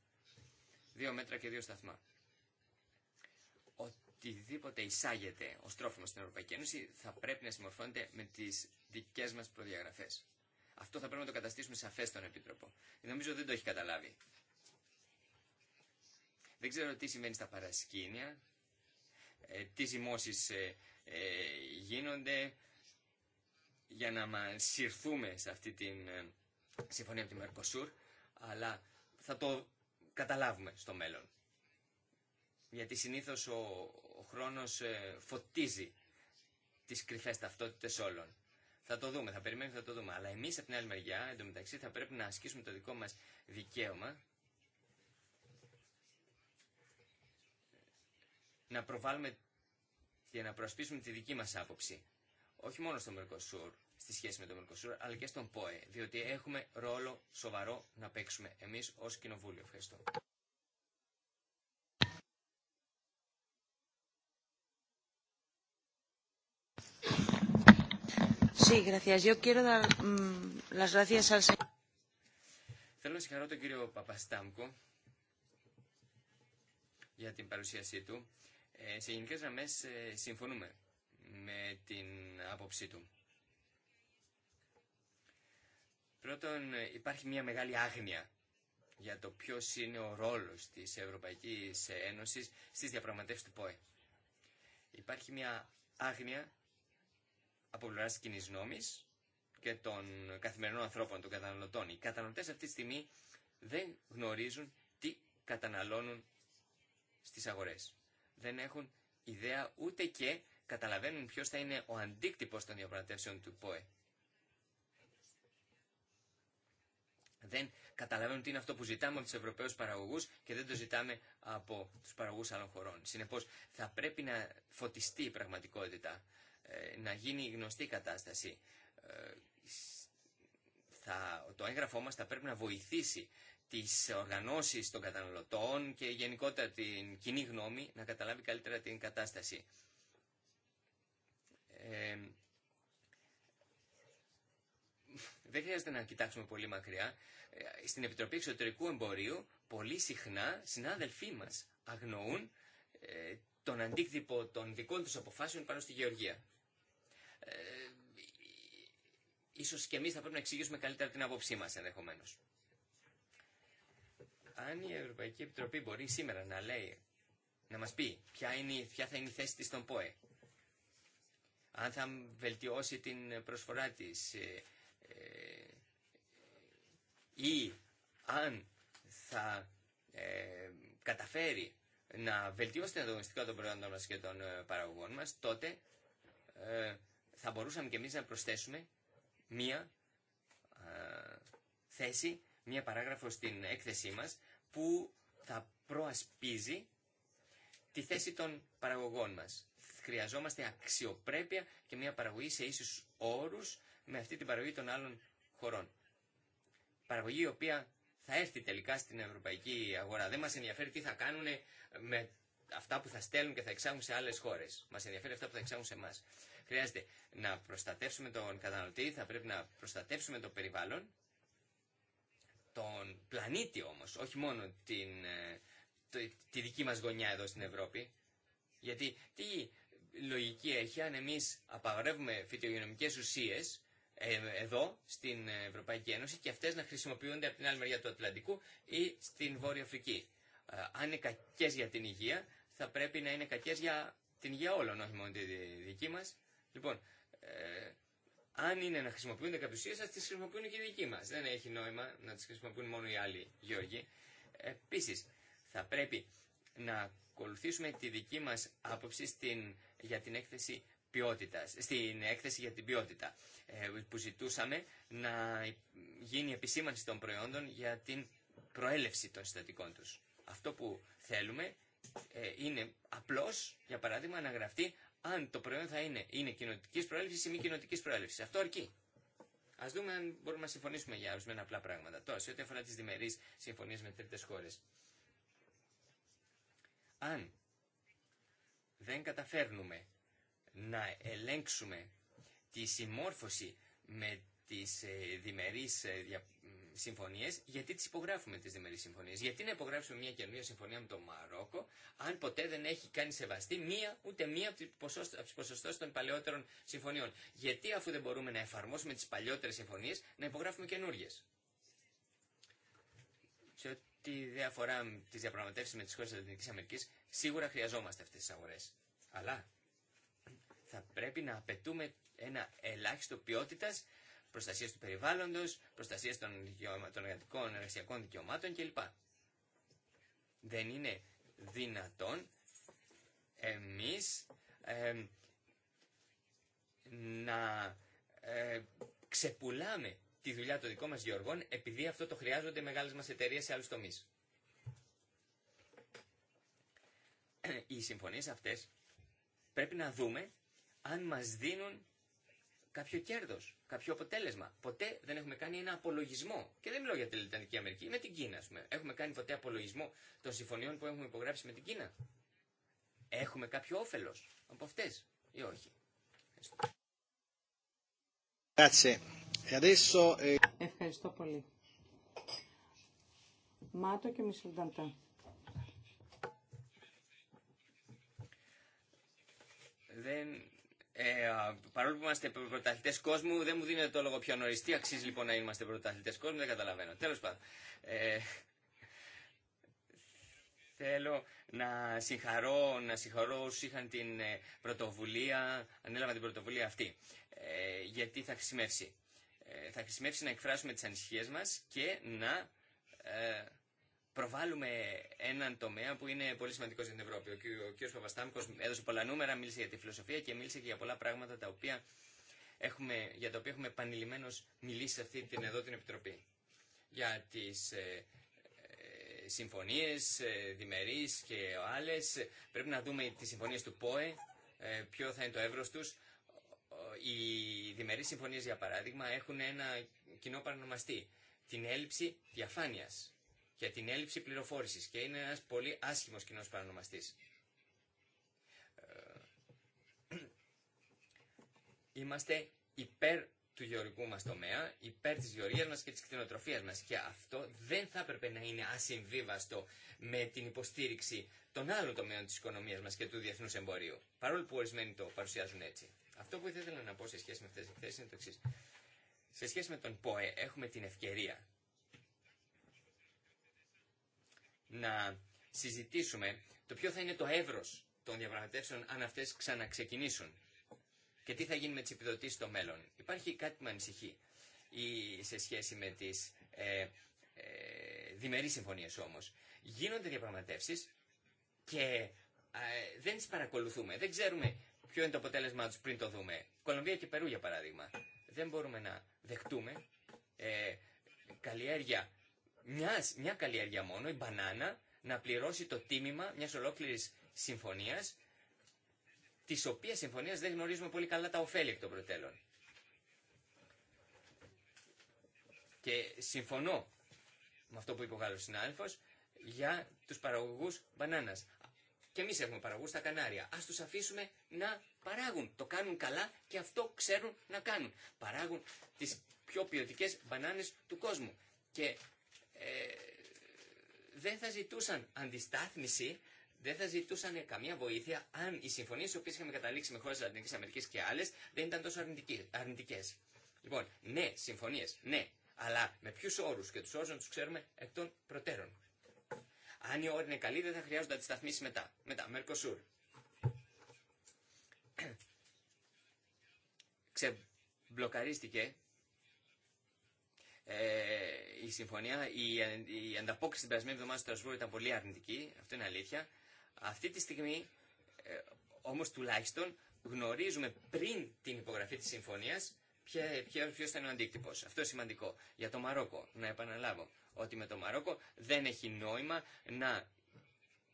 Δύο μέτρα και δύο σταθμά οτιδήποτε εισάγεται ω τρόφιμο στην Ευρωπαϊκή Ένωση θα πρέπει να συμμορφώνεται με τι δικέ μα προδιαγραφέ. Αυτό θα πρέπει να το καταστήσουμε σαφέ στον Επίτροπο. Νομίζω δεν το έχει καταλάβει. Δεν ξέρω τι συμβαίνει στα παρασκήνια, ε, τι ζημιώσεις ε, ε, γίνονται για να μας συρθούμε σε αυτή την συμφωνία με τη Μερκοσούρ, αλλά θα το καταλάβουμε στο μέλλον γιατί συνήθως ο, ο χρόνος ε, φωτίζει τις κρυφές ταυτότητες όλων. Θα το δούμε, θα περιμένουμε, θα το δούμε. Αλλά εμείς από την άλλη μεριά, εντωμεταξύ, θα πρέπει να ασκήσουμε το δικό μας δικαίωμα να προβάλλουμε και να προασπίσουμε τη δική μας άποψη. Όχι μόνο στο Μερκοσούρ, στη σχέση με το Μερκοσούρ, αλλά και στον ΠΟΕ. Διότι έχουμε ρόλο σοβαρό να παίξουμε εμείς ως Κοινοβούλιο. Ευχαριστώ. Θέλω να συγχαρώ τον κύριο Παπαστάμκο για την παρουσίασή του. Ε, σε γενικέ γραμμέ ε, συμφωνούμε με την άποψή του. Πρώτον, υπάρχει μια μεγάλη άγνοια για το ποιο είναι ο ρόλο τη Ευρωπαϊκή Ένωσης στι διαπραγματεύσει του ΠΟΕ. Υπάρχει μια άγνοια από πλευρά κοινή νόμη και των καθημερινών ανθρώπων, των καταναλωτών. Οι καταναλωτέ αυτή τη στιγμή δεν γνωρίζουν τι καταναλώνουν στις αγορές. Δεν έχουν ιδέα ούτε και καταλαβαίνουν ποιο θα είναι ο αντίκτυπος των διαπραγματεύσεων του ΠΟΕ. Δεν καταλαβαίνουν τι είναι αυτό που ζητάμε από του Ευρωπαίου παραγωγού και δεν το ζητάμε από του παραγωγού άλλων χωρών. Συνεπώ θα πρέπει να φωτιστεί η πραγματικότητα. Ε, να γίνει γνωστή η κατάσταση. Ε, θα, το έγγραφό μας θα πρέπει να βοηθήσει τις οργανώσεις των καταναλωτών και γενικότερα την κοινή γνώμη να καταλάβει καλύτερα την κατάσταση. Ε, δεν χρειάζεται να κοιτάξουμε πολύ μακριά. Στην Επιτροπή Εξωτερικού Εμπορίου πολύ συχνά συνάδελφοί μας αγνοούν τον αντίκτυπο των δικών τους αποφάσεων πάνω στη γεωργία. Ε, ίσως και εμείς θα πρέπει να εξηγήσουμε καλύτερα την άποψή μας ενδεχομένως. Αν η Ευρωπαϊκή Επιτροπή μπορεί σήμερα να λέει, να μας πει ποια, είναι, ποια θα είναι η θέση της στον ΠΟΕ, αν θα βελτιώσει την προσφορά της ε, ε, ή αν θα ε, καταφέρει να βελτιώσει την ανταγωνιστικότητα των προϊόντων μας και των ε, παραγωγών μας, τότε ε, θα μπορούσαμε και εμείς να προσθέσουμε μία ε, θέση, μία παράγραφο στην έκθεσή μας που θα προασπίζει τη θέση των παραγωγών μας. Χρειαζόμαστε αξιοπρέπεια και μία παραγωγή σε ίσους όρους με αυτή την παραγωγή των άλλων χωρών. Παραγωγή η οποία θα έρθει τελικά στην ευρωπαϊκή αγορά. Δεν μας ενδιαφέρει τι θα κάνουν με αυτά που θα στέλνουν και θα εξάγουν σε άλλες χώρες. Μας ενδιαφέρει αυτά που θα εξάγουν σε εμάς. Χρειάζεται να προστατεύσουμε τον καταναλωτή, θα πρέπει να προστατεύσουμε το περιβάλλον, τον πλανήτη όμως, όχι μόνο την, ε, τη, δική μας γωνιά εδώ στην Ευρώπη. Γιατί τι λογική έχει αν εμείς απαγορεύουμε φυτογενομικές ουσίες ε, εδώ στην Ευρωπαϊκή Ένωση και αυτές να χρησιμοποιούνται από την άλλη μεριά του Ατλαντικού ή στην Βόρεια Αφρική. Ε, αν είναι κακές για την υγεία θα πρέπει να είναι κακές για την υγεία όλων, όχι μόνο τη δική μας Λοιπόν, ε, αν είναι να χρησιμοποιούνται κατουσίε, α τι χρησιμοποιούν και οι δικοί μα. Δεν έχει νόημα να τι χρησιμοποιούν μόνο οι άλλοι Γεώργοι. Επίση, θα πρέπει να ακολουθήσουμε τη δική μα άποψη στην, για την έκθεση ποιότητας, στην έκθεση για την ποιότητα ε, που ζητούσαμε να γίνει επισήμανση των προϊόντων για την προέλευση των συστατικών τους. Αυτό που θέλουμε ε, είναι απλώς, για παράδειγμα, να γραφτεί αν το προϊόν θα είναι, είναι κοινοτική προέλευση ή μη κοινοτική προέλευση. Αυτό αρκεί. Α δούμε αν μπορούμε να συμφωνήσουμε για ορισμένα απλά πράγματα. Τώρα, σε ό,τι αφορά τι διμερεί συμφωνίε με τρίτε χώρε. Αν δεν καταφέρνουμε να ελέγξουμε τη συμμόρφωση με τις ε, διμερείς ε, συμφωνίε, γιατί τι υπογράφουμε τι διμερεί συμφωνίε. Γιατί να υπογράψουμε μια καινούργια συμφωνία με το Μαρόκο, αν ποτέ δεν έχει κάνει σεβαστή μία, ούτε μία από τι ποσοστώσει των παλαιότερων συμφωνιών. Γιατί αφού δεν μπορούμε να εφαρμόσουμε τι παλιότερε συμφωνίε, να υπογράφουμε καινούργιε. Σε ό,τι δεν αφορά τι διαπραγματεύσει με τι χώρε τη Λατινική Αμερική, σίγουρα χρειαζόμαστε αυτέ τι αγορέ. Αλλά θα πρέπει να απαιτούμε ένα ελάχιστο ποιότητα προστασίας του περιβάλλοντος, προστασίας των, των εργατικών εργασιακών δικαιωμάτων κλπ. Δεν είναι δυνατόν εμείς να ε, ξεπουλάμε τη δουλειά των δικών μα γεωργών επειδή αυτό το χρειάζονται μεγάλε μα εταιρείε σε άλλου τομεί. Ε, οι συμφωνίε αυτές πρέπει να δούμε αν μας δίνουν κάποιο κέρδο, κάποιο αποτέλεσμα. Ποτέ δεν έχουμε κάνει ένα απολογισμό. Και δεν μιλάω για τη Λιτανική Αμερική, με την Κίνα, α πούμε. Έχουμε κάνει ποτέ απολογισμό των συμφωνιών που έχουμε υπογράψει με την Κίνα. Έχουμε κάποιο όφελο από αυτέ ή όχι. Ευχαριστώ, Ευχαριστώ πολύ. Μάτο και Δεν ε, παρόλο που είμαστε πρωταθλητέ κόσμου, δεν μου δίνετε το λόγο πιο νωρί. Τι αξίζει λοιπόν να είμαστε πρωταθλητέ κόσμου, δεν καταλαβαίνω. Τέλο πάντων. Ε, θέλω να συγχαρώ, να συγχαρώ όσου είχαν την ε, πρωτοβουλία, ανέλαβαν την πρωτοβουλία αυτή. γιατί θα χρησιμεύσει. θα χρησιμεύσει να εκφράσουμε τι ανησυχίε μα και να προβάλλουμε έναν τομέα που είναι πολύ σημαντικό στην Ευρώπη. Ο κ. Παπαστάμικος έδωσε πολλά νούμερα, μίλησε για τη φιλοσοφία και μίλησε και για πολλά πράγματα τα οποία έχουμε, για τα οποία έχουμε επανειλημμένω μιλήσει σε αυτή την εδώ την Επιτροπή. Για τι ε, ε, συμφωνίες, ε, διμερείς και άλλε Πρέπει να δούμε τι συμφωνίε του ΠΟΕ, ε, ποιο θα είναι το εύρο του, Οι διμερεί συμφωνίε, για παράδειγμα, έχουν ένα κοινό παρανομαστή. Την έλλειψη διαφάνειας για την έλλειψη πληροφόρησης και είναι ένας πολύ άσχημος κοινός παρανομαστής. Ε, είμαστε υπέρ του γεωργικού μας τομέα, υπέρ της γεωργίας μας και της κτηνοτροφίας μας και αυτό δεν θα έπρεπε να είναι ασυμβίβαστο με την υποστήριξη των άλλων τομέων της οικονομίας μας και του διεθνούς εμπορίου. Παρόλο που ορισμένοι το παρουσιάζουν έτσι. Αυτό που ήθελα να πω σε σχέση με αυτές τις εκθέσεις είναι το εξή. Σε σχέση με τον ΠΟΕ έχουμε την ευκαιρία να συζητήσουμε το ποιο θα είναι το εύρος των διαπραγματεύσεων αν αυτές ξαναξεκινήσουν και τι θα γίνει με τις επιδοτήσεις στο μέλλον. Υπάρχει κάτι που με ανησυχεί ή σε σχέση με τις ε, ε, διμερείς συμφωνίες όμως. Γίνονται διαπραγματεύσεις και ε, δεν τις παρακολουθούμε. Δεν ξέρουμε ποιο είναι το αποτέλεσμα τους πριν το δούμε. Κολομβία και Περού για παράδειγμα. Δεν μπορούμε να δεχτούμε ε, καλλιέργεια μιας, μια καλλιέργεια μόνο, η μπανάνα, να πληρώσει το τίμημα μια ολόκληρης συμφωνίας, τη οποία συμφωνίας δεν γνωρίζουμε πολύ καλά τα ωφέλη εκ των προτέλων. Και συμφωνώ με αυτό που είπε ο Γάλλο συνάδελφο, για τους παραγωγούς μπανάνας. Και εμεί έχουμε παραγωγού στα Κανάρια. Α του αφήσουμε να παράγουν. Το κάνουν καλά και αυτό ξέρουν να κάνουν. Παράγουν τι πιο ποιοτικέ μπανάνε του κόσμου. Και ε, δεν θα ζητούσαν αντιστάθμιση, δεν θα ζητούσαν καμία βοήθεια αν οι συμφωνίε οι οποίε είχαμε καταλήξει με χώρε τη Λατινική Αμερική και άλλε δεν ήταν τόσο αρνητικέ. Λοιπόν, ναι, συμφωνίε, ναι, αλλά με ποιου όρου και του όρου να του ξέρουμε εκ των προτέρων. Αν οι όροι είναι καλοί, δεν θα χρειάζονται αντισταθμίσει μετά. Μετά, Μερκοσούρ. Ξεμπλοκαρίστηκε ε, η συμφωνία, η, η ανταπόκριση την περασμένη εβδομάδα στο Στρασβούργο ήταν πολύ αρνητική, αυτό είναι αλήθεια. Αυτή τη στιγμή ε, όμως τουλάχιστον γνωρίζουμε πριν την υπογραφή τη συμφωνία ποιο ήταν ο αντίκτυπο. Αυτό είναι σημαντικό. Για το Μαρόκο, να επαναλάβω ότι με το Μαρόκο δεν έχει νόημα να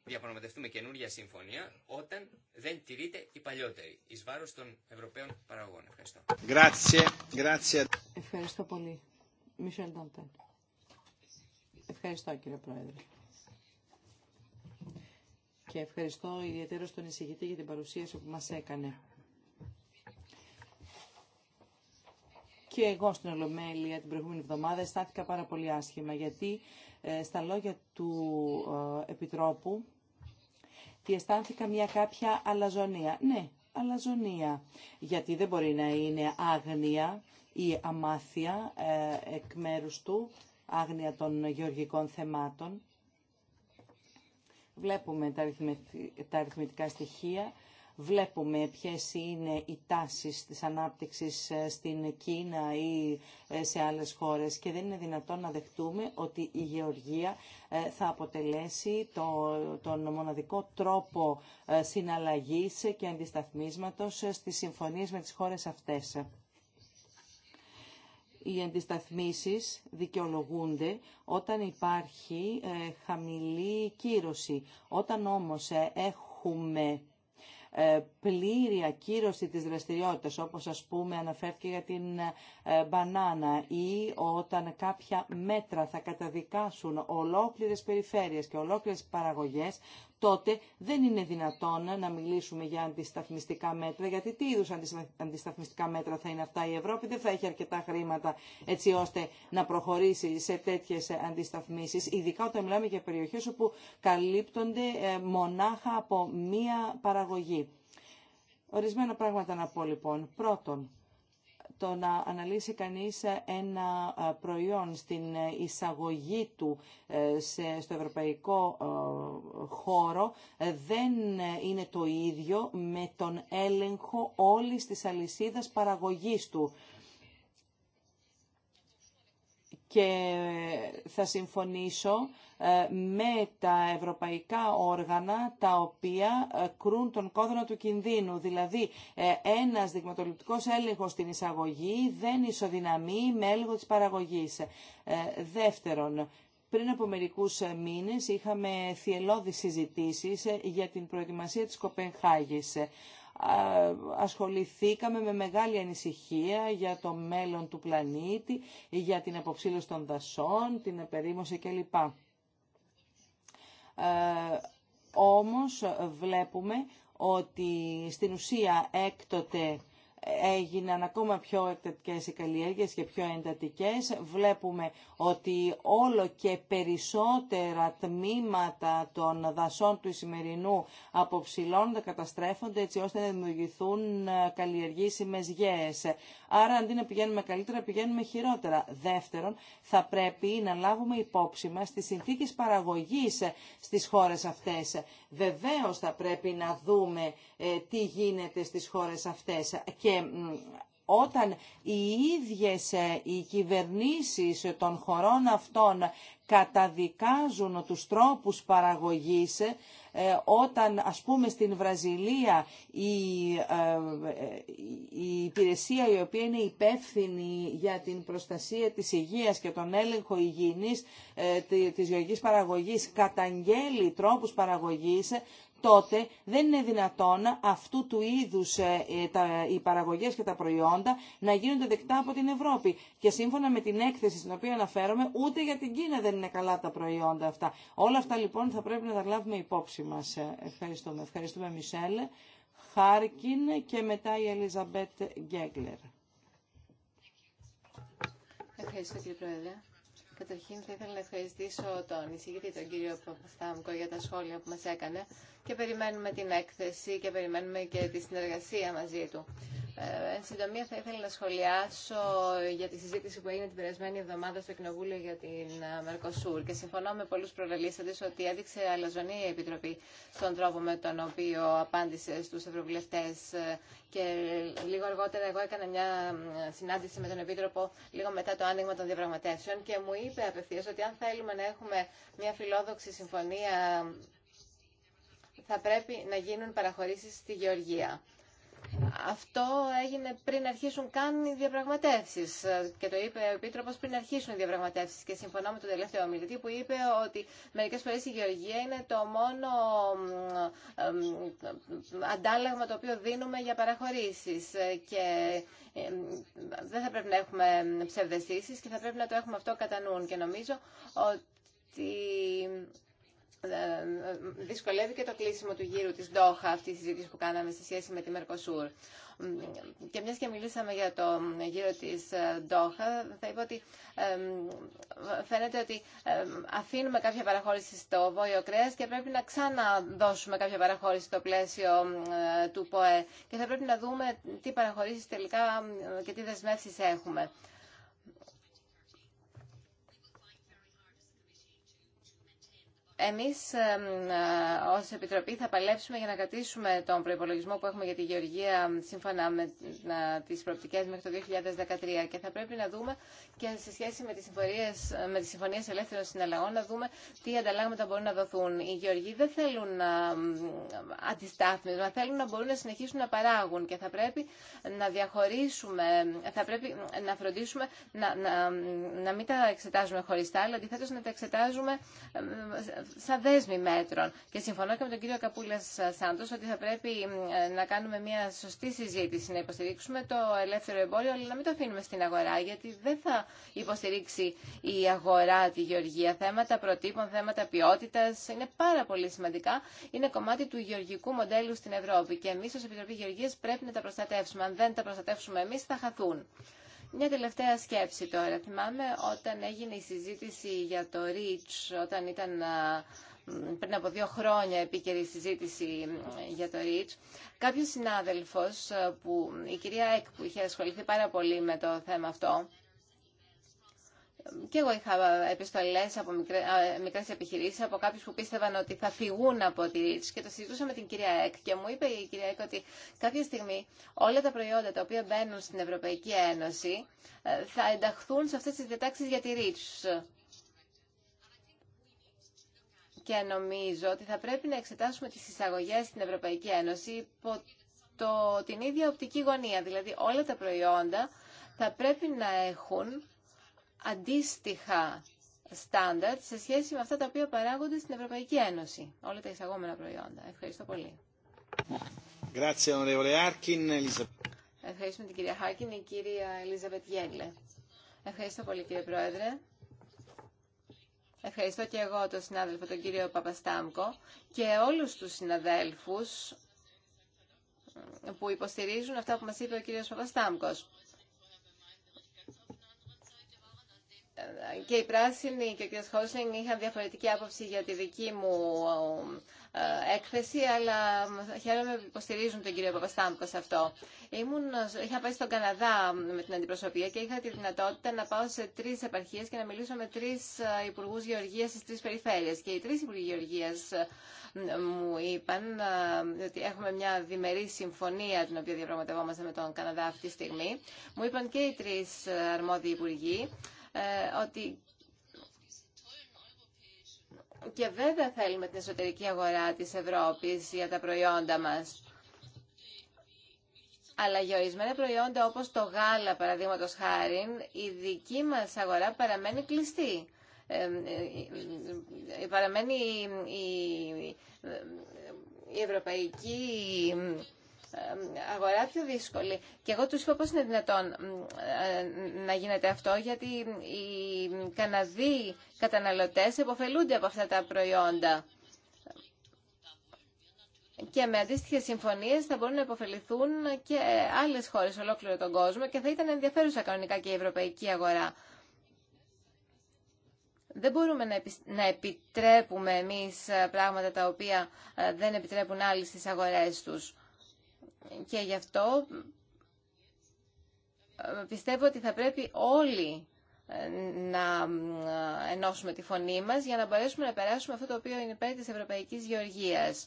διαπραγματευτούμε καινούργια συμφωνία όταν δεν τηρείται η παλιότερη εις βάρος των Ευρωπαίων παραγωγών. Ευχαριστώ. Grazie. Grazie. Ευχαριστώ πολύ. Μισελ Ευχαριστώ κύριε Πρόεδρε. Και ευχαριστώ ιδιαίτερα στον εισηγητή για την παρουσίαση που μας έκανε. Και εγώ στην Ολομέλεια την προηγούμενη εβδομάδα αισθάνθηκα πάρα πολύ άσχημα γιατί ε, στα λόγια του ε, Επιτρόπου αισθάνθηκα μια κάποια αλαζονία. Ναι, αλαζονία. Γιατί δεν μπορεί να είναι άγνοια η αμάθεια ε, εκ μέρους του, άγνοια των γεωργικών θεμάτων. Βλέπουμε τα αριθμητικά στοιχεία, βλέπουμε ποιες είναι οι τάσεις της ανάπτυξης ε, στην Κίνα ή ε, σε άλλες χώρες και δεν είναι δυνατόν να δεχτούμε ότι η γεωργία θα αποτελέσει τον μοναδικό τρόπο συναλλαγής και αντισταθμίσματος στις συμφωνίες με τις χώρες αυτές οι αντισταθμίσεις δικαιολογούνται όταν υπάρχει ε, χαμηλή κύρωση. Όταν όμως ε, έχουμε ε, πλήρη ακύρωση της δραστηριότητας, όπως ας πούμε αναφέρθηκε για την μπανάνα ή όταν κάποια μέτρα θα καταδικάσουν ολόκληρες περιφέρειες και ολόκληρες παραγωγές, τότε δεν είναι δυνατόν να μιλήσουμε για αντισταθμιστικά μέτρα, γιατί τι είδους αντισταθμιστικά μέτρα θα είναι αυτά. Η Ευρώπη δεν θα έχει αρκετά χρήματα έτσι ώστε να προχωρήσει σε τέτοιες αντισταθμίσεις, ειδικά όταν μιλάμε για περιοχές όπου καλύπτονται ε, μονάχα από μία παραγωγή. Ορισμένα πράγματα να πω λοιπόν. Πρώτον, το να αναλύσει κανείς ένα ε, προϊόν στην εισαγωγή του ε, στο ευρωπαϊκό ε, χώρο δεν είναι το ίδιο με τον έλεγχο όλης της αλυσίδας παραγωγής του και θα συμφωνήσω ε, με τα ευρωπαϊκά όργανα τα οποία ε, κρούν τον κόδωνα του κινδύνου. Δηλαδή, ε, ένας δειγματοληπτικός έλεγχος στην εισαγωγή δεν ισοδυναμεί με έλεγχο της παραγωγής. Δεύτερον, πριν από μερικούς μήνες είχαμε θυελώδεις συζητήσεις για την προετοιμασία της Κοπενχάγης ασχοληθήκαμε με μεγάλη ανησυχία για το μέλλον του πλανήτη, για την αποψήλωση των δασών, την επερήμωση κλπ. Ε, όμως βλέπουμε ότι στην ουσία έκτοτε έγιναν ακόμα πιο εκτατικές οι καλλιέργειες και πιο εντατικές. Βλέπουμε ότι όλο και περισσότερα τμήματα των δασών του Ισημερινού αποψηλώνονται, καταστρέφονται έτσι ώστε να δημιουργηθούν ε, καλλιεργήσιμες γέες. Άρα αντί να πηγαίνουμε καλύτερα πηγαίνουμε χειρότερα. Δεύτερον, θα πρέπει να λάβουμε υπόψη μας τις συνθήκες παραγωγής ε, στις χώρες αυτές. Βεβαίως θα πρέπει να δούμε ε, τι γίνεται στις χώρες αυτές και όταν οι ίδιες ε, οι κυβερνήσεις των χωρών αυτών καταδικάζουν τους τρόπους παραγωγής ε, όταν ας πούμε στην Βραζιλία η, ε, η υπηρεσία η οποία είναι υπεύθυνη για την προστασία της υγείας και τον έλεγχο υγιεινής ε, της γεωργικής παραγωγής καταγγέλει τρόπους παραγωγής τότε δεν είναι δυνατόν αυτού του είδους ε, ε, οι παραγωγές και τα προϊόντα να γίνονται δεκτά από την Ευρώπη. Και σύμφωνα με την έκθεση στην οποία αναφέρομαι, ούτε για την Κίνα δεν είναι καλά τα προϊόντα αυτά. Όλα αυτά λοιπόν θα πρέπει να τα λάβουμε υπόψη μας. Ε, ευχαριστούμε. Ευχαριστούμε Μισελ Χάρκιν και μετά η Ελιζαμπέτ Γκέγκλερ. Ευχαριστώ κύριε Πρόεδρε. Καταρχήν θα ήθελα να ευχαριστήσω τον εισηγητή, τον κύριο Παπαστάμκο, για τα σχόλια που μας έκανε και περιμένουμε την έκθεση και περιμένουμε και τη συνεργασία μαζί του. Ε, εν συντομία θα ήθελα να σχολιάσω για τη συζήτηση που έγινε την περασμένη εβδομάδα στο Κοινοβούλιο για την ε, Μερκοσούρ και συμφωνώ με πολλούς προλαλήσαντες ότι έδειξε αλαζονή η Επιτροπή στον τρόπο με τον οποίο απάντησε στους ευρωβουλευτές ε, και λίγο αργότερα εγώ έκανα μια συνάντηση με τον Επίτροπο λίγο μετά το άνοιγμα των διαπραγματεύσεων και μου είπε απευθείας ότι αν θέλουμε να έχουμε μια φιλόδοξη συμφωνία θα πρέπει να γίνουν παραχωρήσεις στη Γεωργία. Αυτό έγινε πριν αρχίσουν καν οι διαπραγματεύσει. Και το είπε ο Επίτροπο πριν αρχίσουν οι διαπραγματεύσει. Και συμφωνώ με τον τελευταίο ομιλητή που είπε ότι μερικέ φορέ η γεωργία είναι το μόνο αντάλλαγμα το οποίο δίνουμε για παραχωρήσει. Και ε, δεν θα πρέπει να έχουμε ψευδεστήσει και θα πρέπει να το έχουμε αυτό κατά νου. Και νομίζω ότι ε, ε, δυσκολεύει και το κλείσιμο του γύρου της Ντόχα, αυτή τη συζήτηση που κάναμε σε σχέση με τη Μερκοσούρ. Και μιας και μιλήσαμε για το γύρο της ε, Ντόχα, θα είπα ότι φαίνεται ότι αφήνουμε κάποια παραχώρηση στο Βόλιο Κρέας και πρέπει να ξαναδώσουμε κάποια παραχώρηση στο πλαίσιο του ΠΟΕ. Και θα πρέπει να δούμε τι παραχωρήσεις τελικά και τι δεσμεύσεις έχουμε. Εμείς ε, ως Επιτροπή θα παλέψουμε για να κρατήσουμε τον προϋπολογισμό που έχουμε για τη Γεωργία σύμφωνα με ε, τις προοπτικές μέχρι το 2013 και θα πρέπει να δούμε και σε σχέση με τις συμφωνίες, με τις συμφωνίες ελεύθερων συναλλαγών να δούμε τι ανταλλάγματα μπορούν να δοθούν. Οι Γεωργοί δεν θέλουν αντιστάθμισμα, θέλουν να μπορούν να συνεχίσουν να παράγουν και θα πρέπει να διαχωρίσουμε, θα πρέπει να φροντίσουμε να, να, να μην τα εξετάζουμε χωριστά, αλλά αντιθέτως να τα εξετάζουμε σαν δέσμη μέτρων. Και συμφωνώ και με τον κύριο Καπούλα ε, Σάντο ότι θα πρέπει ε, να κάνουμε μια σωστή συζήτηση, να υποστηρίξουμε το ελεύθερο εμπόριο, αλλά να μην το αφήνουμε στην αγορά, γιατί δεν θα υποστηρίξει η αγορά τη γεωργία. Θέματα προτύπων, θέματα ποιότητα είναι πάρα πολύ σημαντικά. Είναι κομμάτι του γεωργικού μοντέλου στην Ευρώπη. Και εμεί ω Επιτροπή Γεωργία πρέπει να τα προστατεύσουμε. Αν δεν τα προστατεύσουμε εμεί, θα χαθούν. Μια τελευταία σκέψη τώρα. Θυμάμαι όταν έγινε η συζήτηση για το REACH, όταν ήταν πριν από δύο χρόνια επίκαιρη συζήτηση για το REACH, κάποιος συνάδελφος, που, η κυρία Εκ, που είχε ασχοληθεί πάρα πολύ με το θέμα αυτό, και εγώ είχα επιστολέ από μικρέ επιχειρήσει από κάποιου που πίστευαν ότι θα φυγούν από τη Ρίτς και το συζητούσα με την κυρία Εκ και μου είπε η κυρία Εκ ότι κάποια στιγμή όλα τα προϊόντα τα οποία μπαίνουν στην Ευρωπαϊκή Ένωση ε, θα ενταχθούν σε αυτέ τι διατάξει για τη Ρίτς. Και νομίζω ότι θα πρέπει να εξετάσουμε τις εισαγωγές στην Ευρωπαϊκή Ένωση υπό το, την ίδια οπτική γωνία. Δηλαδή όλα τα προϊόντα θα πρέπει να έχουν αντίστοιχα στάνταρτ σε σχέση με αυτά τα οποία παράγονται στην Ευρωπαϊκή Ένωση, όλα τα εισαγόμενα προϊόντα. Ευχαριστώ πολύ. Ευχαριστούμε την κυρία Χάρκιν, η κυρία Ελίζαβετ Γέγλε. Ευχαριστώ πολύ κύριε Πρόεδρε. Ευχαριστώ και εγώ τον συνάδελφο τον κύριο Παπαστάμκο και όλους τους συναδέλφους που υποστηρίζουν αυτά που μας είπε ο κύριος Παπαστάμκος. και οι πράσινοι και ο κ. Χόσλινγκ είχαν διαφορετική άποψη για τη δική μου ε, έκθεση, αλλά χαίρομαι που υποστηρίζουν τον κύριο Παπαστάμκο σε αυτό. Ήμουν, είχα πάει στον Καναδά με την αντιπροσωπεία και είχα τη δυνατότητα να πάω σε τρει επαρχίε και να μιλήσω με τρει ε, υπουργού γεωργία στι τρει περιφέρειε. Και οι τρει υπουργοί γεωργία ε, μου είπαν ότι έχουμε μια διμερή συμφωνία την οποία διαπραγματευόμαστε με τον Καναδά αυτή τη στιγμή. Μου είπαν και οι τρει αρμόδιοι υπουργοί ε, ότι και βέβαια θέλουμε την εσωτερική αγορά της Ευρώπης για τα προϊόντα μας. Αλλά για ορισμένα προϊόντα όπως το γάλα, παραδείγματος χάρη, η δική μας αγορά παραμένει κλειστή. Ε, ε, ε παραμένει η ευρωπαϊκή αγορά πιο δύσκολη. Και εγώ τους είπα πώς είναι δυνατόν ε, να γίνεται αυτό, γιατί οι Καναδοί καταναλωτές επωφελούνται από αυτά τα προϊόντα. Και με αντίστοιχε συμφωνίε θα μπορούν να υποφεληθούν και άλλε χώρε ολόκληρο τον κόσμο και θα ήταν ενδιαφέρουσα κανονικά και η ευρωπαϊκή αγορά. Δεν μπορούμε να επιτρέπουμε εμείς ε, πράγματα τα οποία ε, δεν επιτρέπουν άλλοι στις αγορές τους. Και γι' αυτό ε, πιστεύω ότι θα πρέπει όλοι ε, να ε, ενώσουμε τη φωνή μας για να μπορέσουμε να περάσουμε αυτό το οποίο είναι υπέρ της Ευρωπαϊκής Γεωργίας.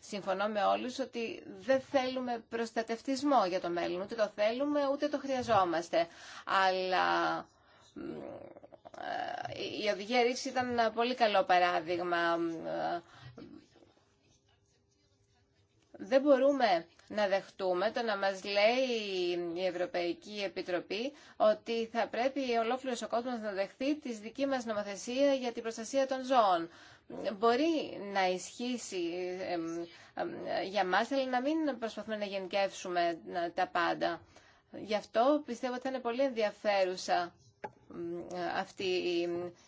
Συμφωνώ με όλους ότι δεν θέλουμε προστατευτισμό για το μέλλον. Ούτε το θέλουμε, ούτε το χρειαζόμαστε. Αλλά η οδηγία ρίξη ήταν ένα πολύ καλό παράδειγμα δεν μπορούμε να δεχτούμε το να μας λέει η Ευρωπαϊκή Επιτροπή ότι θα πρέπει ολόκληρος ο κόσμος να δεχθεί τη δική μας νομοθεσία για την προστασία των ζώων. Μπορεί να ισχύσει για μας, αλλά να μην προσπαθούμε να γενικεύσουμε τα πάντα. Γι' αυτό πιστεύω ότι θα είναι πολύ ενδιαφέρουσα αυτή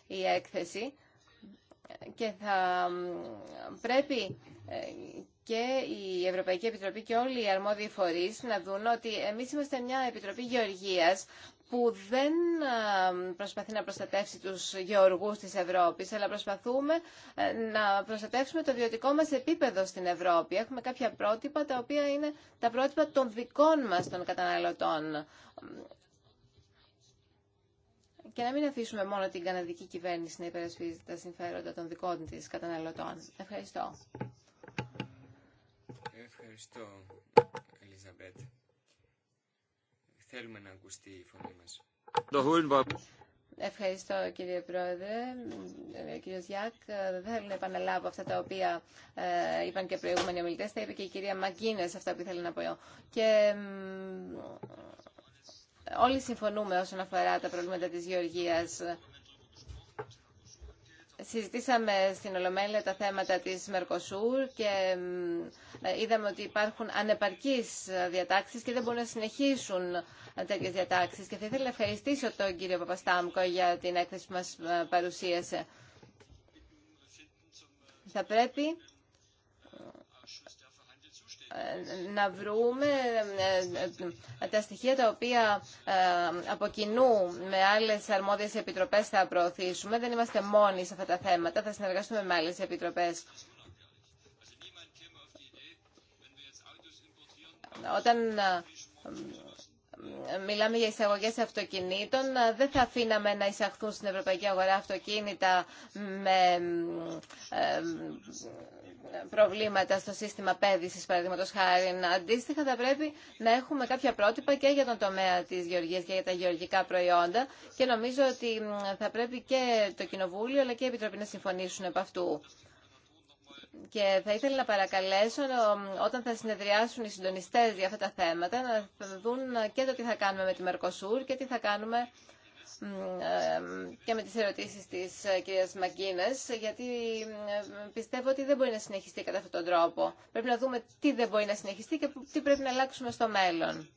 η έκθεση και θα πρέπει ε, και η Ευρωπαϊκή Επιτροπή και όλοι οι αρμόδιοι φορείς να δουν ότι εμείς είμαστε μια Επιτροπή Γεωργίας που δεν προσπαθεί να προστατεύσει τους γεωργούς της Ευρώπης, αλλά προσπαθούμε ε, να προστατεύσουμε το βιωτικό μας επίπεδο στην Ευρώπη. Έχουμε κάποια πρότυπα τα οποία είναι τα πρότυπα των δικών μας των καταναλωτών. Και να μην αφήσουμε μόνο την καναδική κυβέρνηση να υπερασπίζει τα συμφέροντα των δικών της καταναλωτών. Ευχαριστώ. Ευχαριστώ, Ελίζαμπετ. Θέλουμε να ακουστεί η φωνή μας. Ευχαριστώ κύριε Πρόεδρε. Ε, Κύριο Γιάκ, ε, δεν θέλω να επαναλάβω αυτά τα οποία ε, είπαν και προηγούμενοι ομιλητέ. Τα είπε και η κυρία Μαγκίνε αυτά που ήθελα να πω. Και όλοι συμφωνούμε όσον αφορά τα προβλήματα της γεωργίας. Συζητήσαμε στην Ολομέλεια τα θέματα της Μερκοσούρ και είδαμε ότι υπάρχουν ανεπαρκείς διατάξεις και δεν μπορούν να συνεχίσουν τέτοιες διατάξεις. Και θα ήθελα να ευχαριστήσω τον κύριο Παπαστάμκο για την έκθεση που μας ε, παρουσίασε. Θα πρέπει να βρούμε ε, ε, τα στοιχεία τα οποία ε, από κοινού με άλλες αρμόδιες επιτροπές θα προωθήσουμε. Δεν είμαστε μόνοι σε αυτά τα θέματα, θα συνεργαστούμε με άλλες επιτροπές. Όταν μιλάμε για εισαγωγέ αυτοκινήτων, δεν θα αφήναμε να εισαχθούν στην ευρωπαϊκή αγορά αυτοκίνητα με προβλήματα στο σύστημα πέδησης, παραδείγματο χάρη. Αντίστοιχα, θα πρέπει να έχουμε κάποια πρότυπα και για τον τομέα της γεωργία και για τα γεωργικά προϊόντα και νομίζω ότι θα πρέπει και το Κοινοβούλιο αλλά και η Επιτροπή να συμφωνήσουν από αυτού. Και θα ήθελα να παρακαλέσω όταν θα συνεδριάσουν οι συντονιστές για αυτά τα θέματα να δουν και το τι θα κάνουμε με τη Μερκοσούρ και τι θα κάνουμε και με τις ερωτήσεις της ε, κυρίας Μαγκίνες, γιατί πιστεύω ότι δεν μπορεί να συνεχιστεί κατά αυτόν τον τρόπο. Πρέπει να δούμε τι δεν μπορεί να συνεχιστεί και τι πρέπει να αλλάξουμε στο μέλλον.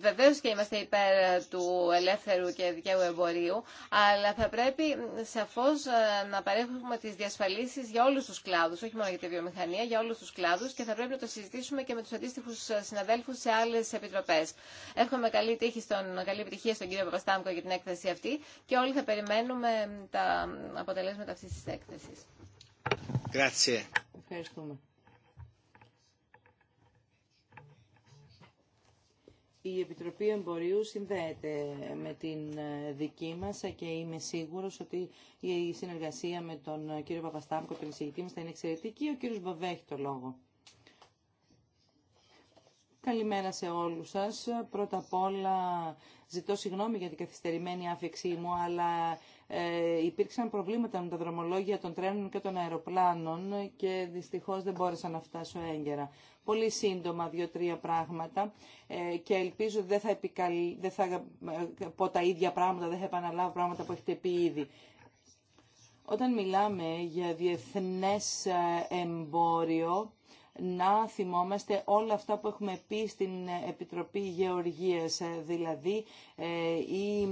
Βεβαίως και είμαστε υπέρ του ελεύθερου και δικαίου εμπορίου, αλλά θα πρέπει σαφώς ε, να παρέχουμε τις διασφαλίσεις για όλους τους κλάδους, όχι μόνο για τη βιομηχανία, για όλους τους κλάδους και θα πρέπει να το συζητήσουμε και με τους αντίστοιχους ε, συναδέλφους σε άλλες επιτροπές. Εύχομαι καλή, τύχη στον, καλή επιτυχία στον κύριο Παπαστάμκο για την έκθεση αυτή και όλοι θα περιμένουμε ε, τα αποτελέσματα αυτής της έκθεσης. Ευχαριστούμε. η Επιτροπή Εμπορίου συνδέεται με την ε, δική μας και είμαι σίγουρος ότι η συνεργασία με τον κύριο Παπαστάμκο, τον εισηγητή μας, θα είναι εξαιρετική. Ο κύριος Μποβέ έχει το λόγο. Καλημέρα σε όλους σας. Πρώτα απ' όλα ζητώ συγγνώμη για την καθυστερημένη άφηξή μου, αλλά ε, υπήρξαν προβλήματα με τα δρομολόγια των τρένων και των αεροπλάνων και δυστυχώς δεν μπόρεσα να φτάσω έγκαιρα. Πολύ σύντομα δύο-τρία πράγματα ε, και ελπίζω δεν θα, δεν θα ε, πω τα ίδια πράγματα, δεν θα επαναλάβω πράγματα που έχετε πει ήδη. Όταν μιλάμε για διεθνές ε, εμπόριο, να θυμόμαστε όλα αυτά που έχουμε πει στην Επιτροπή Γεωργίας, ε, δηλαδή ε, η,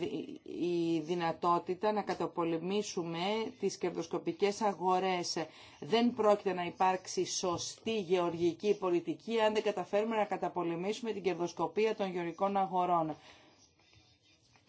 ε, η δυνατότητα να καταπολεμήσουμε τις κερδοσκοπικές αγορές. Δεν πρόκειται να υπάρξει σωστή γεωργική πολιτική αν δεν καταφέρουμε να καταπολεμήσουμε την κερδοσκοπία των γεωργικών αγορών.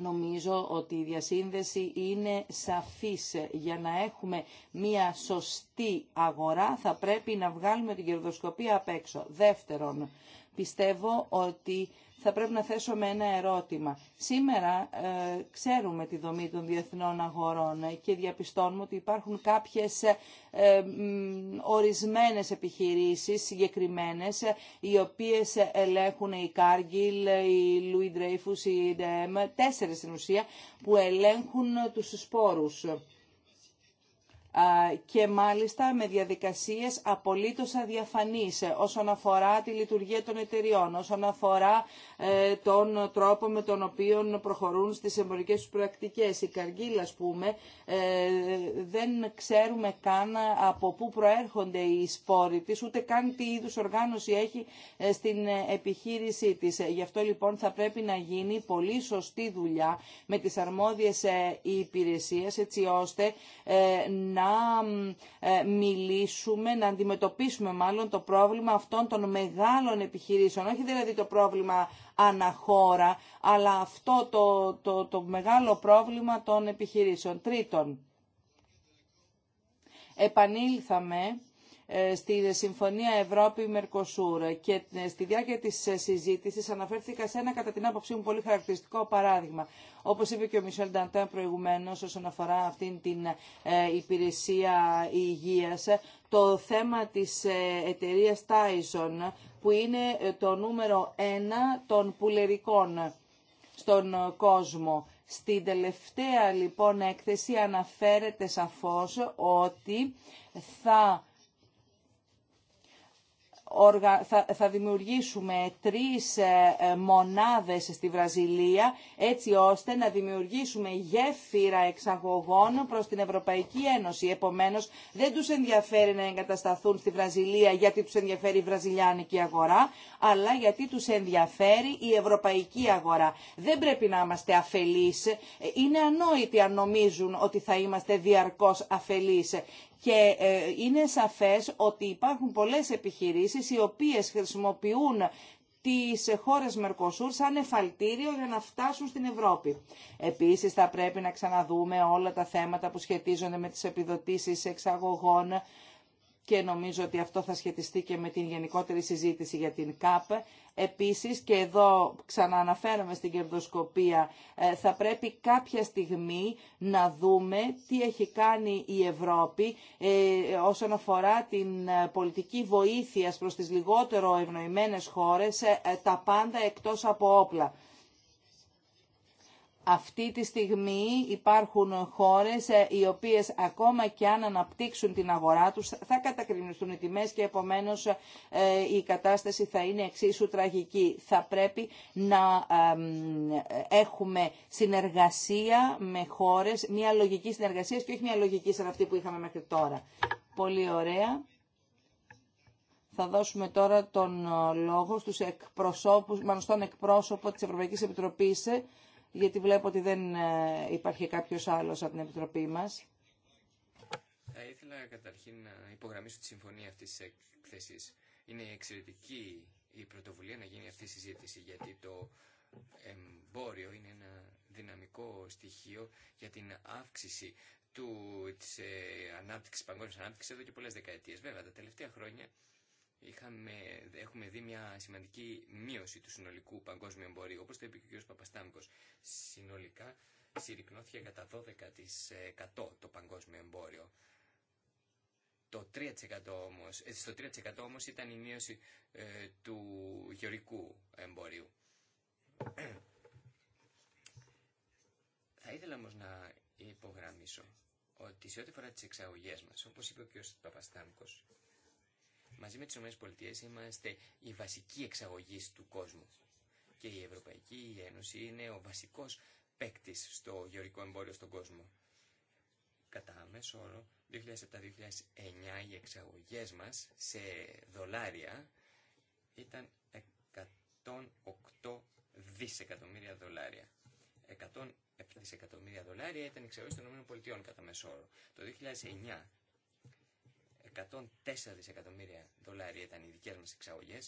Νομίζω ότι η διασύνδεση είναι σαφής. Για να έχουμε μία σωστή αγορά θα πρέπει να βγάλουμε την κερδοσκοπία απ' έξω. Δεύτερον, πιστεύω ότι θα πρέπει να με ένα ερώτημα. Σήμερα ε, ξέρουμε τη δομή των διεθνών αγορών ε, και διαπιστώνουμε ότι υπάρχουν κάποιες ε, ε ορισμένες επιχειρήσεις συγκεκριμένες οι οποίες ελέγχουν η Cargill, η Louis Dreyfus, η EDM, τέσσερις στην ουσία που ελέγχουν τους σπόρους και μάλιστα με διαδικασίες απολύτως αδιαφανείς όσον αφορά τη λειτουργία των εταιριών, όσον αφορά ε, τον τρόπο με τον οποίο προχωρούν στις εμπορικές τους πρακτικές. Η καργίλα, ας πούμε, ε, δεν ξέρουμε καν από πού προέρχονται οι σπόροι της, ούτε καν τι είδους οργάνωση έχει ε, στην επιχείρησή της. Γι' αυτό λοιπόν θα πρέπει να γίνει πολύ σωστή δουλειά με τις αρμόδιες υπηρεσίες, έτσι ώστε να να ε, μιλήσουμε, να αντιμετωπίσουμε μάλλον το πρόβλημα αυτών των μεγάλων επιχειρήσεων. Όχι δηλαδή το πρόβλημα αναχώρα, αλλά αυτό το, το, το μεγάλο πρόβλημα των επιχειρήσεων. Τρίτον, επανήλθαμε ε, στη Συμφωνία Ευρώπη-Μερκοσούρ και ε, στη διάρκεια της ε, συζήτησης αναφέρθηκα σε ένα κατά την άποψή μου πολύ χαρακτηριστικό παράδειγμα. Όπως είπε και ο Μισελ Νταντέν προηγουμένως όσον αφορά αυτήν την υπηρεσία υγεία. το θέμα της εταιρεία Tyson που είναι το νούμερο ένα των πουλερικών στον κόσμο. Στην τελευταία λοιπόν έκθεση αναφέρεται σαφώς ότι θα θα δημιουργήσουμε τρεις ε, ε, μονάδες στη Βραζιλία έτσι ώστε να δημιουργήσουμε γέφυρα εξαγωγών προς την Ευρωπαϊκή Ένωση. Επομένως δεν τους ενδιαφέρει να εγκατασταθούν στη Βραζιλία γιατί τους ενδιαφέρει η βραζιλιάνικη αγορά αλλά γιατί τους ενδιαφέρει η ευρωπαϊκή αγορά. Δεν πρέπει να είμαστε αφελείς. Ε, είναι ανόητοι αν νομίζουν ότι θα είμαστε διαρκώς αφελείς. Και ε, είναι σαφές ότι υπάρχουν πολλές επιχειρήσεις οι οποίες χρησιμοποιούν τις χώρες Μερκοσούρ σαν εφαλτήριο για να φτάσουν στην Ευρώπη. Επίσης θα πρέπει να ξαναδούμε όλα τα θέματα που σχετίζονται με τις επιδοτήσεις εξαγωγών και νομίζω ότι αυτό θα σχετιστεί και με την γενικότερη συζήτηση για την ΚΑΠ. Επίσης, και εδώ ξανααναφέρομαι στην κερδοσκοπία, ε, θα πρέπει κάποια στιγμή να δούμε τι έχει κάνει η Ευρώπη ε, όσον αφορά την ε, πολιτική βοήθεια προς τις λιγότερο ευνοημένες χώρες, τα πάντα εκτός από όπλα. Αυτή τη στιγμή υπάρχουν χώρες ε, οι οποίες ακόμα και αν αναπτύξουν την αγορά τους θα κατακρινιστούν οι τιμές και επομένως ε, η κατάσταση θα είναι εξίσου τραγική. Θα πρέπει να έχουμε συνεργασία με χώρες, μια λογική συνεργασία και όχι μια λογική σαν αυτή που είχαμε μέχρι τώρα. Πολύ ωραία. Θα δώσουμε τώρα τον ε, λόγο στους εκπροσώπους, μάλλον στον εκπρόσωπο της Ευρωπαϊκής Επιτροπής γιατί βλέπω ότι δεν ε, υπάρχει κάποιος άλλος από την Επιτροπή μας. Θα ήθελα καταρχήν να υπογραμμίσω τη συμφωνία αυτής τη έκθεση. Είναι εξαιρετική η πρωτοβουλία να γίνει αυτή η συζήτηση, γιατί το εμπόριο είναι ένα δυναμικό στοιχείο για την αύξηση του, της ε, ανάπτυξης, παγκόσμιας ανάπτυξης εδώ και πολλές δεκαετίες. Βέβαια, τα τελευταία χρόνια έχουμε δει μια σημαντική μείωση του συνολικού παγκόσμιου εμπορίου. Όπως το είπε και ο κ. Παπαστάμικος, συνολικά συρρυκνώθηκε κατά 12% το παγκόσμιο εμπόριο. Το 3% όμως, ε, στο 3% όμως ήταν η μείωση ε, του γεωρικού εμπορίου. Θα ήθελα όμως να υπογραμμίσω ότι σε ό,τι φορά τις εξαγωγές μας, όπως είπε ο κ. Παπαστάμικος, Μαζί με τις ΗΠΑ είμαστε η βασική εξαγωγή του κόσμου. Και η Ευρωπαϊκή Ένωση είναι ο βασικός παίκτη στο γεωρικό εμπόριο στον κόσμο. Κατά μέσο όρο, 2007-2009 οι εξαγωγές μας σε δολάρια ήταν 108 δισεκατομμύρια δολάρια. 107 δισεκατομμύρια δολάρια ήταν εξαγωγή των ΗΠΑ κατά μέσο όρο. Το 2009 104 δισεκατομμύρια δολάρια ήταν οι δικέ μα εξαγωγέ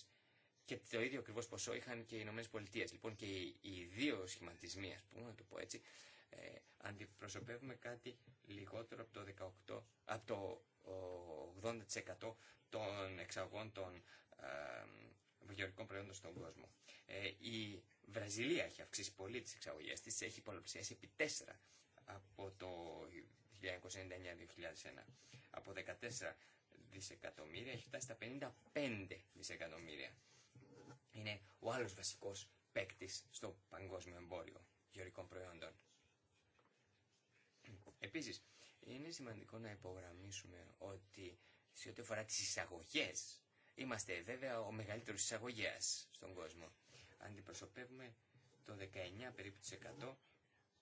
και το ίδιο ακριβώ ποσό είχαν και οι Ηνωμένε Πολιτείε. Λοιπόν και οι, δύο σχηματισμοί, α πούμε, να το πω έτσι, ε, αντιπροσωπεύουμε κάτι λιγότερο από το, 18, από το 80% των εξαγών των ε, προϊόντων στον κόσμο. Ε, η Βραζιλία έχει αυξήσει πολύ τι εξαγωγέ τη έχει πολλαπλασιάσει επί 4 από το 1999-2001, από 14 δισεκατομμύρια, έχει φτάσει στα 55 δισεκατομμύρια. Είναι ο άλλος βασικός παίκτη στο παγκόσμιο εμπόριο γεωρικών προϊόντων. Επίσης, είναι σημαντικό να υπογραμμίσουμε ότι σε ό,τι αφορά τι εισαγωγέ, είμαστε βέβαια ο μεγαλύτερο εισαγωγέας στον κόσμο. Αντιπροσωπεύουμε το 19 περίπου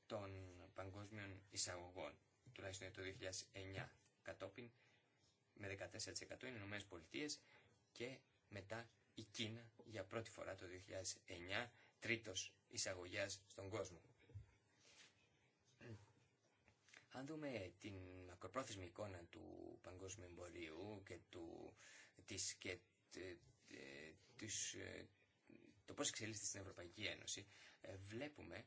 των παγκόσμιων εισαγωγών, τουλάχιστον το 2009, κατόπιν με 14% είναι οι Ηνωμένες Πολιτείες και μετά η Κίνα για πρώτη φορά το 2009 τρίτος εισαγωγιάς στον κόσμο. Αν δούμε την ακροπρόθεσμη εικόνα του παγκόσμιου εμπορίου και, του, της, και ε, ε, της, ε, το πώς εξελίσσεται στην Ευρωπαϊκή Ένωση, βλέπουμε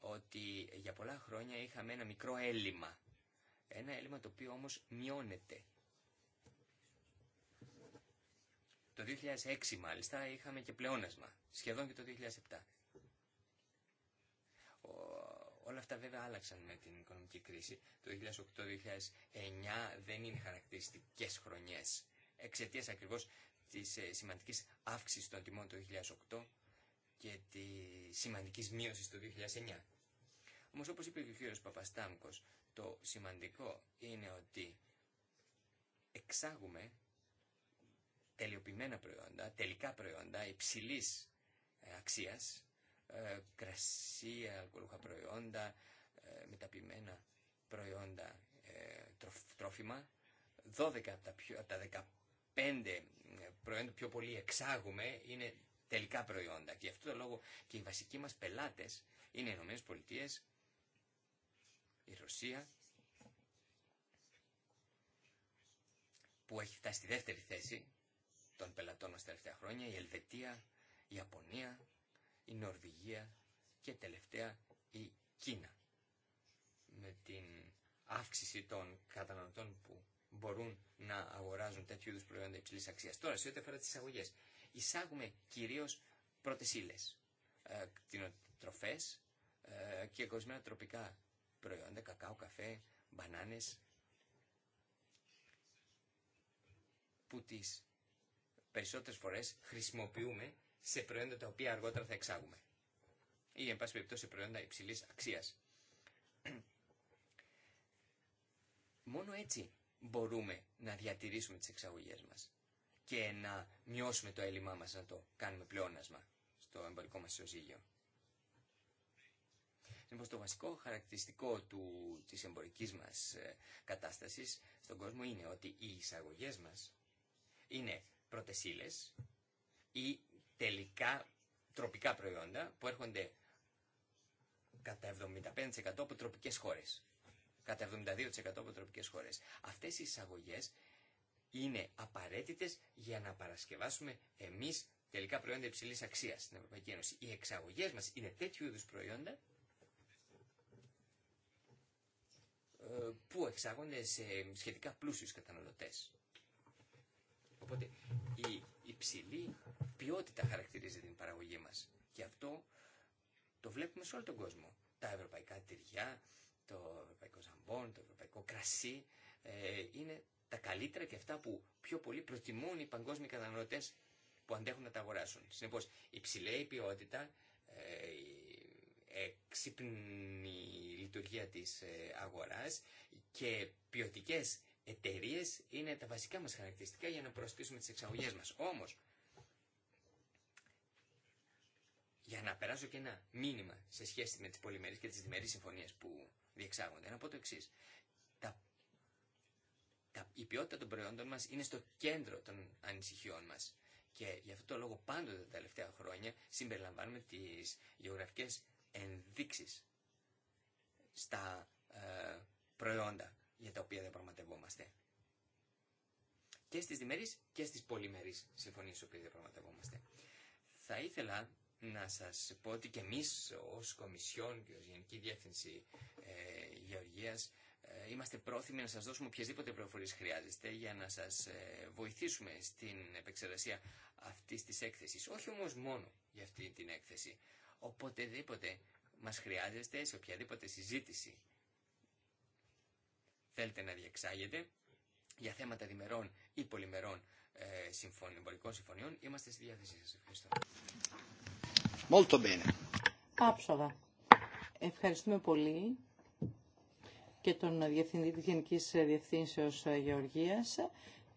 ότι για πολλά χρόνια είχαμε ένα μικρό έλλειμμα. Ένα έλλειμμα το οποίο όμως μειώνεται Το 2006 μάλιστα είχαμε και πλεόνασμα, σχεδόν και το 2007. όλα αυτά βέβαια άλλαξαν με την οικονομική κρίση. Το 2008-2009 δεν είναι χαρακτηριστικές χρονιές. Εξαιτίας ακριβώς της ε, σημαντικής αύξησης των τιμών το 2008 και τη σημαντικής μείωση το 2009. Όμω όπω είπε και ο κύριος Παπαστάμκο, το σημαντικό είναι ότι εξάγουμε τελειοποιημένα προϊόντα, τελικά προϊόντα υψηλή ε, αξία, ε, κρασία αλκοολούχα προϊόντα, ε, μεταποιημένα προϊόντα, τρόφιμα. 12 από τα, πιο, τα 15 προϊόντα πιο πολύ εξάγουμε είναι τελικά προϊόντα. Και γι' αυτό το λόγο και οι βασικοί μας πελάτες είναι οι Ηνωμένες Πολιτείες, η Ρωσία, που έχει φτάσει στη δεύτερη θέση των πελατών μας τελευταία χρόνια, η Ελβετία, η Ιαπωνία, η Νορβηγία και τελευταία η Κίνα. Με την αύξηση των καταναλωτών που μπορούν να αγοράζουν τέτοιου είδους προϊόντα υψηλή αξίας Τώρα, σε ό,τι αφορά τις εισαγωγές εισάγουμε κυρίως πρώτε ύλε, ε, τροφές ε, και κοσμένα τροπικά προϊόντα, κακάο, καφέ, μπανάνε, που τις Περισσότερε φορέ χρησιμοποιούμε σε προϊόντα τα οποία αργότερα θα εξάγουμε. Ή, εν πάση περιπτώσει, σε προϊόντα υψηλή αξίας. Μόνο έτσι μπορούμε να διατηρήσουμε τις εξαγωγές μας και να μειώσουμε το έλλειμμά μα να το κάνουμε πλεόνασμα στο εμπορικό μας ισοζύγιο. Λοιπόν, το βασικό χαρακτηριστικό του, της εμπορικής μας ε, κατάστασης στον κόσμο είναι ότι οι εισαγωγές μας είναι πρώτες ή τελικά τροπικά προϊόντα που έρχονται κατά 75% από τροπικές χώρες. Κατά 72% από τροπικές χώρες. Αυτές οι εισαγωγέ είναι απαραίτητες για να παρασκευάσουμε εμείς τελικά προϊόντα υψηλή αξία στην Ευρωπαϊκή Ένωση. Οι εξαγωγέ μα είναι τέτοιου είδου προϊόντα ε, που εξάγονται σε σχετικά πλούσιους καταναλωτές. Οπότε η υψηλή ποιότητα χαρακτηρίζει την παραγωγή μας. Και αυτό το βλέπουμε σε όλο τον κόσμο. Τα ευρωπαϊκά τυριά, το ευρωπαϊκό ζαμπόν, το ευρωπαϊκό κρασί ε, είναι τα καλύτερα και αυτά που πιο πολύ προτιμούν οι παγκόσμιοι καταναλωτές που αντέχουν να τα αγοράσουν. Συνεπώς, υψηλή ποιότητα, ε, έξυπνη λειτουργία της ε, αγοράς και ποιοτικές εταιρείε είναι τα βασικά μα χαρακτηριστικά για να προωθήσουμε τις εξαγωγές μας. Όμως, για να περάσω και ένα μήνυμα σε σχέση με τις πολυμερεί και τις διμερείς συμφωνίες που διεξάγονται, να πω το εξή. Τα, η ποιότητα των προϊόντων μας είναι στο κέντρο των ανησυχιών μας. Και γι' αυτό το λόγο πάντοτε τα τελευταία χρόνια συμπεριλαμβάνουμε τι γεωγραφικέ ενδείξει στα ε, προϊόντα για τα οποία διαπραγματευόμαστε. Και στις διμερείς και στις πολυμερείς συμφωνίες στις οποίες διαπραγματευόμαστε. Θα ήθελα να σας πω ότι και εμείς ως Κομισιόν και ως Γενική Διεύθυνση ε, Γεωργίας ε, είμαστε πρόθυμοι να σας δώσουμε οποιασδήποτε πληροφορίε χρειάζεστε για να σας ε, βοηθήσουμε στην επεξεργασία αυτή τη έκθεση. Όχι όμω μόνο για αυτή την έκθεση. Οποτεδήποτε μας χρειάζεστε σε οποιαδήποτε συζήτηση θέλετε να διεξάγετε για θέματα διμερών ή πολυμερών ε, συμφων, εμπορικών συμφωνιών, είμαστε στη διάθεσή σας. Ευχαριστώ. Molto bene. Ευχαριστούμε πολύ και τον Διευθυντή της Γενικής Διευθύνσεως ε, Γεωργίας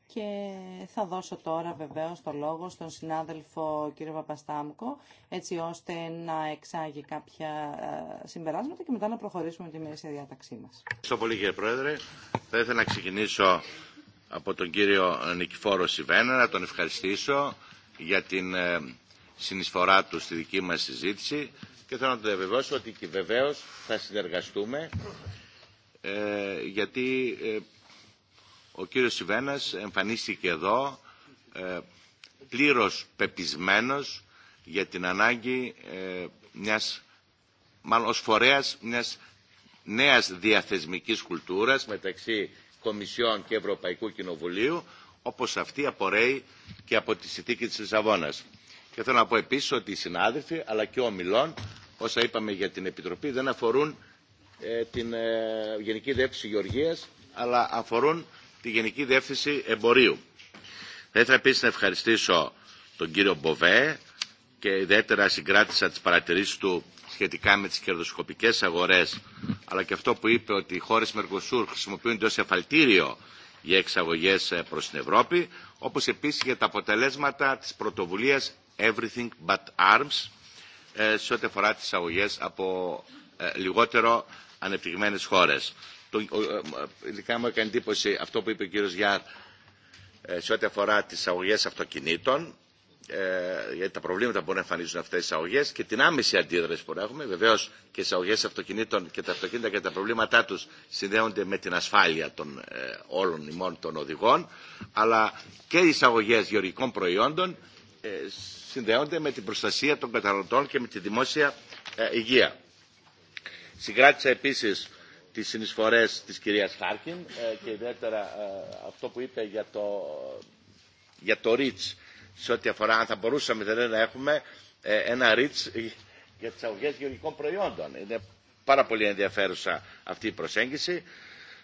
και θα δώσω τώρα βεβαίως το λόγο στον συνάδελφο κύριο Παπαστάμκο έτσι ώστε να εξάγει κάποια ε, συμπεράσματα και μετά να προχωρήσουμε με τη μέση διάταξή μας. Ευχαριστώ πολύ κύριε Πρόεδρε. Θα ήθελα να ξεκινήσω από τον κύριο Νικηφόρο Σιβένα να τον ευχαριστήσω για την ε, συνεισφορά του στη δική μας συζήτηση και θέλω να τον διαβεβαιώσω ότι θα συνεργαστούμε ε, γιατί ο κύριος Σιβένας εμφανίστηκε εδώ ε, πλήρως πεπισμένος για την ανάγκη ε, μιας, μάλλον ως φορέας μιας νέας διαθεσμικής κουλτούρας μεταξύ Κομισιών και Ευρωπαϊκού Κοινοβουλίου, όπως αυτή απορρέει και από τη συνθήκη της Λισαβόνας. Και θέλω να πω επίσης ότι οι συνάδελφοι, αλλά και ο Μιλών, όσα είπαμε για την Επιτροπή, δεν αφορούν ε, την Γενική Διεύθυνση Γεωργίας, αλλά αφορούν τη Γενική Διεύθυνση Εμπορίου. Θα ήθελα επίση να ευχαριστήσω τον κύριο Μποβέ και ιδιαίτερα συγκράτησα τις παρατηρήσεις του σχετικά με τις κερδοσκοπικές αγορές αλλά και αυτό που είπε ότι οι χώρες Μερκοσούρ χρησιμοποιούνται ως εφαλτήριο για εξαγωγές ε, προς την Ευρώπη όπως επίσης για τα αποτελέσματα της πρωτοβουλίας Everything But Arms ε, σε ό,τι αφορά τις αγωγές από ε, λιγότερο ανεπτυγμένες χώρες. Ε, ε, ειδικά μου έκανε εντύπωση αυτό που είπε ο κύριος Γιάρ ε, σε ό,τι αφορά τις αγωγές αυτοκινήτων, γιατί τα προβλήματα που μπορούν να εμφανίζουν αυτές τις αγωγές και την άμεση αντίδραση που έχουμε. Βεβαίως και τις αγωγές αυτοκινήτων και τα αυτοκίνητα και τα προβλήματά τους συνδέονται με την ασφάλεια των όλων ημών των οδηγών, αλλά και οι εισαγωγέ γεωργικών προϊόντων συνδέονται με την προστασία των καταναλωτών και με τη δημόσια υγεία. Συγκράτησα επίσης τις συνεισφορές της κυρίας Χάρκιν ε, και ιδιαίτερα ε, αυτό που είπε για το, για το σε ό,τι αφορά αν θα μπορούσαμε δεν δηλαδή να έχουμε ε, ένα ριτς για τις αγωγές γεωργικών προϊόντων. Είναι πάρα πολύ ενδιαφέρουσα αυτή η προσέγγιση.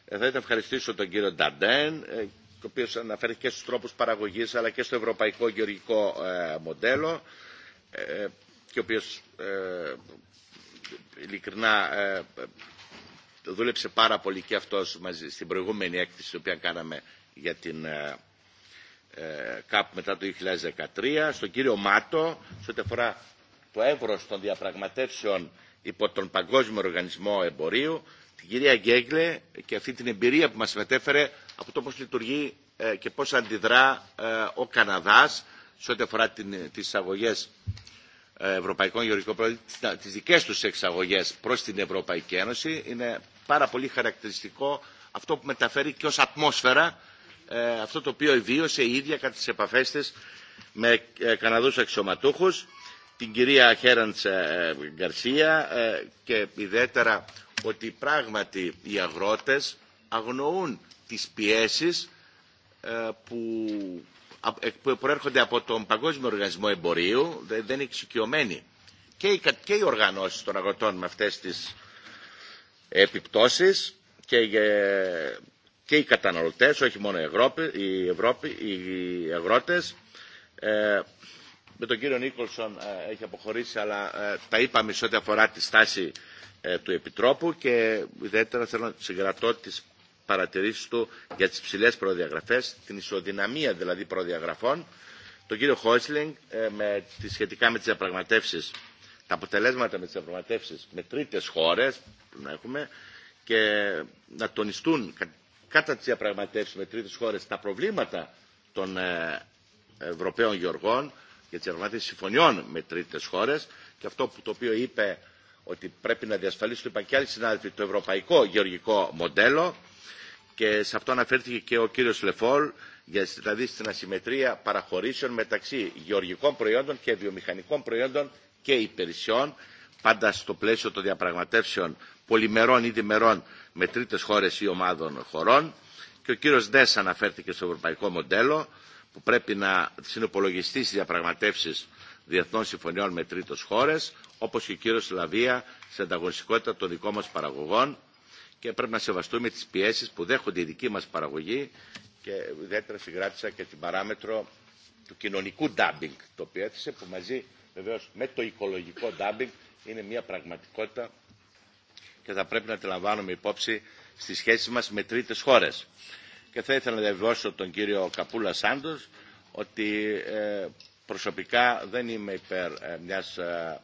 Θα ήθελα να ευχαριστήσω τον κύριο Νταντέν, ο οποίο αναφέρει και στους τρόπους παραγωγής αλλά και στο ευρωπαϊκό γεωργικό μοντέλο και ο οποίος ειλικρινά δούλεψε πάρα πολύ και αυτός μαζί στην προηγούμενη έκθεση την οποία κάναμε για την ε, ε, ΚΑΠ μετά το 2013, στον κύριο Μάτο, σε ό,τι αφορά το εύρος των διαπραγματεύσεων υπό τον Παγκόσμιο Οργανισμό Εμπορίου, την κυρία Γκέγκλε και αυτή την εμπειρία που μας μετέφερε από το πώς λειτουργεί ε, και πώς αντιδρά ο Καναδάς σε ό,τι αφορά τις εισαγωγές ε, ευρωπαϊκών γεωργικών προϊόντων τις δικές τους εξαγωγές προς την Ευρωπαϊκή Ένωση είναι πάρα πολύ χαρακτηριστικό αυτό που μεταφέρει και ως ατμόσφαιρα ε, αυτό το οποίο βίωσε η ίδια κατά τις επαφές με ε, Καναδούς αξιωματούχους την κυρία Χέραντς Γκαρσία και ιδιαίτερα ότι πράγματι οι αγρότες αγνοούν τις πιέσεις που που προέρχονται από τον Παγκόσμιο Οργανισμό Εμπορίου δεν είναι εξοικειωμένοι. Και οι, και οι οργανώσεις των αγροτών με αυτές τις επιπτώσεις και, και οι καταναλωτές, όχι μόνο η Ευρώπη, οι, Ευρώπη, οι αγρότες. Ε, με τον κύριο Νίκολσον ε, έχει αποχωρήσει, αλλά ε, τα είπαμε σε ό,τι αφορά τη στάση ε, του Επιτρόπου και ιδιαίτερα θέλω να συγκρατώ τις Παρατηρήσει του για τι ψηλέ προδιαγραφέ, την ισοδυναμία δηλαδή προδιαγραφών, τον κύριο Χόισλινγκ ε, με, σχετικά με τι διαπραγματεύσει, τα αποτελέσματα με τι διαπραγματεύσει με τρίτε χώρε που να έχουμε και να τονιστούν κατά τι διαπραγματεύσει με τρίτες χώρε τα προβλήματα των ε, Ευρωπαίων Γεωργών για τις διαπραγματεύσει συμφωνιών με τρίτε χώρε, και αυτό που το οποίο είπε ότι πρέπει να διασφαλίσει, το συνάδελφοι, το ευρωπαϊκό γεωργικό μοντέλο και σε αυτό αναφέρθηκε και ο κύριος Λεφόρ, δηλαδή στην ασυμμετρία παραχωρήσεων μεταξύ γεωργικών προϊόντων και βιομηχανικών προϊόντων και υπηρεσιών, πάντα στο πλαίσιο των διαπραγματεύσεων πολυμερών ή διμερών με τρίτες χώρες ή ομάδων χωρών. Και ο κύριος Ντές αναφέρθηκε στο ευρωπαϊκό μοντέλο, που πρέπει να συνυπολογιστεί στις διαπραγματεύσεις διεθνών συμφωνιών με τρίτες χώρες, όπως και ο κύριο Λαβία σε ανταγωνιστικότητα των δικών μας παραγωγών και πρέπει να σεβαστούμε τις πιέσεις που δέχονται οι δικοί μας παραγωγοί και ιδιαίτερα συγκράτησα και την παράμετρο του κοινωνικού ντάμπινγκ το οποίο έθεσε που μαζί βεβαίως με το οικολογικό ντάμπινγκ είναι μια πραγματικότητα και θα πρέπει να τη λαμβάνουμε υπόψη στις σχέσεις μας με τρίτες χώρες. Και θα ήθελα να διαβιώσω τον κύριο Καπούλα Σάντος ότι ε, προσωπικά δεν είμαι υπέρ ε, μιας ε,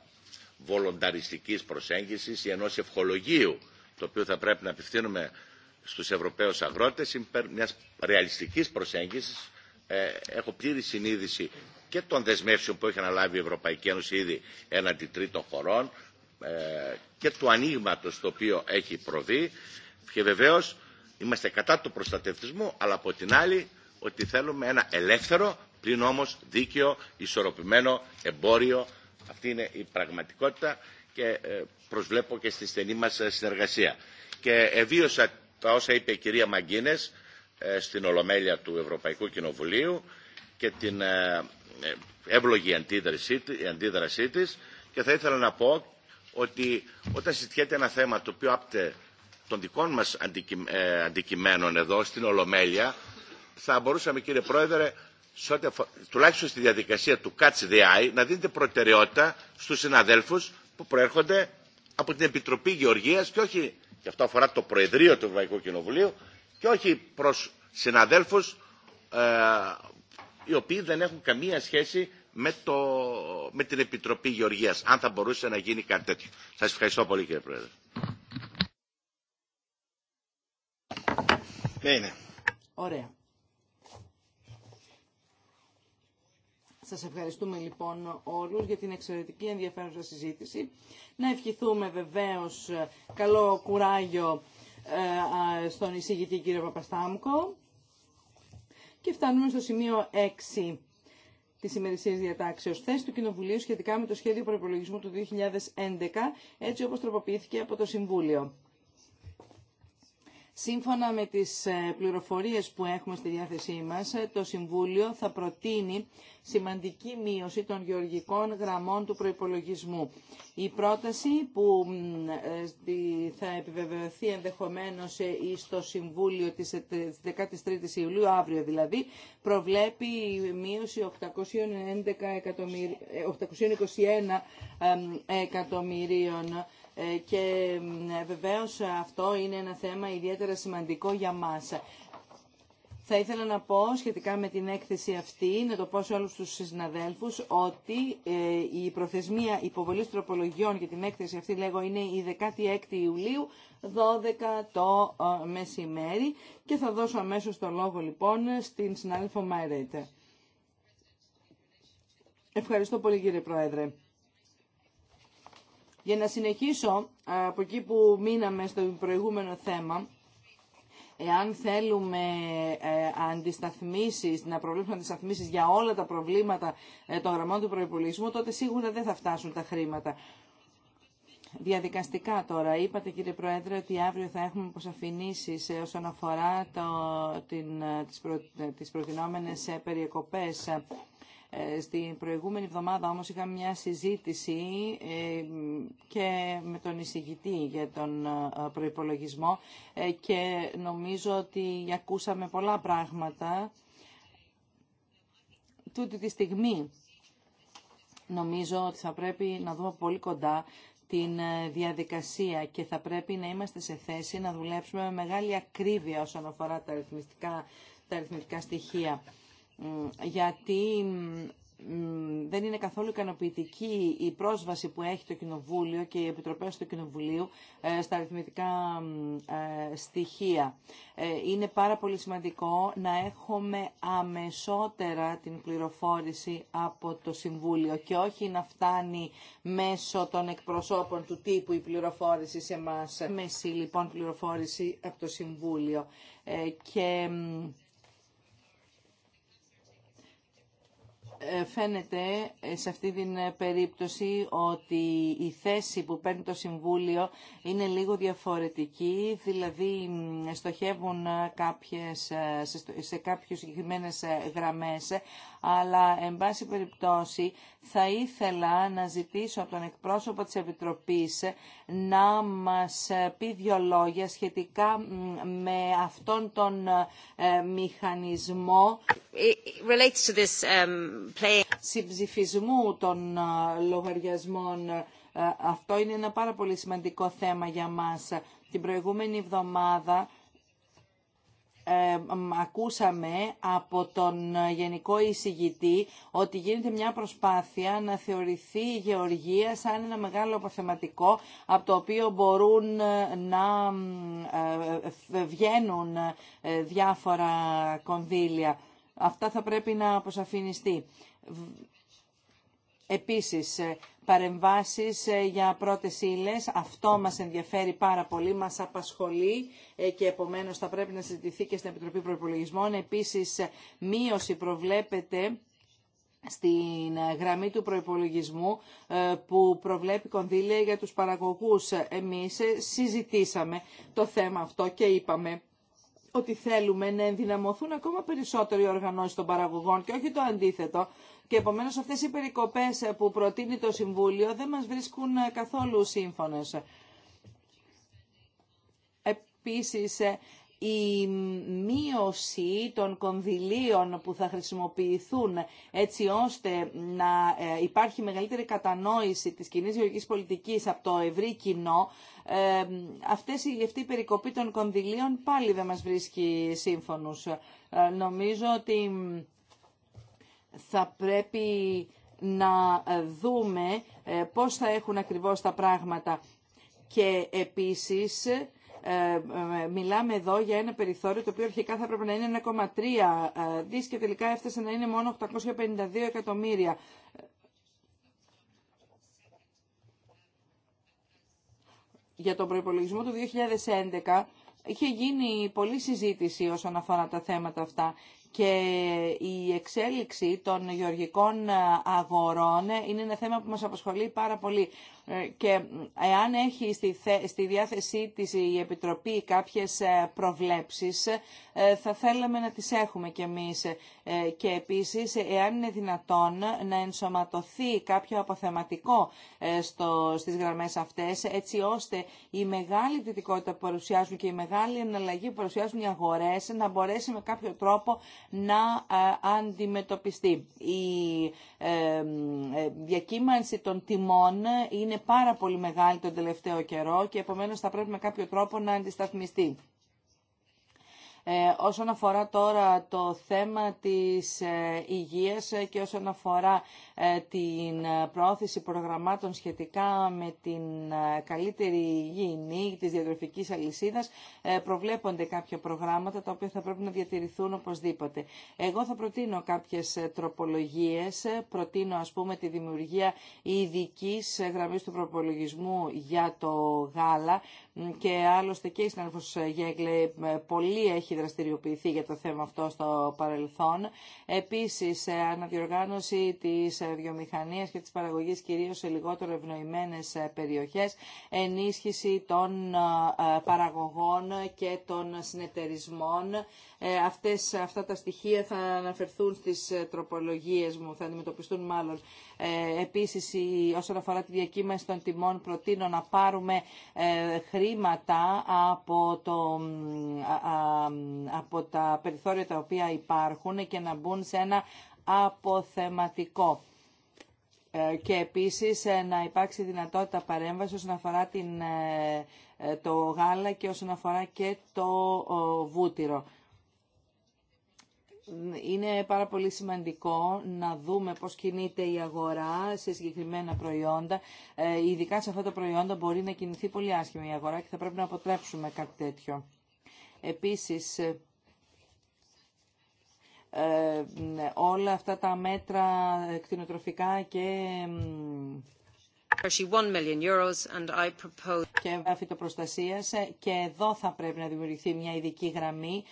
βολονταριστικής προσέγγισης ή ενός ευχολογίου το οποίο θα πρέπει να απευθύνουμε στους Ευρωπαίους αγρότες υπέρ μιας ρεαλιστικής προσέγγισης. Ε, έχω πλήρη συνείδηση και των δεσμεύσεων που έχει αναλάβει η Ευρωπαϊκή Ένωση ήδη έναντι τρίτων χωρών ε, και του ανοίγματο το οποίο έχει προβεί και βεβαίω είμαστε κατά του προστατευτισμού αλλά από την άλλη ότι θέλουμε ένα ελεύθερο πλην όμως δίκαιο ισορροπημένο εμπόριο αυτή είναι η πραγματικότητα και ε, προσβλέπω και στη στενή μας ε, συνεργασία. Και ευίωσα τα όσα είπε η κυρία Μαγκίνες ε, στην Ολομέλεια του Ευρωπαϊκού Κοινοβουλίου και την εύλογη αντίδρασή της και θα ήθελα να πω ότι όταν συζητιέται ένα θέμα το οποίο άπτε των δικών μας αντικειμένων εδώ στην Ολομέλεια θα μπορούσαμε κύριε Πρόεδρε τουλάχιστον στη διαδικασία του Catch να δίνετε προτεραιότητα στους συναδέλφους που προέρχονται από την Επιτροπή Γεωργίας και όχι, και αυτό αφορά το Προεδρείο του Ευρωπαϊκού Κοινοβουλίου, και όχι προς συναδέλφους ε, οι οποίοι δεν έχουν καμία σχέση με, το, με την Επιτροπή Γεωργίας, αν θα μπορούσε να γίνει κάτι τέτοιο. Σας ευχαριστώ πολύ κύριε Πρόεδρε. Ναι, Ωραία. Σας ευχαριστούμε λοιπόν όλους για την εξαιρετική ενδιαφέρουσα συζήτηση. Να ευχηθούμε βεβαίως καλό κουράγιο ε, στον εισηγητή κύριο Παπαστάμκο. Και φτάνουμε στο σημείο 6 τη ημερησία διατάξεω. Θέση του Κοινοβουλίου σχετικά με το σχέδιο προπολογισμού του 2011, έτσι όπω τροποποιήθηκε από το Συμβούλιο. Σύμφωνα με τις ε, πληροφορίες που έχουμε στη διάθεσή μας, ε, το Συμβούλιο θα προτείνει σημαντική μείωση των γεωργικών γραμμών του προϋπολογισμού. Η πρόταση που ε, θα επιβεβαιωθεί ενδεχομένως στο Συμβούλιο της 13ης Ιουλίου, αύριο δηλαδή, προβλέπει μείωση 811 821 εκατομμυρίων ε, και βεβαίως αυτό είναι ένα θέμα ιδιαίτερα σημαντικό για μας. Θα ήθελα να πω σχετικά με την έκθεση αυτή, να το πω σε όλους τους συναδέλφους, ότι ε, η προθεσμία υποβολής τροπολογιών για την έκθεση αυτή, λέγω, είναι η 16 Ιουλίου, 12 το ε, μεσημέρι. Και θα δώσω αμέσως το λόγο, λοιπόν, στην συνάδελφο Μάιρετ. Ευχαριστώ πολύ, κύριε Πρόεδρε. Για να συνεχίσω από εκεί που μείναμε στο προηγούμενο θέμα, εάν θέλουμε ε, αντισταθμίσεις, να προβλέψουμε αντισταθμίσεις για όλα τα προβλήματα ε, των γραμμών του προϋπολογισμού, τότε σίγουρα δεν θα φτάσουν τα χρήματα. Διαδικαστικά τώρα, είπατε κύριε Πρόεδρε ότι αύριο θα έχουμε αποσαφηνήσει ε, όσον αφορά το, την, τις, προ, τις ε, στην προηγούμενη εβδομάδα όμως είχαμε μια συζήτηση ε, και με τον εισηγητή για τον ε, προϋπολογισμό και νομίζω ότι ακούσαμε πολλά πράγματα τούτη τη στιγμή. Νομίζω ότι θα πρέπει να δούμε πολύ κοντά την διαδικασία και θα πρέπει να είμαστε σε θέση να δουλέψουμε με μεγάλη ακρίβεια όσον αφορά τα αριθμητικά, τα αριθμητικά στοιχεία γιατί δεν είναι καθόλου ικανοποιητική η πρόσβαση που έχει το Κοινοβούλιο και οι επιτροπές του Κοινοβουλίου ε, στα αριθμητικά ε, στοιχεία. Ε, είναι πάρα πολύ σημαντικό να έχουμε αμεσότερα την πληροφόρηση από το Συμβούλιο και όχι να φτάνει μέσω των εκπροσώπων του τύπου η πληροφόρηση σε εμάς. Μέση λοιπόν πληροφόρηση από το Συμβούλιο. Και Ε, φαίνεται ε, σε αυτή την ε, περίπτωση ότι η θέση που παίρνει το Συμβούλιο είναι λίγο διαφορετική, δηλαδή στοχεύουν κάποιες, σε κάποιες συγκεκριμένες γραμμές, αλλά εν πάση περιπτώσει θα ήθελα να ζητήσω από τον εκπρόσωπο της Επιτροπής να μας πει δύο λόγια σχετικά με αυτόν τον ε, μηχανισμό to this, um, συμψηφισμού των ε, λογαριασμών. Ε, αυτό είναι ένα πάρα πολύ σημαντικό θέμα για μας. Την προηγούμενη εβδομάδα ακούσαμε από τον Γενικό Εισηγητή ότι γίνεται μια προσπάθεια να θεωρηθεί η γεωργία σαν ένα μεγάλο αποθεματικό από το οποίο μπορούν ε, να ε, ε, βγαίνουν διάφορα κονδύλια. Αυτά θα πρέπει να αποσαφινιστεί. Επίσης, παρεμβάσεις ε, για πρώτες ύλε. Αυτό μας ενδιαφέρει πάρα πολύ, μας απασχολεί ε, και επομένως θα πρέπει να συζητηθεί και στην Επιτροπή Προϋπολογισμών. Επίσης, ε, μείωση προβλέπεται στην γραμμή του προϋπολογισμού που προβλέπει κονδύλια για τους παραγωγούς. Εμείς συζητήσαμε το θέμα αυτό και είπαμε ότι θέλουμε να ενδυναμωθούν ακόμα περισσότερο οι οργανώσεις των παραγωγών και όχι το αντίθετο, και επομένως αυτές οι περικοπές που προτείνει το Συμβούλιο δεν μας βρίσκουν καθόλου σύμφωνε. Επίση, η μείωση των κονδυλίων που θα χρησιμοποιηθούν έτσι ώστε να ε, υπάρχει μεγαλύτερη κατανόηση της κοινή γεωργικής πολιτικής από το ευρύ κοινό, ε, αυτές, αυτή η περικοπή των κονδυλίων πάλι δεν μας βρίσκει σύμφωνους. Ε, νομίζω ότι θα πρέπει να ε, δούμε ε, πώς θα έχουν ακριβώς τα πράγματα. Και επίσης ε, μιλάμε εδώ για ένα περιθώριο το οποίο αρχικά θα έπρεπε να είναι 1,3 δις και τελικά έφτασε να είναι μόνο 852 εκατομμύρια. Για τον προϋπολογισμό του 2011 είχε γίνει πολλή συζήτηση όσον αφορά τα θέματα αυτά και η εξέλιξη των γεωργικών αγορών είναι ένα θέμα που μας απασχολεί πάρα πολύ. Ε, και εάν έχει στη, στη διάθεσή της η Επιτροπή κάποιες ε, προβλέψεις ε, θα θέλαμε να τις έχουμε κι εμείς και επίσης εάν είναι δυνατόν να ενσωματωθεί κάποιο αποθεματικό στο, στις γραμμές αυτές έτσι ώστε η μεγάλη δυτικότητα που παρουσιάζουν και η μεγάλη εναλλαγή που παρουσιάζουν οι αγορές να μπορέσει με κάποιο τρόπο να αντιμετωπιστεί. Η διακύμανση των τιμών είναι είναι πάρα πολύ μεγάλη τον τελευταίο καιρό και επομένως θα πρέπει με κάποιο τρόπο να αντισταθμιστεί. Ε, όσον αφορά τώρα το θέμα της ε, υγείας ε, και όσον αφορά την προώθηση προγραμμάτων σχετικά με την καλύτερη υγιεινή της διατροφικής αλυσίδας, προβλέπονται κάποια προγράμματα τα οποία θα πρέπει να διατηρηθούν οπωσδήποτε. Εγώ θα προτείνω κάποιες τροπολογίες, προτείνω ας πούμε τη δημιουργία ειδική γραμμή του προπολογισμού για το γάλα, και άλλωστε και η συνάδελφος Γέγλε ε, πολύ έχει δραστηριοποιηθεί για το θέμα αυτό στο παρελθόν. Επίσης, ε, αναδιοργάνωση της βιομηχανίας και της παραγωγής κυρίως σε λιγότερο ευνοημένες ε, περιοχές, ενίσχυση των παραγωγών και των συνεταιρισμών. Αυτές, αυτά τα στοιχεία θα αναφερθούν στις τροπολογίες μου, θα αντιμετωπιστούν μάλλον ε, επίσης, όσον αφορά τη διακύμανση των τιμών, προτείνω να πάρουμε ε, χρήματα από, το, από τα περιθώρια τα οποία υπάρχουν και να μπουν σε ένα αποθεματικό ε, και επίσης να υπάρξει δυνατότητα παρέμβαση όσον αφορά την, το γάλα και όσον αφορά και το βούτυρο είναι πάρα πολύ σημαντικό να δούμε πώς κινείται η αγορά σε συγκεκριμένα προϊόντα. Ε, ειδικά σε αυτά τα προϊόντα μπορεί να κινηθεί πολύ άσχημα η αγορά και θα πρέπει να αποτρέψουμε κάτι τέτοιο. Επίσης, ε, ε, όλα αυτά τα μέτρα κτηνοτροφικά και και προστασίας ε, και εδώ θα πρέπει να δημιουργηθεί μια ειδική γραμμή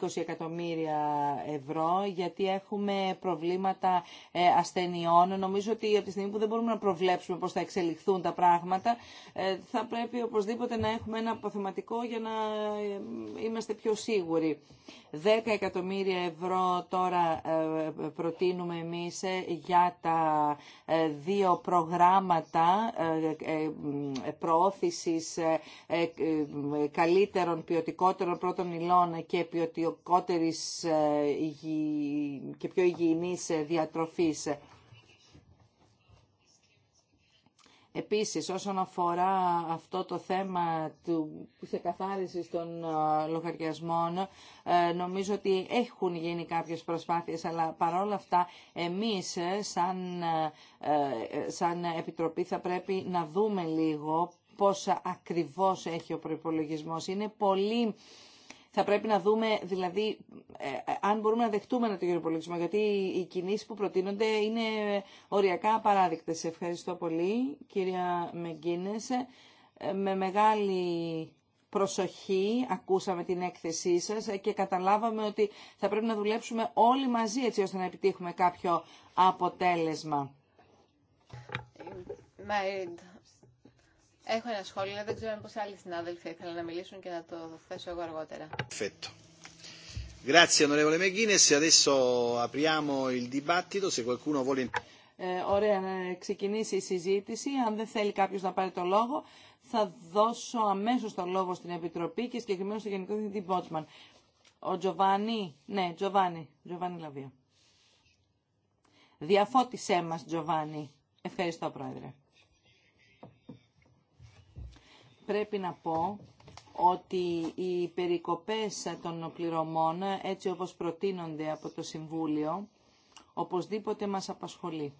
20 ε, εκατομμύρια ευρώ γιατί έχουμε προβλήματα ε, ασθενειών. Νομίζω ότι από τη στιγμή που δεν μπορούμε να προβλέψουμε πώς θα εξελιχθούν τα πράγματα θα πρέπει οπωσδήποτε να έχουμε ένα αποθεματικό για να είμαστε πιο σίγουροι. 10 εκατομμύρια ευρώ τώρα προτείνουμε εμείς για τα δύο προγράμματα θέματα ε, ε, ε, προώθησης καλύτερων, ποιοτικότερων πρώτων υλών και ποιοτικότερης και πιο υγιεινής διατροφής. Επίσης, όσον αφορά αυτό το θέμα του, της των ε, λογαριασμών, ε, νομίζω ότι έχουν γίνει κάποιες προσπάθειες, αλλά παρόλα αυτά εμείς ε, σαν, σαν Επιτροπή θα πρέπει να δούμε λίγο πόσα ακριβώς έχει ο προϋπολογισμός. Είναι πολύ θα πρέπει να δούμε, δηλαδή, ε, αν μπορούμε να δεχτούμε ένα τέτοιο υπολογισμό, γιατί οι κινήσεις που προτείνονται είναι οριακά απαράδεκτες. Ευχαριστώ πολύ, κυρία Μεγκίνες. Ε, με μεγάλη προσοχή ακούσαμε την έκθεσή σας και καταλάβαμε ότι θα πρέπει να δουλέψουμε όλοι μαζί έτσι ώστε να επιτύχουμε κάποιο αποτέλεσμα. Έχω ένα σχόλιο, δεν ξέρω πώς άλλοι συνάδελφοι ήθελαν να μιλήσουν και να το θέσω εγώ αργότερα. Grazie onorevole adesso apriamo il dibattito, se qualcuno vuole... Ε, ωραία, να ξεκινήσει η συζήτηση. Αν δεν θέλει κάποιος να πάρει το λόγο, θα δώσω αμέσως το λόγο στην Επιτροπή και συγκεκριμένα στο Γενικό Διευθυντή Μπότσμαν. Ο Τζοβάνι, ναι, Τζοβάνι, Τζοβάνι Λαβία. Διαφώτισέ μας, Τζοβάνι. Ευχαριστώ, Πρόεδρε πρέπει να πω ότι οι περικοπές των πληρωμών, έτσι όπως προτείνονται από το Συμβούλιο, οπωσδήποτε μας απασχολεί.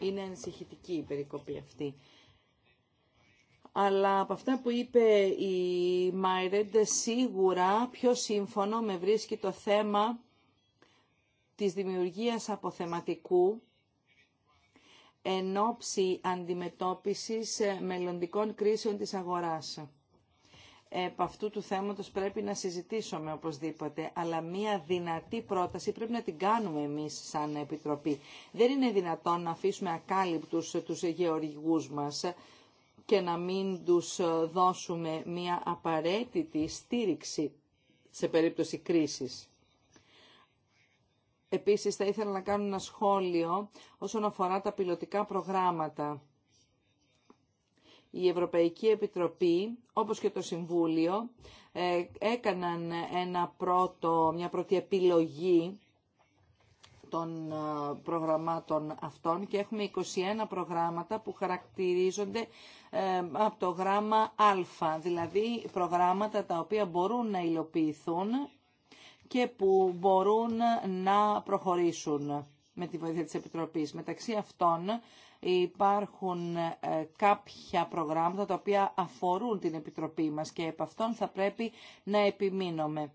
Είναι ενσυχητική η περικοπή αυτή. Αλλά από αυτά που είπε η Μάιρεντ, σίγουρα πιο σύμφωνο με βρίσκει το θέμα της δημιουργίας αποθεματικού εν ώψη αντιμετώπισης μελλοντικών κρίσεων της αγοράς. Επ' αυτού του θέματος πρέπει να συζητήσουμε οπωσδήποτε, αλλά μία δυνατή πρόταση πρέπει να την κάνουμε εμείς σαν Επιτροπή. Δεν είναι δυνατόν να αφήσουμε ακάλυπτους τους γεωργούς μας και να μην τους δώσουμε μία απαραίτητη στήριξη σε περίπτωση κρίσης. Επίσης θα ήθελα να κάνω ένα σχόλιο όσον αφορά τα πιλωτικά προγράμματα. Η Ευρωπαϊκή Επιτροπή, όπως και το Συμβούλιο, ε, έκαναν ένα πρώτο, μια πρώτη επιλογή των ε, προγραμμάτων αυτών και έχουμε 21 προγράμματα που χαρακτηρίζονται ε, από το γράμμα α, δηλαδή προγράμματα τα οποία μπορούν να υλοποιηθούν και που μπορούν να προχωρήσουν με τη βοήθεια της Επιτροπής. Μεταξύ αυτών υπάρχουν ε, κάποια προγράμματα τα οποία αφορούν την Επιτροπή μας και επ' αυτών θα πρέπει να επιμείνουμε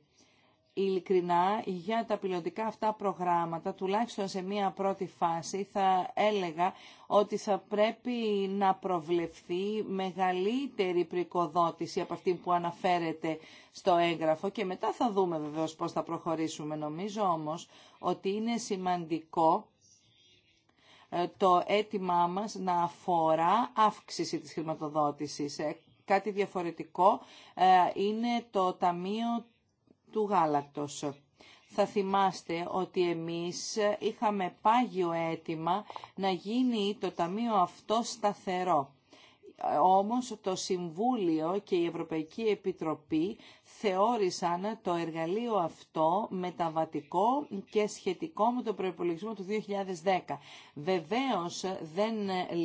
ειλικρινά για τα πιλωτικά αυτά προγράμματα, τουλάχιστον σε μία πρώτη φάση, θα έλεγα ότι θα πρέπει να προβλεφθεί μεγαλύτερη πρικοδότηση από αυτή που αναφέρεται στο έγγραφο και μετά θα δούμε βεβαίως πώς θα προχωρήσουμε. Νομίζω όμως ότι είναι σημαντικό ε, το αίτημά μας να αφορά αύξηση της χρηματοδότησης. Ε, κάτι διαφορετικό ε, είναι το Ταμείο του γάλακτος. Θα θυμάστε ότι εμείς είχαμε πάγιο αίτημα να γίνει το Ταμείο αυτό σταθερό. Όμως το Συμβούλιο και η Ευρωπαϊκή Επιτροπή θεώρησαν το εργαλείο αυτό μεταβατικό και σχετικό με το προϋπολογισμό του 2010. Βεβαίως δεν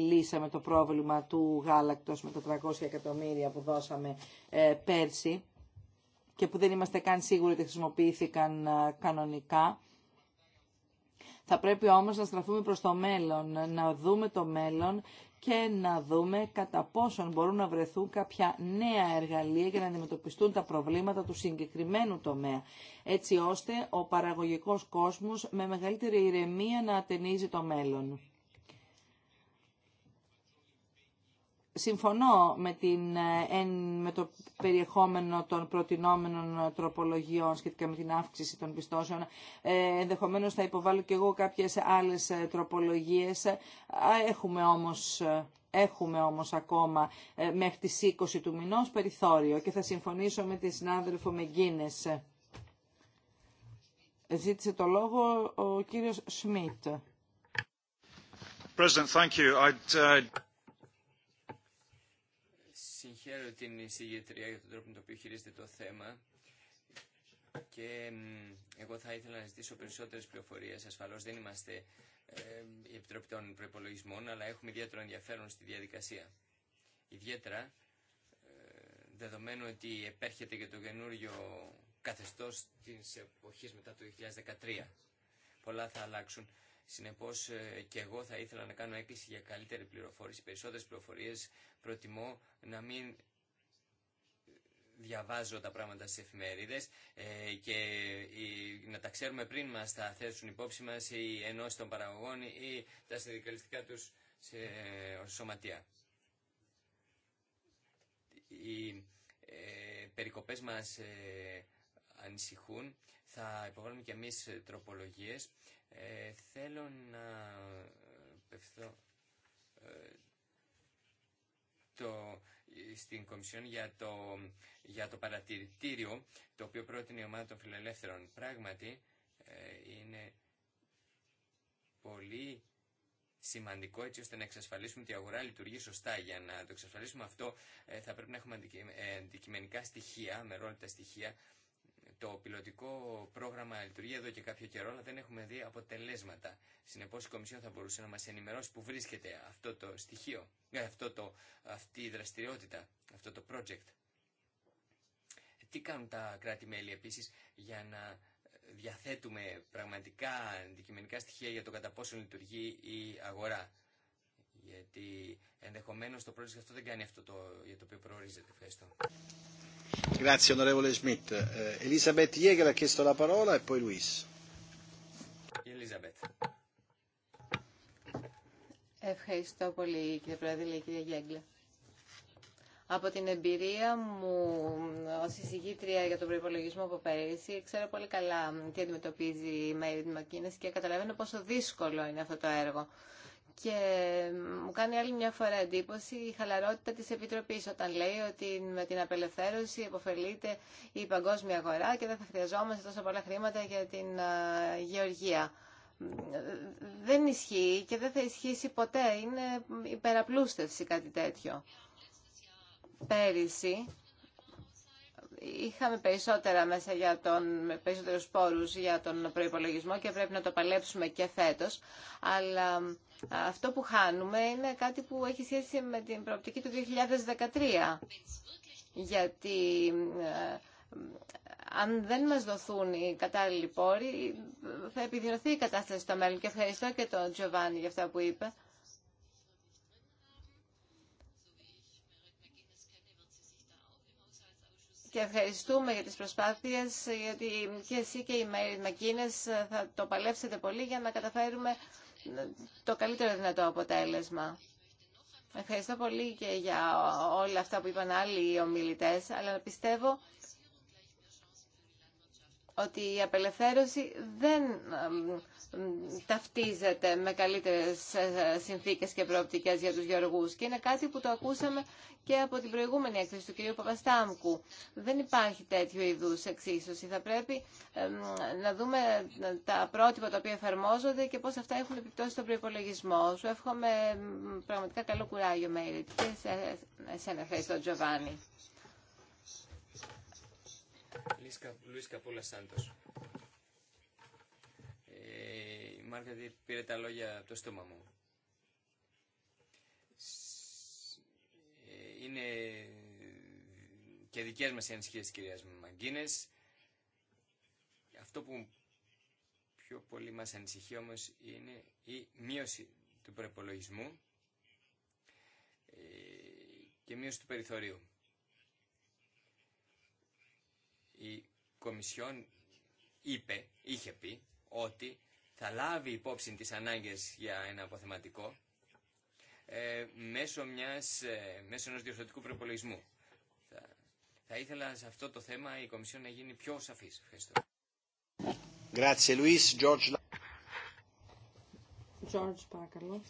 λύσαμε το πρόβλημα του γάλακτος με τα 300 εκατομμύρια που δώσαμε ε, πέρσι και που δεν είμαστε καν σίγουροι ότι χρησιμοποιήθηκαν ε, κανονικά. Θα πρέπει όμως να στραφούμε προς το μέλλον, να δούμε το μέλλον και να δούμε κατά πόσον μπορούν να βρεθούν κάποια νέα εργαλεία για να αντιμετωπιστούν τα προβλήματα του συγκεκριμένου τομέα, έτσι ώστε ο παραγωγικός κόσμος με μεγαλύτερη ηρεμία να ατενίζει το μέλλον. συμφωνώ με, την, ε, με το περιεχόμενο των προτινόμενων τροπολογιών σχετικά με την αύξηση των πιστώσεων. Ε, ενδεχομένως θα υποβάλω και εγώ κάποιες άλλες ε, τροπολογίες. Έχουμε όμως... Ε, έχουμε όμως ακόμα μέχρι τις 20 του μηνός περιθώριο και θα συμφωνήσω με τη συνάδελφο Μεγκίνες. Ζήτησε το λόγο ο κύριος Σμιτ. Uh, συγχαίρω την εισηγητρία για τον τρόπο με τον οποίο χειρίζεται το θέμα και εγώ θα ήθελα να ζητήσω περισσότερες πληροφορίες. Ασφαλώς δεν είμαστε ε, η Επιτροπή των Προπολογισμών, αλλά έχουμε ιδιαίτερο ενδιαφέρον στη διαδικασία. Ιδιαίτερα, ε, δεδομένου ότι επέρχεται και το καινούριο καθεστώς της εποχής μετά το 2013. Πολλά θα αλλάξουν. Συνεπώς ε, και εγώ θα ήθελα να κάνω έκκληση για καλύτερη πληροφόρηση, περισσότερε πληροφορίε, Προτιμώ να μην διαβάζω τα πράγματα στις εφημερίδες ε, και ε, να τα ξέρουμε πριν μα τα θέσουν υπόψη μα οι ενώσει των παραγωγών ή τα συνδικαλιστικά του σε σωματεία. Οι περικοπές μας ανησυχούν. Θα υποβάλουμε και εμείς τροπολογίες ε, θέλω να πευθώ ε, το, στην Κομισιόν για το, για το παρατηρητήριο το οποίο πρότεινε η ομάδα των φιλελεύθερων. Πράγματι ε, είναι πολύ σημαντικό έτσι ώστε να εξασφαλίσουμε ότι η αγορά λειτουργεί σωστά. Για να το εξασφαλίσουμε αυτό θα πρέπει να έχουμε αντικειμενικά στοιχεία, με στοιχεία το πιλωτικό πρόγραμμα λειτουργεί εδώ και κάποιο καιρό, αλλά δεν έχουμε δει αποτελέσματα. Συνεπώ, η Κομισιόν θα μπορούσε να μα ενημερώσει που βρίσκεται αυτό το στοιχείο, ε, αυτό το, αυτή η δραστηριότητα, αυτό το project. Τι κάνουν τα κράτη-μέλη επίση για να διαθέτουμε πραγματικά αντικειμενικά στοιχεία για το κατά πόσο λειτουργεί η αγορά. Γιατί ενδεχομένω το project αυτό δεν κάνει αυτό το, για το οποίο προορίζεται. Ευχαριστώ. Grazie Ευχαριστώ πολύ κύριε Πρόεδρε, κύριε Γέγκλε. Από την εμπειρία μου ω εισηγήτρια για τον προπολογισμό από πέρυσι, ξέρω πολύ καλά τι αντιμετωπίζει η Μέριν Μακίνες και καταλαβαίνω πόσο δύσκολο είναι αυτό το έργο. Και μου κάνει άλλη μια φορά εντύπωση η χαλαρότητα της Επιτροπής όταν λέει ότι με την απελευθέρωση υποφελείται η παγκόσμια αγορά και δεν θα χρειαζόμαστε τόσο πολλά χρήματα για την γεωργία. Δεν ισχύει και δεν θα ισχύσει ποτέ. Είναι υπεραπλούστευση κάτι τέτοιο. Πέρυσι είχαμε περισσότερα μέσα για τον, περισσότερους πόρους για τον προϋπολογισμό και πρέπει να το παλέψουμε και φέτος. Αλλά αυτό που χάνουμε είναι κάτι που έχει σχέση με την προοπτική του 2013. Γιατί ε, αν δεν μας δοθούν οι κατάλληλοι πόροι, θα επιδεινωθεί η κατάσταση στο μέλλον. Και ευχαριστώ και τον Τζοβάνι για αυτά που είπε. και ευχαριστούμε για τις προσπάθειες, γιατί και εσύ και η Μακίνες ε, θα το παλεύσετε πολύ για να καταφέρουμε ε, το καλύτερο δυνατό αποτέλεσμα. Ευχαριστώ πολύ και για όλα αυτά που είπαν άλλοι οι ομιλητές, αλλά πιστεύω ότι η απελευθέρωση δεν ταυτίζεται με καλύτερες ε, συνθήκες και προοπτικές για τους γεωργούς και είναι κάτι που το ακούσαμε και από την προηγούμενη έκθεση του κ. Παπαστάμκου. Δεν υπάρχει τέτοιου είδους εξίσωση. Θα πρέπει να δούμε ε, τα πρότυπα τα οποία εφαρμόζονται και πώς αυτά έχουν επιπτώσει στον προϋπολογισμό. Σου εύχομαι πραγματικά καλό κουράγιο, Μέιριτ. Και σε, σε ευχαριστώ, Τζοβάνι. Λουίς Καπούλα Σάντος. Ε, η Μάργαρη πήρε τα λόγια από το στόμα μου. Ε, είναι και δικές μας οι ανησυχίες της κυρίας Μαγκίνες. Αυτό που πιο πολύ μας ανησυχεί όμως είναι η μείωση του προπολογισμού ε, και μείωση του περιθωρίου. η Κομισιόν είπε, είχε πει, ότι θα λάβει υπόψη τις ανάγκες για ένα αποθεματικό ε, μέσω, μιας, ε, μέσω ενός διορθωτικού προπολογισμού. Θα, ήθελα σε αυτό το θέμα η Κομισιόν να γίνει πιο σαφής. Ευχαριστώ. Grazie Luis, George. George, παρακαλώ.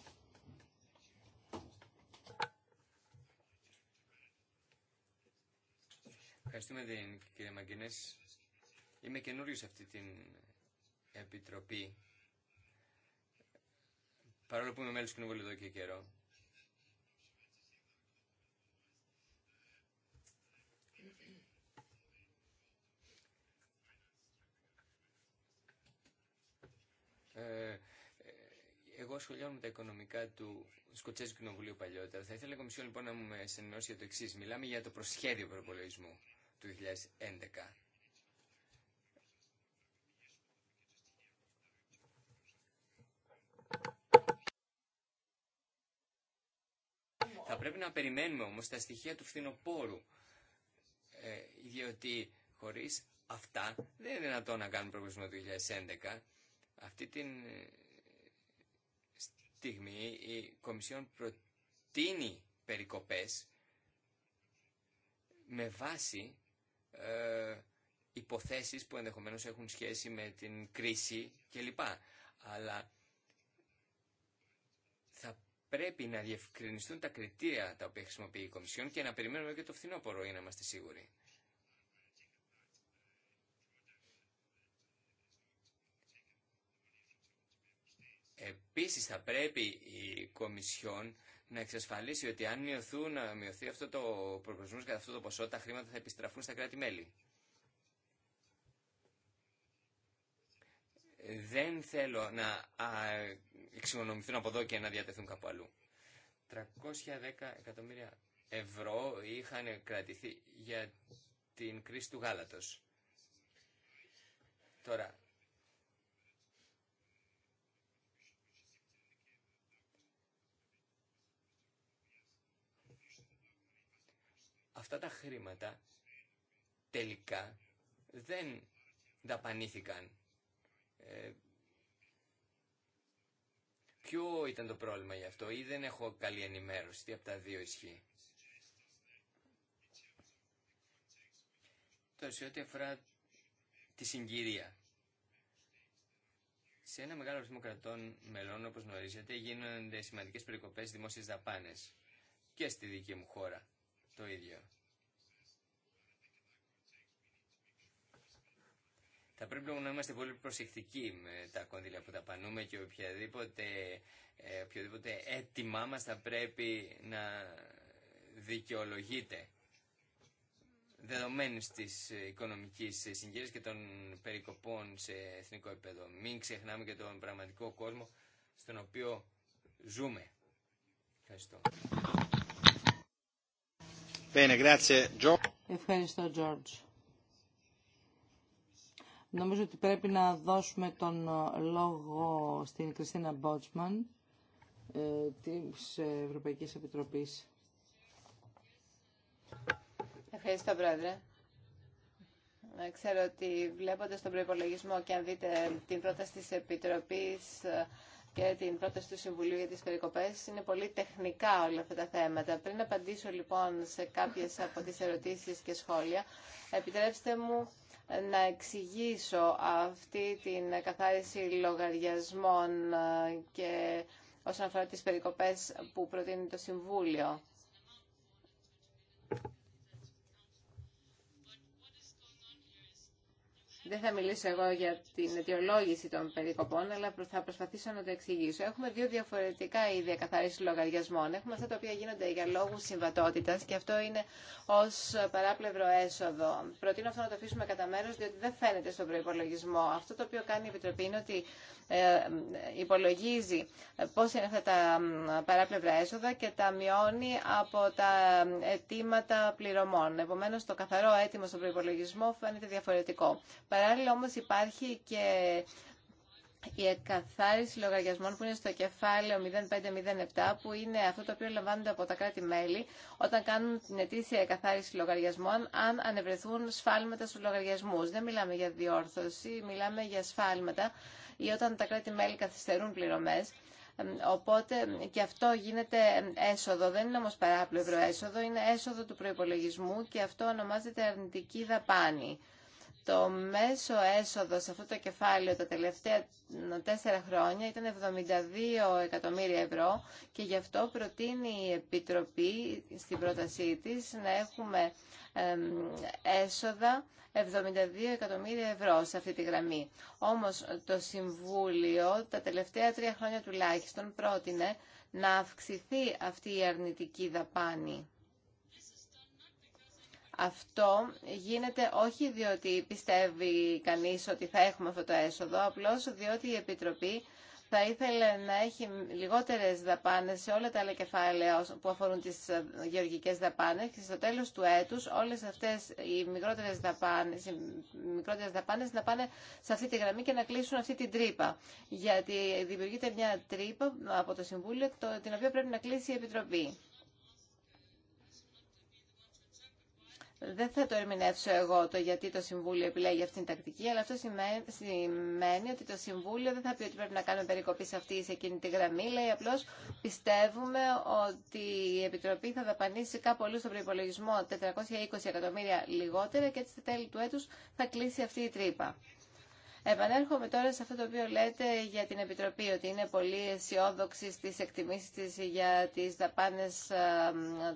Ευχαριστούμε την κυρία Είμαι καινούριο σε αυτή την επιτροπή. Παρόλο που είμαι μέλος του Κοινοβουλίου εδώ και καιρό. Ε, εγώ σχολιάζομαι με τα οικονομικά του Σκοτσέζου Κοινοβουλίου παλιότερα. Θα ήθελα η λοιπόν να μου με ενημερώσει για το εξή. Μιλάμε για το προσχέδιο προπολογισμού του 2011. Θα πρέπει να περιμένουμε όμως τα στοιχεία του φθινοπόρου, ε, διότι χωρίς αυτά δεν είναι δυνατόν να κάνουμε προβλήσουμε το 2011. Αυτή τη ε, στιγμή η Κομισιόν προτείνει περικοπές με βάση ε, υποθέσεις που ενδεχομένως έχουν σχέση με την κρίση κλπ. Αλλά θα πρέπει να διευκρινιστούν τα κριτήρια τα οποία χρησιμοποιεί η Κομισιόν και να περιμένουμε και το φθινόπωρο για να είμαστε σίγουροι. Επίσης θα πρέπει η Κομισιόν να εξασφαλίσει ότι αν μειωθούν, να μειωθεί αυτό το προπολογισμό κατά αυτό το ποσό, τα χρήματα θα επιστραφούν στα κράτη-μέλη. Δεν θέλω να εξοικονομηθούν από εδώ και να διατεθούν κάπου αλλού. 310 εκατομμύρια ευρώ είχαν κρατηθεί για την κρίση του γάλατος. Τώρα, αυτά τα χρήματα τελικά δεν δαπανήθηκαν. Ε, ποιο ήταν το πρόβλημα γι' αυτό ή δεν έχω καλή ενημέρωση, τι από τα δύο ισχύει. Το σε ό,τι αφορά τη συγκυρία. Σε ένα μεγάλο αριθμό κρατών μελών, όπως γνωρίζετε, γίνονται σημαντικές περικοπές δημόσιες δαπάνες. Και στη δική μου χώρα το ίδιο. Θα πρέπει λοιπόν να είμαστε πολύ προσεκτικοί με τα κονδύλια που τα πανούμε και οποιαδήποτε, ε, οποιοδήποτε έτοιμά μας θα πρέπει να δικαιολογείται δεδομένης της οικονομικής συγκύρισης και των περικοπών σε εθνικό επίπεδο. Μην ξεχνάμε και τον πραγματικό κόσμο στον οποίο ζούμε. Ευχαριστώ. Ευχαριστώ, George. Νομίζω ότι πρέπει να δώσουμε τον ε, λόγο στην Κριστίνα Μπότσμαν ε, της Ευρωπαϊκής Επιτροπής. Ευχαριστώ, Πρόεδρε. Ε, ξέρω ότι βλέποντα τον προπολογισμό και αν δείτε την πρόταση της Επιτροπής και την πρόταση του Συμβουλίου για τις περικοπές, είναι πολύ τεχνικά όλα αυτά τα θέματα. Πριν απαντήσω λοιπόν σε κάποιες από τις ερωτήσεις και σχόλια, επιτρέψτε μου να εξηγήσω αυτή την καθάριση λογαριασμών ε, και όσον αφορά τις περικοπές που προτείνει το Συμβούλιο. Δεν θα μιλήσω εγώ για την αιτιολόγηση των περικοπών, αλλά θα προσπαθήσω να το εξηγήσω. Έχουμε δύο διαφορετικά είδη καθάριση λογαριασμών. Έχουμε αυτά τα οποία γίνονται για λόγου συμβατότητα και αυτό είναι ω παράπλευρο έσοδο. Προτείνω αυτό να το αφήσουμε κατά μέρο, διότι δεν φαίνεται στον προπολογισμό. Αυτό το οποίο κάνει η Επιτροπή είναι ότι ε, υπολογίζει πώς είναι αυτά τα παράπλευρα έσοδα και τα μειώνει από τα αιτήματα πληρωμών. Επομένως, το καθαρό αίτημα στον προϋπολογισμό φαίνεται διαφορετικό. Παράλληλα, όμως, υπάρχει και η εκαθάριση λογαριασμών που είναι στο κεφάλαιο 0507, που είναι αυτό το οποίο λαμβάνονται από τα κράτη-μέλη όταν κάνουν την ετήσια εκαθάριση λογαριασμών, αν ανεβρεθούν σφάλματα στους λογαριασμούς. Δεν μιλάμε για διόρθωση, μιλάμε για σφάλματα ή όταν τα κράτη-μέλη καθυστερούν πληρωμές. Οπότε και αυτό γίνεται έσοδο. Δεν είναι όμως παράπλευρο έσοδο, είναι έσοδο του προϋπολογισμού και αυτό ονομάζεται αρνητική δαπάνη. Το μέσο έσοδο σε αυτό το κεφάλαιο τα τελευταία τέσσερα χρόνια ήταν 72 εκατομμύρια ευρώ και γι' αυτό προτείνει η Επιτροπή στην πρότασή της να έχουμε έσοδα 72 εκατομμύρια ευρώ σε αυτή τη γραμμή. Όμως το Συμβούλιο τα τελευταία τρία χρόνια τουλάχιστον πρότεινε να αυξηθεί αυτή η αρνητική δαπάνη. Αυτό γίνεται όχι διότι πιστεύει κανείς ότι θα έχουμε αυτό το έσοδο, απλώς διότι η Επιτροπή θα ήθελε να έχει λιγότερες δαπάνες σε όλα τα άλλα κεφάλαια που αφορούν τις ε, γεωργικές δαπάνες και στο τέλος του έτους όλες αυτές οι μικρότερες δαπάνες, οι μικρότερες δαπάνες να πάνε σε αυτή τη γραμμή και να κλείσουν αυτή την τρύπα. Γιατί δημιουργείται μια τρύπα από το Συμβούλιο την οποία πρέπει να κλείσει η Επιτροπή. Δεν θα το ερμηνεύσω εγώ το γιατί το Συμβούλιο επιλέγει αυτήν την τακτική, αλλά αυτό σημαίνει ότι το Συμβούλιο δεν θα πει ότι πρέπει να κάνουμε περικοπή σε αυτή ή σε εκείνη τη γραμμή. Λέει απλώ πιστεύουμε ότι η Επιτροπή θα δαπανίσει κάπου όλου στον προπολογισμό 420 εκατομμύρια λιγότερα και έτσι στα τέλη του έτου θα κλείσει αυτή η επιτροπη θα δαπανισει καπου αλλου στον προπολογισμο 420 εκατομμυρια λιγοτερα και ετσι στα τελη του ετου θα κλεισει αυτη η τρυπα Επανέρχομαι τώρα σε αυτό το οποίο λέτε για την Επιτροπή, ότι είναι πολύ αισιόδοξη στις εκτιμήσεις της για τις δαπάνες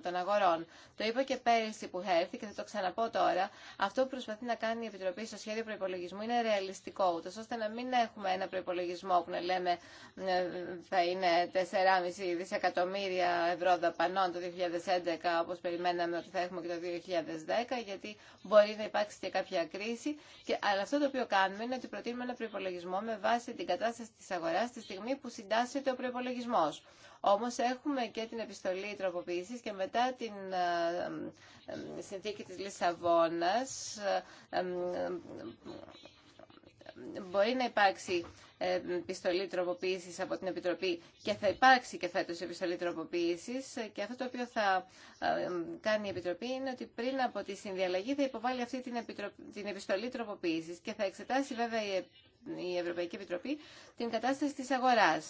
των αγορών. Το είπα και πέρυσι που έρθει και θα το ξαναπώ τώρα. Αυτό που προσπαθεί να κάνει η Επιτροπή στο σχέδιο προπολογισμού είναι ρεαλιστικό, ούτω ώστε να μην έχουμε ένα προπολογισμό που να λέμε ε, θα είναι 4,5 δισεκατομμύρια ευρώ δαπανών το 2011, όπως περιμέναμε ότι θα έχουμε και το 2010, γιατί μπορεί να υπάρξει και κάποια κρίση. αλλά αυτό το οποίο κάνουμε είναι ότι προτείνουμε ένα προπολογισμό με βάση την κατάσταση της αγοράς τη στιγμή που συντάσσεται ο προπολογισμό. Όμως έχουμε και την επιστολή τροποποίησης και μετά την συνθήκη της Λισαβόνας μπορεί να υπάρξει ε, επιστολή τροποποίηση από την Επιτροπή και θα υπάρξει και φέτο επιστολή τροποποίηση. και αυτό το οποίο θα ε, κάνει η Επιτροπή είναι ότι πριν από τη συνδιαλλαγή θα υποβάλει αυτή την, την επιστολή τροποποίηση και θα εξετάσει βέβαια η Ευρωπαϊκή Επιτροπή την κατάσταση τη αγορά.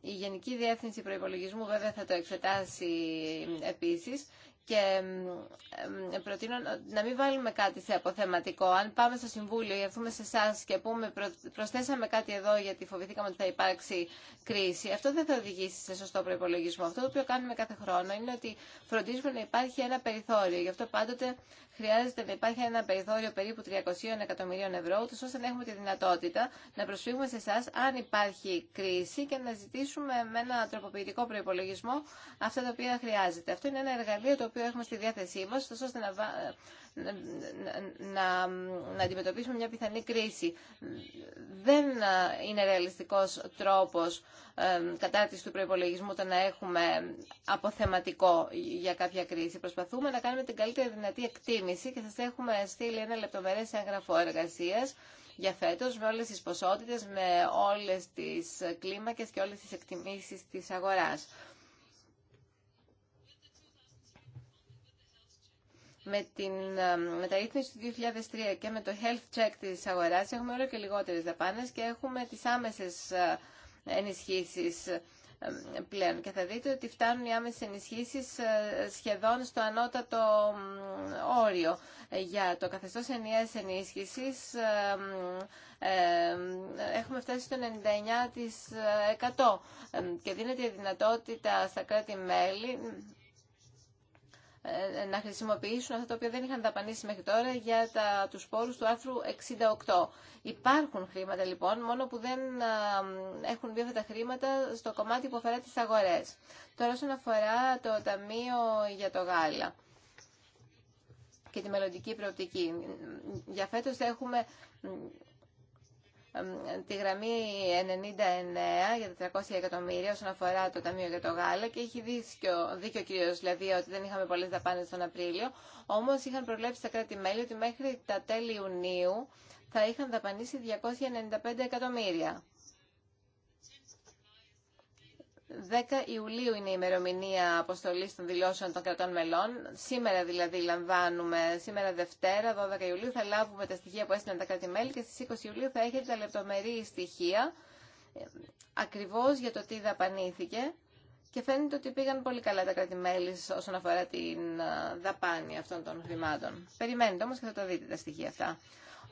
Η Γενική Διεύθυνση Προϋπολογισμού βέβαια θα το εξετάσει επίσης και προτείνω να μην βάλουμε κάτι σε αποθεματικό. Αν πάμε στο Συμβούλιο ή έρθουμε σε εσά και πούμε προσθέσαμε κάτι εδώ γιατί φοβηθήκαμε ότι θα υπάρξει κρίση, αυτό δεν θα οδηγήσει σε σωστό προπολογισμό. Αυτό το οποίο κάνουμε κάθε χρόνο είναι ότι φροντίζουμε να υπάρχει ένα περιθώριο. Γι' αυτό πάντοτε χρειάζεται να υπάρχει ένα περιθώριο περίπου 300 εκατομμυρίων ευρώ, ώστε να έχουμε τη δυνατότητα να προσφύγουμε σε εσά αν υπάρχει κρίση και να ζητήσουμε με ένα τροποποιητικό προπολογισμό αυτά τα οποία χρειάζεται. Αυτό είναι ένα εργαλείο το οποίο έχουμε στη διάθεσή μας, ώστε να, να, να αντιμετωπίσουμε μια πιθανή κρίση. Δεν ε, είναι ρεαλιστικός τρόπος ε, της του προϋπολογισμού το να έχουμε αποθεματικό για κάποια κρίση. Προσπαθούμε να κάνουμε την καλύτερη δυνατή εκτίμηση και σας έχουμε στείλει ένα λεπτομερές έγγραφο εργασίας για φέτος με όλες τις ποσότητες, με όλες τις κλίμακες και όλες τις εκτιμήσεις της αγοράς. με την ε, μεταρρύθμιση του 2003 και με το health check της αγοράς έχουμε όλο και λιγότερες δαπάνες και έχουμε τις άμεσες ε, ενισχύσεις ε, πλέον. Και θα δείτε ότι φτάνουν οι άμεσες ενισχύσεις σχεδόν στο ανώτατο όριο. Για το καθεστώς ενιαίας ενίσχυσης έχουμε φτάσει στο 99% και δίνεται η δυνατότητα στα κράτη-μέλη ε, να χρησιμοποιήσουν αυτά τα οποία δεν είχαν δαπανίσει μέχρι τώρα για τα, τους πόρους του άρθρου 68. Υπάρχουν χρήματα λοιπόν, μόνο που δεν έχουν μπει αυτά τα χρήματα στο κομμάτι που αφορά τις αγορές. Τώρα όσον αφορά το Ταμείο για το Γάλα και τη μελλοντική προοπτική. Για φέτος έχουμε τη γραμμή 99 για τα 400 εκατομμύρια όσον αφορά το Ταμείο για το Γάλα και έχει δίκιο, δίκιο ο κύριος ότι δεν είχαμε πολλέ δαπάνε τον Απρίλιο, όμως είχαν προβλέψει τα κράτη-μέλη ότι μέχρι τα τέλη Ιουνίου θα είχαν δαπανίσει 295 εκατομμύρια. 10 Ιουλίου είναι η ημερομηνία αποστολή των δηλώσεων των κρατών μελών. Σήμερα δηλαδή λαμβάνουμε, σήμερα Δευτέρα, 12 Ιουλίου, θα λάβουμε τα στοιχεία που έστειλαν τα κράτη-μέλη και στις 20 Ιουλίου θα έχετε τα λεπτομερή στοιχεία ε, ακριβώς για το τι δαπανήθηκε και φαίνεται ότι πήγαν πολύ καλά τα κράτη-μέλη όσον αφορά την ε, δαπάνη αυτών των χρημάτων. Περιμένετε όμω και θα τα δείτε τα στοιχεία αυτά.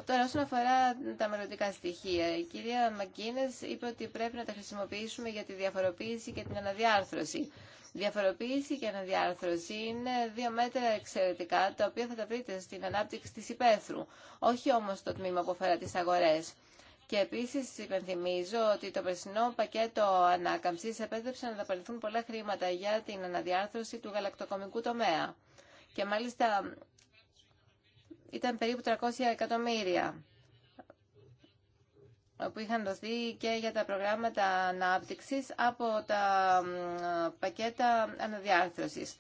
Τώρα, όσον αφορά τα μελλοντικά στοιχεία, η κυρία Μακίνε είπε ότι πρέπει να τα χρησιμοποιήσουμε για τη διαφοροποίηση και την αναδιάρθρωση. Διαφοροποίηση και αναδιάρθρωση είναι δύο μέτρα εξαιρετικά, τα οποία θα τα βρείτε στην ανάπτυξη τη υπαίθρου, όχι όμω στο τμήμα που αφορά τι αγορέ. Και επίση, υπενθυμίζω ότι το περσινό πακέτο ανάκαμψη επέτρεψε να δαπανηθούν πολλά χρήματα για την αναδιάρθρωση του γαλακτοκομικού τομέα. Και μάλιστα ήταν περίπου 300 εκατομμύρια που είχαν δοθεί και για τα προγράμματα ανάπτυξης από τα πακέτα αναδιάρθρωσης.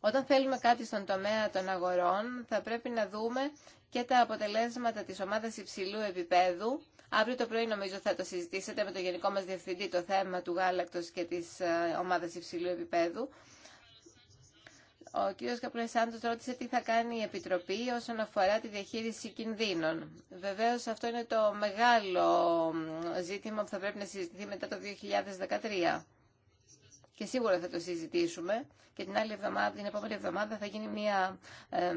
Όταν θέλουμε κάτι στον τομέα των αγορών, θα πρέπει να δούμε και τα αποτελέσματα της ομάδας υψηλού επίπεδου. Αύριο το πρωί νομίζω θα το συζητήσετε με τον Γενικό μας Διευθυντή το θέμα του γάλακτος και της ε, ομάδας υψηλού επίπεδου. Ο κ. Καπλεσάντος ρώτησε τι θα κάνει η Επιτροπή όσον αφορά τη διαχείριση κινδύνων. Βεβαίως αυτό είναι το μεγάλο ζήτημα που θα πρέπει να συζητηθεί μετά το 2013. Και σίγουρα θα το συζητήσουμε. Και την άλλη εβδομάδα, την επόμενη εβδομάδα θα γίνει μια ε,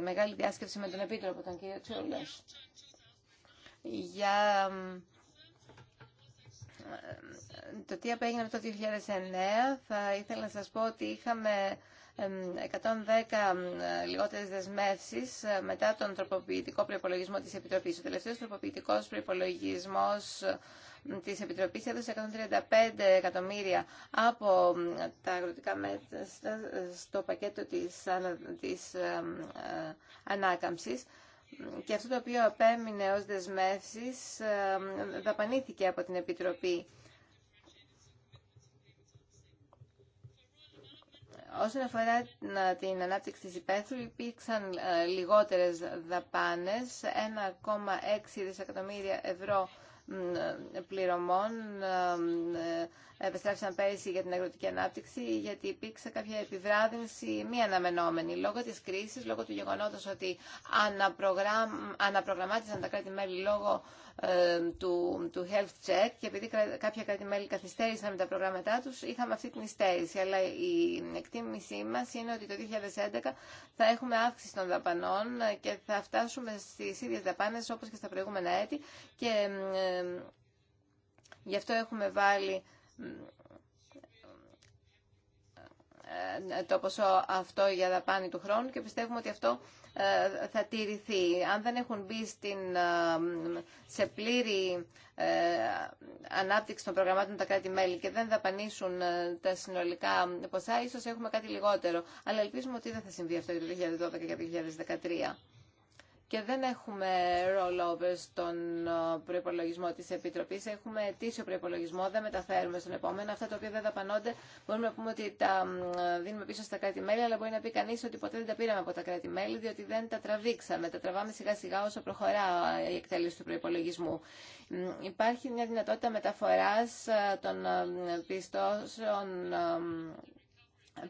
μεγάλη διάσκεψη με τον Επίτροπο, τον κύριο Τσούλος. Για ε, ε, το τι απέγινε το 2009 θα ήθελα να σας πω ότι είχαμε 110 λιγότερες δεσμεύσεις ε, μετά τον τροποποιητικό προϋπολογισμό της Επιτροπής. Ο τελευταίος τροποποιητικός προϋπολογισμός της Επιτροπής έδωσε 135 εκατομμύρια από τα αγροτικά μέτρα στο πακέτο της, της ε, ανάκαμψης και αυτό το οποίο απέμεινε ως δεσμεύσεις δαπανήθηκε από την Επιτροπή. Όσον αφορά την ανάπτυξη της υπαίθρου, υπήρξαν ε, λιγότερες δαπάνες, 1,6 δισεκατομμύρια ευρώ πληρωμών ε, ε, επιστρέψαν πέρυσι για την αγροτική ανάπτυξη, γιατί υπήρξε κάποια επιβράδυνση μη αναμενόμενη λόγω τη κρίση, λόγω του γεγονότο ότι αναπρογραμ... αναπρογραμμάτισαν τα κράτη-μέλη λόγω ε, του, του health check και επειδή κάποια κράτη-μέλη καθυστέρησαν με τα προγράμματά του, είχαμε αυτή την υστέρηση. Αλλά η εκτίμησή μα είναι ότι το 2011 θα έχουμε αύξηση των δαπανών και θα φτάσουμε στι ίδιε δαπάνε, όπω και στα προηγούμενα έτη και ε, ε, γι' αυτό έχουμε βάλει ε, το ποσό αυτό για δαπάνη του χρόνου και πιστεύουμε ότι αυτό ε, θα τηρηθεί. Αν δεν έχουν μπει στην, ε, σε πλήρη ανάπτυξη των προγραμμάτων τα κράτη-μέλη και δεν δαπανίσουν τα συνολικά ποσά, ίσως έχουμε κάτι λιγότερο. Αλλά ελπίζουμε ότι δεν θα συμβεί αυτό για το 2012 και το 2013 και δεν έχουμε rollover στον ε, προπολογισμό της Επιτροπής, έχουμε αιτήσιο προπολογισμό, δεν μεταφέρουμε στον επόμενο. Αυτά τα οποία δεν δαπανώνται μπορούμε να πούμε ότι τα ε, δίνουμε πίσω στα κράτη-μέλη, αλλά μπορεί να πει κανείς ότι ποτέ δεν τα πήραμε από τα κράτη-μέλη, διότι δεν τα τραβήξαμε. Τα τραβάμε σιγά-σιγά όσο προχωρά η εκτέλεση του προπολογισμού. Υπάρχει μια δυνατότητα μεταφοράς ε, των πιστώσεων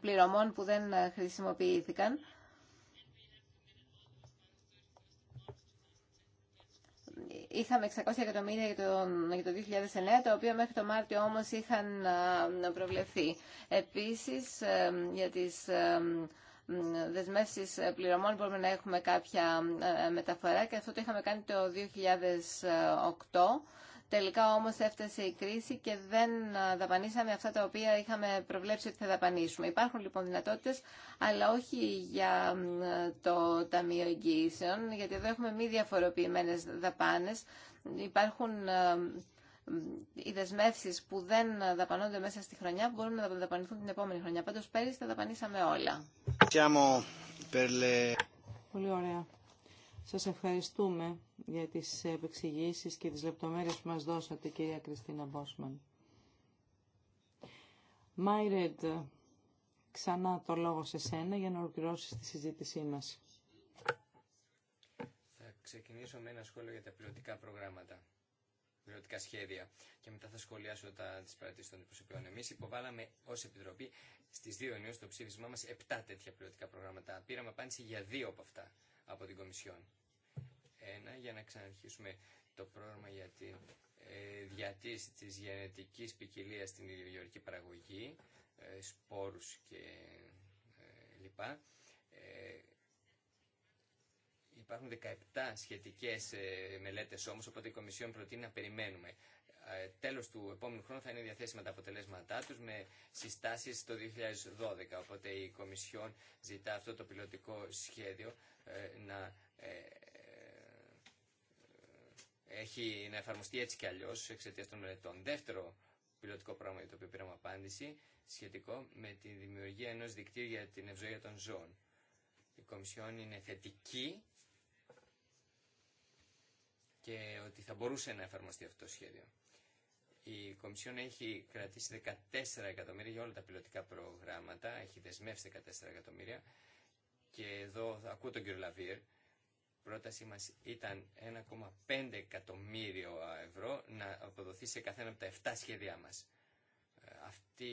πληρωμών που δεν χρησιμοποιήθηκαν Είχαμε 600 εκατομμύρια για το, για το 2009, τα οποία μέχρι το Μάρτιο όμως είχαν προβλεφθεί. Επίσης, ε, για τις ε, δεσμεύσεις πληρωμών μπορούμε να έχουμε κάποια ε, μεταφορά και αυτό το είχαμε κάνει το 2008 Τελικά όμως έφτασε η κρίση και δεν δαπανίσαμε αυτά τα οποία είχαμε προβλέψει ότι θα δαπανίσουμε. Υπάρχουν λοιπόν δυνατότητες, αλλά όχι για το Ταμείο Εγγυήσεων, γιατί εδώ έχουμε μη διαφοροποιημένες δαπάνες. Υπάρχουν οι δεσμεύσει που δεν δαπανώνται μέσα στη χρονιά μπορούν να δαπανηθούν την επόμενη χρονιά. Πάντω πέρυσι τα δαπανίσαμε όλα. Πολύ ωραία. Σας ευχαριστούμε για τις επεξηγήσεις και τις λεπτομέρειες που μας δώσατε, κυρία Κριστίνα Μπόσμαν. Μάιρετ, ξανά το λόγο σε σένα για να ολοκληρώσει τη συζήτησή μας. Θα ξεκινήσω με ένα σχόλιο για τα πιλωτικά προγράμματα, πιλωτικά σχέδια και μετά θα σχολιάσω τα, τις παρατήσεις των αντιπροσωπιών. Εμείς υποβάλαμε ως Επιτροπή στις δύο Ιουνίου στο ψήφισμά μας 7 τέτοια πληρωτικά προγράμματα. Πήραμε απάντηση για δύο από αυτά από την Κομισιόν. Ένα, για να ξαναρχίσουμε το πρόγραμμα για τη ε, διατήρηση της γενετικής ποικιλία στην ιδιωτική παραγωγή, ε, σπόρους και ε, λοιπά. Ε, υπάρχουν 17 σχετικές ε, μελέτες όμως, οπότε η Κομισιόν προτείνει να περιμένουμε ε, τέλος του επόμενου χρόνου θα είναι διαθέσιμα τα αποτελέσματά τους με συστάσεις το 2012. Οπότε η Κομισιόν ζητά αυτό το πιλωτικό σχέδιο ε, να, ε, έχει, να εφαρμοστεί έτσι κι αλλιώς εξαιτίας των μελετών. Δεύτερο πιλωτικό πρόγραμμα για το οποίο πήραμε απάντηση σχετικό με τη δημιουργία ενός δικτύου για την ευζοία των ζώων. Η Κομισιόν είναι θετική και ότι θα μπορούσε να εφαρμοστεί αυτό το σχέδιο. Η Κομισιόν έχει κρατήσει 14 εκατομμύρια για όλα τα πιλωτικά προγράμματα, έχει δεσμεύσει 14 εκατομμύρια και εδώ ακούω τον κύριο Λαβίρ. Πρότασή μας ήταν 1,5 εκατομμύριο ευρώ να αποδοθεί σε καθένα από τα 7 σχέδιά μας. Ε,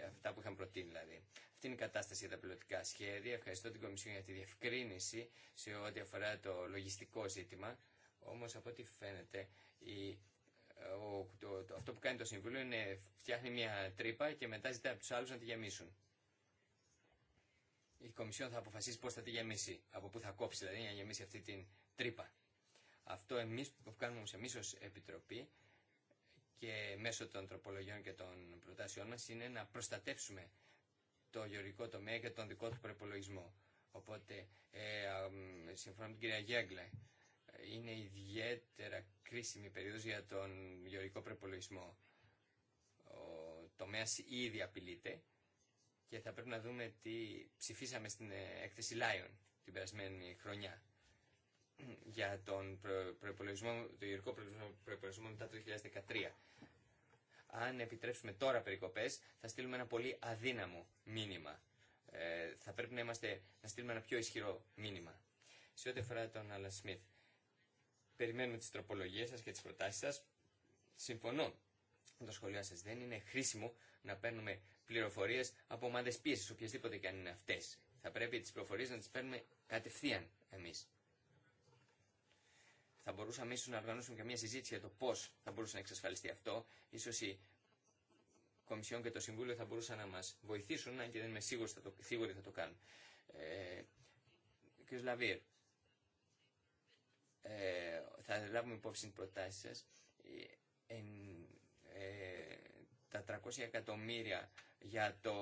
ε, αυτά που είχαν προτείνει δηλαδή. Αυτή είναι η κατάσταση για τα πιλωτικά σχέδια. Ευχαριστώ την Κομισιόν για τη διευκρίνηση σε ό,τι αφορά το λογιστικό ζήτημα. Όμως από ό,τι φαίνεται η ο, αυτό που κάνει το Συμβούλιο είναι φτιάχνει μια τρύπα και μετά ζητάει από τους άλλους να τη γεμίσουν. Η Κομισιόν θα αποφασίσει πώς θα τη γεμίσει, από πού θα κόψει δηλαδή να γεμίσει αυτή την τρύπα. Αυτό εμείς, που κάνουμε όμως εμείς ως Επιτροπή και μέσω των τροπολογιών και των προτάσεών μα είναι να προστατεύσουμε το γεωργικό τομέα και τον δικό του προπολογισμό. Οπότε, ε, ε, συμφωνώ με την κυρία Γέγκλα, είναι ιδιαίτερα κρίσιμη περίοδος για τον γεωργικό προπολογισμό. Ο τομέας ήδη απειλείται και θα πρέπει να δούμε τι ψηφίσαμε στην ε, έκθεση Lion την περασμένη χρονιά για τον προπολογισμό, το γεωργικό προπολογισμό μετά το 2013. Αν επιτρέψουμε τώρα περικοπές, θα στείλουμε ένα πολύ αδύναμο μήνυμα. Ε, θα πρέπει να, είμαστε, να στείλουμε ένα πιο ισχυρό μήνυμα. Σε ό,τι αφορά τον Άλλα Σμιθ, Περιμένουμε τις τροπολογίες σας και τις προτάσεις σας. Συμφωνώ με το σχολείο σας. Δεν είναι χρήσιμο να παίρνουμε πληροφορίες από ομάδες πίεσης, οποιασδήποτε και αν είναι αυτές. Θα πρέπει τις πληροφορίες να τις παίρνουμε κατευθείαν εμείς. Θα μπορούσαμε ίσως να οργανώσουμε και μια συζήτηση για το πώς θα μπορούσε να εξασφαλιστεί αυτό. Ίσως η Κομισιόν και το Συμβούλιο θα μπορούσαν να μας βοηθήσουν, αν και δεν είμαι σίγουρος ότι θα το κάνουν. Ε, κ ε, θα λάβουμε υπόψη την προτάση σας. Ε, ε, τα 300 εκατομμύρια για το,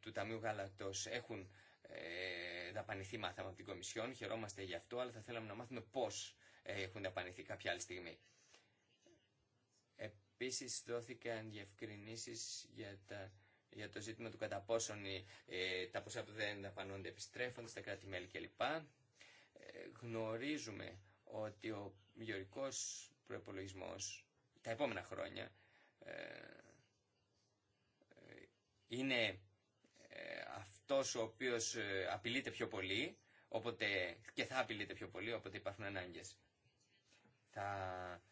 του Ταμείου Γάλακτος έχουν ε, δαπανηθεί μάθαμε από την Κομισιόν, χαιρόμαστε γι' αυτό, αλλά θα θέλαμε να μάθουμε πώς ε, έχουν δαπανηθεί κάποια άλλη στιγμή. Επίσης δόθηκαν διευκρινήσεις για, για το ζήτημα του κατά πόσον ε, τα ποσά που δεν δαπανώνται επιστρέφονται στα κράτη-μέλη κλπ γνωρίζουμε ότι ο γεωρικός προϋπολογισμός τα επόμενα χρόνια ε, ε, είναι ε, αυτός ο οποίος απειλείται πιο πολύ οπότε, και θα απειλείται πιο πολύ, οπότε υπάρχουν ανάγκες. Θα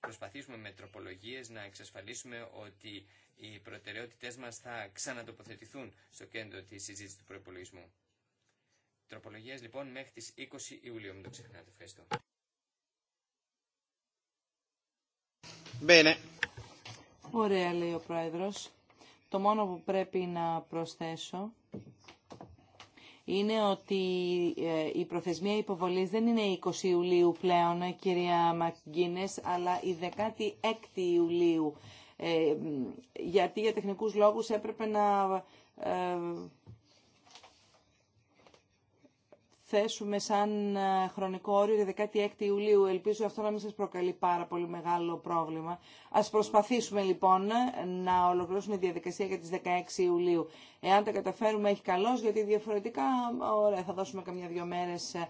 προσπαθήσουμε με τροπολογίες να εξασφαλίσουμε ότι οι προτεραιότητές μας θα ξανατοποθετηθούν στο κέντρο της συζήτησης του προπολογισμού. Τροπολογίες λοιπόν μέχρι τις 20 Ιουλίου, μην το ξεχνάτε. Ευχαριστώ. Ωραία λέει ο Πρόεδρος. Το μόνο που πρέπει να προσθέσω είναι ότι ε, η προθεσμία υποβολής δεν είναι 20 Ιουλίου πλέον, ε, κυρία Μακγκίνες, αλλά η 16 Ιουλίου. Ε, γιατί για τεχνικούς λόγους έπρεπε να ε, θέσουμε σαν ε, χρονικό όριο για 16 Ιουλίου. Ελπίζω αυτό να μην σας προκαλεί πάρα πολύ μεγάλο πρόβλημα. Ας προσπαθήσουμε λοιπόν να ολοκληρώσουμε τη διαδικασία για τις 16 Ιουλίου. Εάν τα καταφέρουμε έχει καλώς, γιατί διαφορετικά θα δώσουμε καμιά δυο μέρες ε,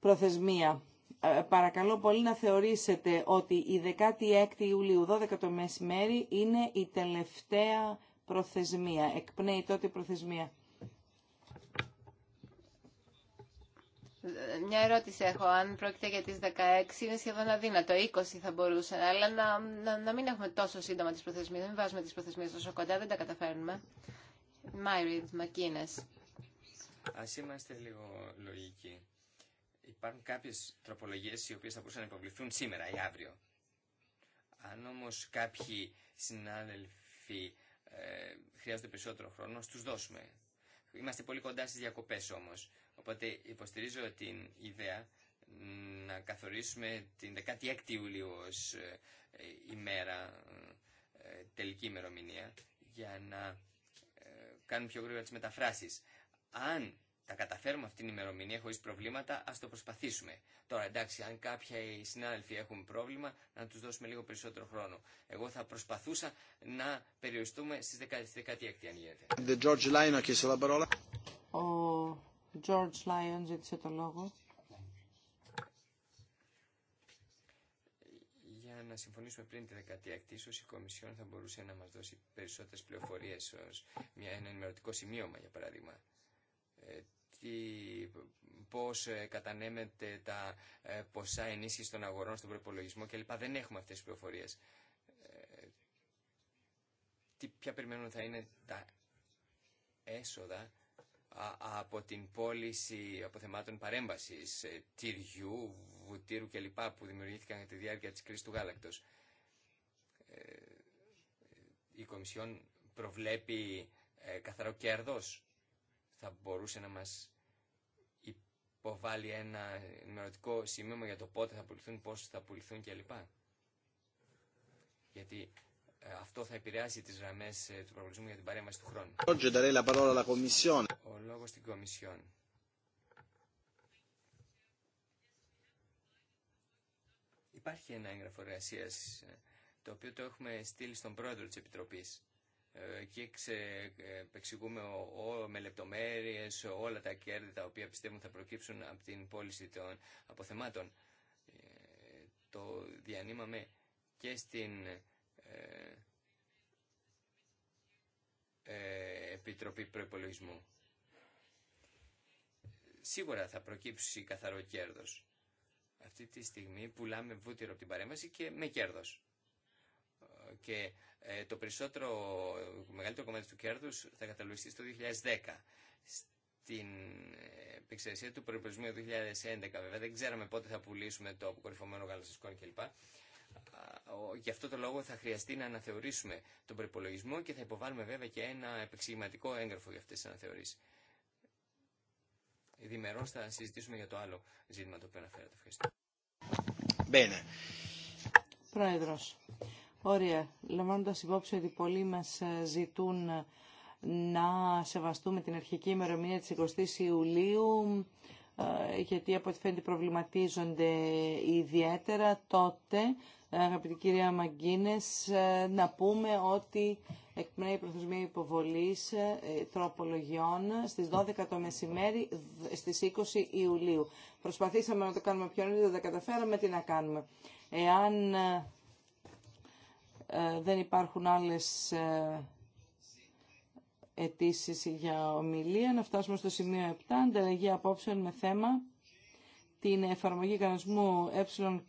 προθεσμία. Ε, παρακαλώ πολύ να θεωρήσετε ότι η 16 Ιουλίου, 12 το μεσημέρι, είναι η τελευταία προθεσμία. Εκπνέει τότε η προθεσμία. Μια ερώτηση έχω. Αν πρόκειται για τις 16, είναι σχεδόν αδύνατο. 20 θα μπορούσε Αλλά να, να, μην έχουμε τόσο σύντομα τις προθεσμίες. Να μην βάζουμε τις προθεσμίες τόσο κοντά. Δεν τα καταφέρνουμε. Μάιριντ, Μακίνες. Ας είμαστε λίγο λογικοί. Υπάρχουν κάποιες τροπολογίες οι οποίες θα μπορούσαν να υποβληθούν σήμερα ή αύριο. Αν όμω κάποιοι συνάδελφοι ε, χρειάζονται περισσότερο χρόνο, να τους δώσουμε Είμαστε πολύ κοντά στις διακοπές όμως. Οπότε υποστηρίζω την ιδέα να καθορίσουμε την 16η Ιουλίου ως ε, ημέρα, ε, τελική ημερομηνία, για να ε, κάνουμε πιο γρήγορα τις μεταφράσεις. Αν τα καταφέρουμε αυτήν την ημερομηνία χωρί προβλήματα, α το προσπαθήσουμε. Τώρα εντάξει, αν κάποιοι συνάδελφοι έχουν πρόβλημα, να του δώσουμε λίγο περισσότερο χρόνο. Εγώ θα προσπαθούσα να περιοριστούμε στι 16 αν γίνεται. Ο George Lyon ζήτησε το λόγο. Για να συμφωνήσουμε πριν τη 16η, ίσως η ισω η κομισιον θα μπορούσε να μα δώσει περισσότερε πληροφορίε ω ένα ενημερωτικό σημείωμα, για παράδειγμα. Ε, τι, πώς ε, κατανέμεται τα ε, ποσά ενίσχυση των αγορών στον προπολογισμό κλπ. Δεν έχουμε αυτές τις πληροφορίες. Τι, ποια περιμένουν θα είναι τα έσοδα από την πώληση αποθεμάτων παρέμβασης, τυριού, βουτύρου κλπ. που δημιουργήθηκαν τη διάρκεια της κρίσης του γάλακτος. Η Κομισιόν προβλέπει καθαρό κέρδος θα μπορούσε να μας υποβάλει ένα ενημερωτικό σημείο για το πότε θα πουληθούν, πώς θα πουληθούν κλπ. Γιατί ε, αυτό θα επηρεάσει τις γραμμές ε, του προβλησμού για την παρέμβαση του χρόνου. Ο λόγος στην Κομισιόν. Υπάρχει ένα έγγραφο εργασία ε, το οποίο το έχουμε στείλει στον πρόεδρο της Επιτροπής και ε, εξηγούμε με λεπτομέρειες όλα τα κέρδη τα οποία πιστεύουμε θα προκύψουν από την πώληση των αποθεμάτων. Ε, το διανύμαμε και στην ε, Επιτροπή Προπολογισμού. Σίγουρα θα προκύψει καθαρό κέρδος. Αυτή τη στιγμή πουλάμε βούτυρο από την παρέμβαση και με κέρδος. Και ε, το περισσότερο, ε, μεγαλύτερο κομμάτι του κέρδους θα καταλογιστεί στο 2010. Στην ε, επεξεργασία του προϋπολογισμού 2011 βέβαια δεν ξέραμε πότε θα πουλήσουμε το αποκορυφωμένο γαλαζοσκόνη κλπ. Γι' αυτό το λόγο θα χρειαστεί να αναθεωρήσουμε τον προϋπολογισμό και θα υποβάλουμε βέβαια και ένα επεξηγηματικό έγγραφο για αυτές τις αναθεωρήσεις. Διμερώς θα συζητήσουμε για το άλλο ζήτημα το οποίο αναφέρατε. Ευχαριστώ. Πρόεδρος, Ωραία. Λαμβάνοντας υπόψη ότι πολλοί μα ε, ζητούν ε, να σεβαστούμε την αρχική ημερομηνία τη 20 η Ιουλίου, ε, γιατί από ό,τι φαίνεται προβληματίζονται ιδιαίτερα, τότε, αγαπητή κυρία Μαγκίνες, να πούμε ότι εκπνέει η προθεσμία υποβολής τροπολογιών στις 12 το μεσημέρι στις 20 Ιουλίου. Προσπαθήσαμε να το κάνουμε πιο νωρί, δεν τα καταφέραμε, τι να κάνουμε. Εάν ε, δεν υπάρχουν άλλες ε, αιτήσει για ομιλία. Να φτάσουμε στο σημείο 7, ανταλλαγή απόψεων με θέμα την εφαρμογή κανονισμού ΕΚ 21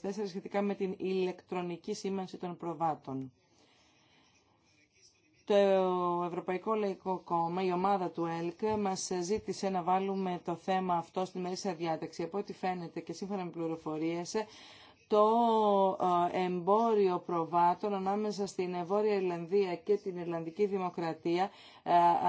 2004 σχετικά με την ηλεκτρονική σήμανση των προβάτων. Το Ευρωπαϊκό Λαϊκό Κόμμα, η ομάδα του ΕΛΚ, μας ζήτησε να βάλουμε το θέμα αυτό στη μέση διάταξη. Από ό,τι φαίνεται και σύμφωνα με πληροφορίες, το εμπόριο προβάτων ανάμεσα στην Βόρεια Ιρλανδία και την Ιρλανδική Δημοκρατία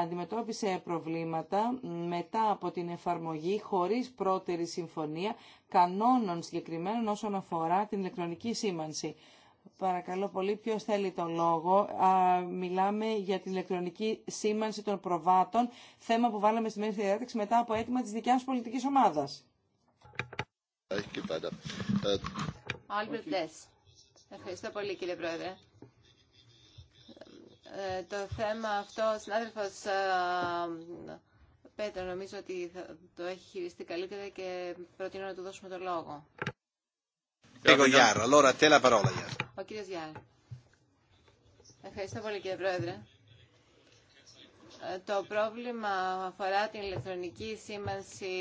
αντιμετώπισε προβλήματα μετά από την εφαρμογή χωρίς πρώτερη συμφωνία κανόνων συγκεκριμένων όσον αφορά την ηλεκτρονική σήμανση. Παρακαλώ πολύ, ποιο θέλει τον λόγο. μιλάμε για την ηλεκτρονική σήμανση των προβάτων, θέμα που βάλαμε στη μέση διάταξη μετά από αίτημα της δικιάς πολιτικής ομάδας. Ευχαριστώ πολύ κύριε Πρόεδρε. Ε, το θέμα αυτό, ο συνάδελφος ε, Πέτρο νομίζω ότι θα το έχει χειριστεί καλύτερα και προτείνω να του δώσουμε το λόγο. Εγώ, Γιάρ. Ο κύριος Γιάρ. Ευχαριστώ πολύ κύριε Πρόεδρε. Το πρόβλημα αφορά την ηλεκτρονική σήμανση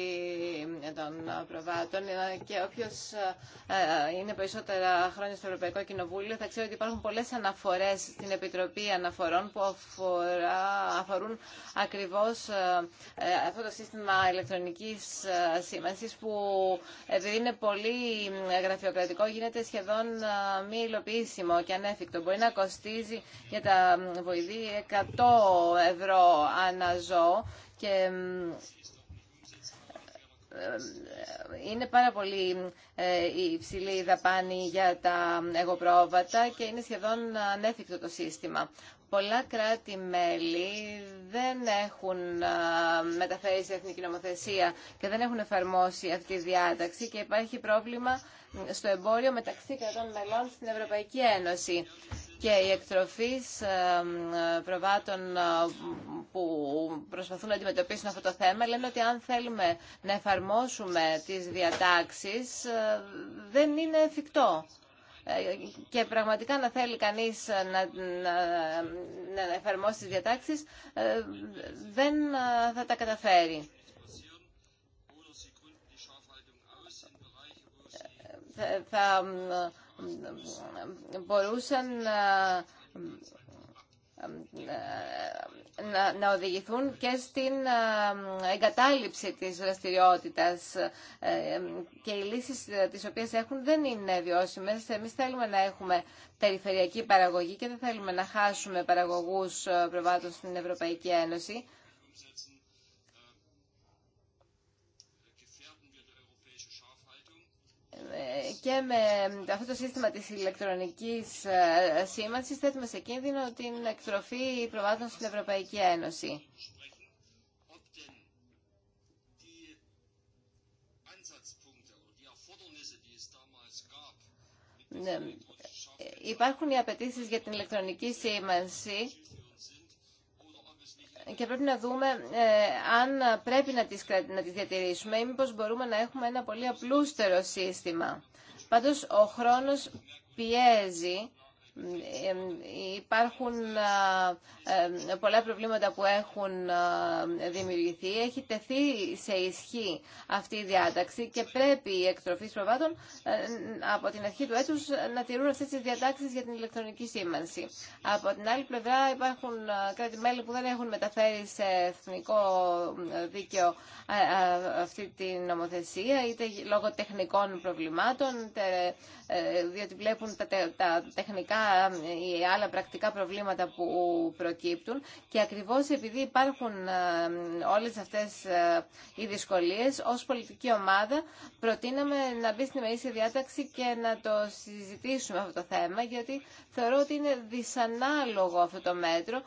των προβάτων ε, και όποιος ε, είναι περισσότερα χρόνια στο Ευρωπαϊκό Κοινοβούλιο θα ξέρει ότι υπάρχουν πολλές αναφορές στην Επιτροπή Αναφορών που αφορά, αφορούν ακριβώς ε, αυτό το σύστημα ηλεκτρονικής σήμανσης που επειδή είναι πολύ γραφειοκρατικό γίνεται σχεδόν μη υλοποιήσιμο και ανέφικτο. Μπορεί να κοστίζει για τα βοηθή 100 ευρώ αναζώ και ε, είναι πάρα πολύ ε, υψηλή η δαπάνη για τα εγωπρόβατα και είναι σχεδόν ανέφικτο το σύστημα. Πολλά κράτη-μέλη δεν έχουν ε, μεταφέρει σε εθνική νομοθεσία και δεν έχουν εφαρμόσει αυτή τη διάταξη και υπάρχει πρόβλημα στο εμπόριο μεταξύ κρατών μελών στην Ευρωπαϊκή Ένωση και οι εκτροφείς προβάτων ε, που προσπαθούν να αντιμετωπίσουν αυτό το θέμα λένε ότι αν θέλουμε να εφαρμόσουμε τις διατάξεις ε, δεν είναι εφικτό. Ε, και πραγματικά να θέλει κανείς να, να, εφαρμόσει τις διατάξεις δεν θα τα καταφέρει. Θα μπορούσαν ε, ε, να οδηγηθούν και στην ε, εγκατάλειψη της δραστηριότητας και οι λύσεις τις οποίες έχουν δεν είναι βιώσιμες. Εμείς θέλουμε να έχουμε περιφερειακή παραγωγή και δεν θέλουμε να χάσουμε παραγωγούς προβάτων στην Ευρωπαϊκή Ένωση. και με αυτό το σύστημα της ηλεκτρονικής ε, σήμανσης θέτουμε σε κίνδυνο την εκτροφή προβάτων στην Ευρωπαϊκή Ένωση. Ναι. Ε, υπάρχουν οι απαιτήσει για την ηλεκτρονική σήμανση και πρέπει να δούμε ε, αν πρέπει να τις, να διατηρήσουμε ή μήπως μπορούμε να έχουμε ένα πολύ απλούστερο σύστημα. Πάντως, ο χρόνος πιέζει Υπάρχουν ε, ε, πολλά προβλήματα που έχουν ε, δημιουργηθεί. Έχει τεθεί σε ισχύ αυτή η διάταξη και πρέπει οι εκτροφείς προβάτων από την αρχή του έτους να τηρούν αυτές τις διατάξεις για την ηλεκτρονική σήμανση. Από την άλλη πλευρά υπάρχουν κράτη-μέλη που δεν έχουν μεταφέρει σε εθνικό δίκαιο αυτή την νομοθεσία είτε λόγω τεχνικών προβλημάτων, διότι βλέπουν τα τεχνικά ή ε, άλλα πρακτικά προβλήματα που προκύπτουν και ακριβώς επειδή υπάρχουν ε, όλες αυτές ε, οι δυσκολίες, ως πολιτική ομάδα προτείναμε να μπει στην ημερήσια διάταξη και να το συζητήσουμε αυτό το θέμα, γιατί θεωρώ ότι είναι δυσανάλογο αυτό το μέτρο,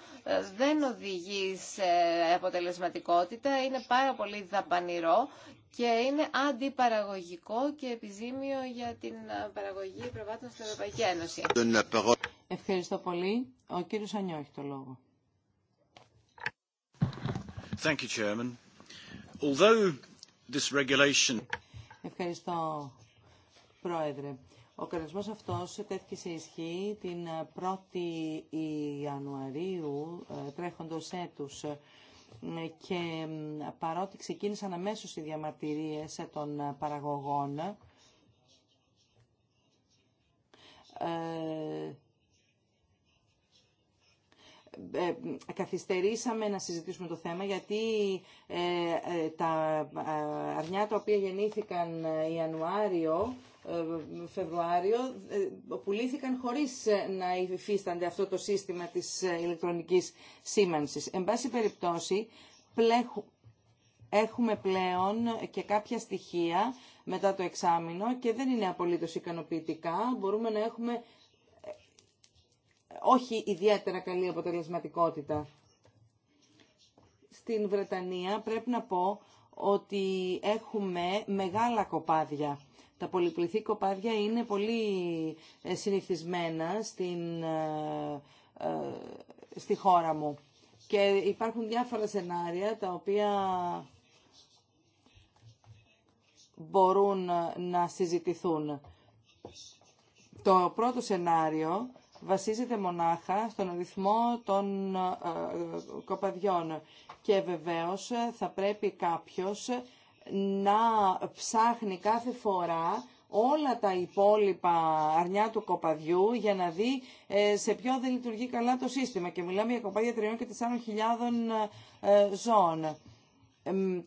δεν οδηγεί σε αποτελεσματικότητα, είναι πάρα πολύ δαπανηρό και είναι αντιπαραγωγικό και επιζήμιο για την ε, παραγωγή προβάτων στην Ευρωπαϊκή Ένωση. Ευχαριστώ πολύ. Ο κύριος Ανιώχη, το λόγο. Thank you, Chairman. Although this regulation... Ευχαριστώ, Πρόεδρε. Ο κανονισμός αυτός τέθηκε σε ισχύ την 1η Ιανουαρίου ε, τρέχοντος έτους και παρότι ξεκίνησαν αμέσως οι διαμαρτυρίες των ε, παραγωγών, ε, ε, καθυστερήσαμε να συζητήσουμε το θέμα γιατί τα αρνιά τα οποία γεννήθηκαν Ιανουάριο ε, Φεβρουάριο ε, πουλήθηκαν χωρίς ε, να υφίστανται αυτό το σύστημα της ηλεκτρονικής σήμανσης. Εν πάση περιπτώσει, έχουμε πλέον και κάποια στοιχεία μετά το εξάμεινο και δεν είναι απολύτως ικανοποιητικά. Μπορούμε να έχουμε όχι ιδιαίτερα καλή αποτελεσματικότητα. Στην Βρετανία πρέπει να πω ότι έχουμε μεγάλα κοπάδια τα πολυπληθή κοπάδια είναι πολύ ε, συνηθισμένα στην, ε, ε, στη χώρα μου. Και υπάρχουν διάφορα σενάρια τα οποία μπορούν να συζητηθούν. Το πρώτο σενάριο βασίζεται μονάχα στον αριθμό των κοπαδιών και βεβαίως θα πρέπει κάποιος να ψάχνει κάθε φορά όλα τα υπόλοιπα αρνιά του κοπαδιού για να δει ε, σε ποιο δεν λειτουργεί καλά το σύστημα. Και μιλάμε για κοπάδια τριών και 4.000 ε, ζώων.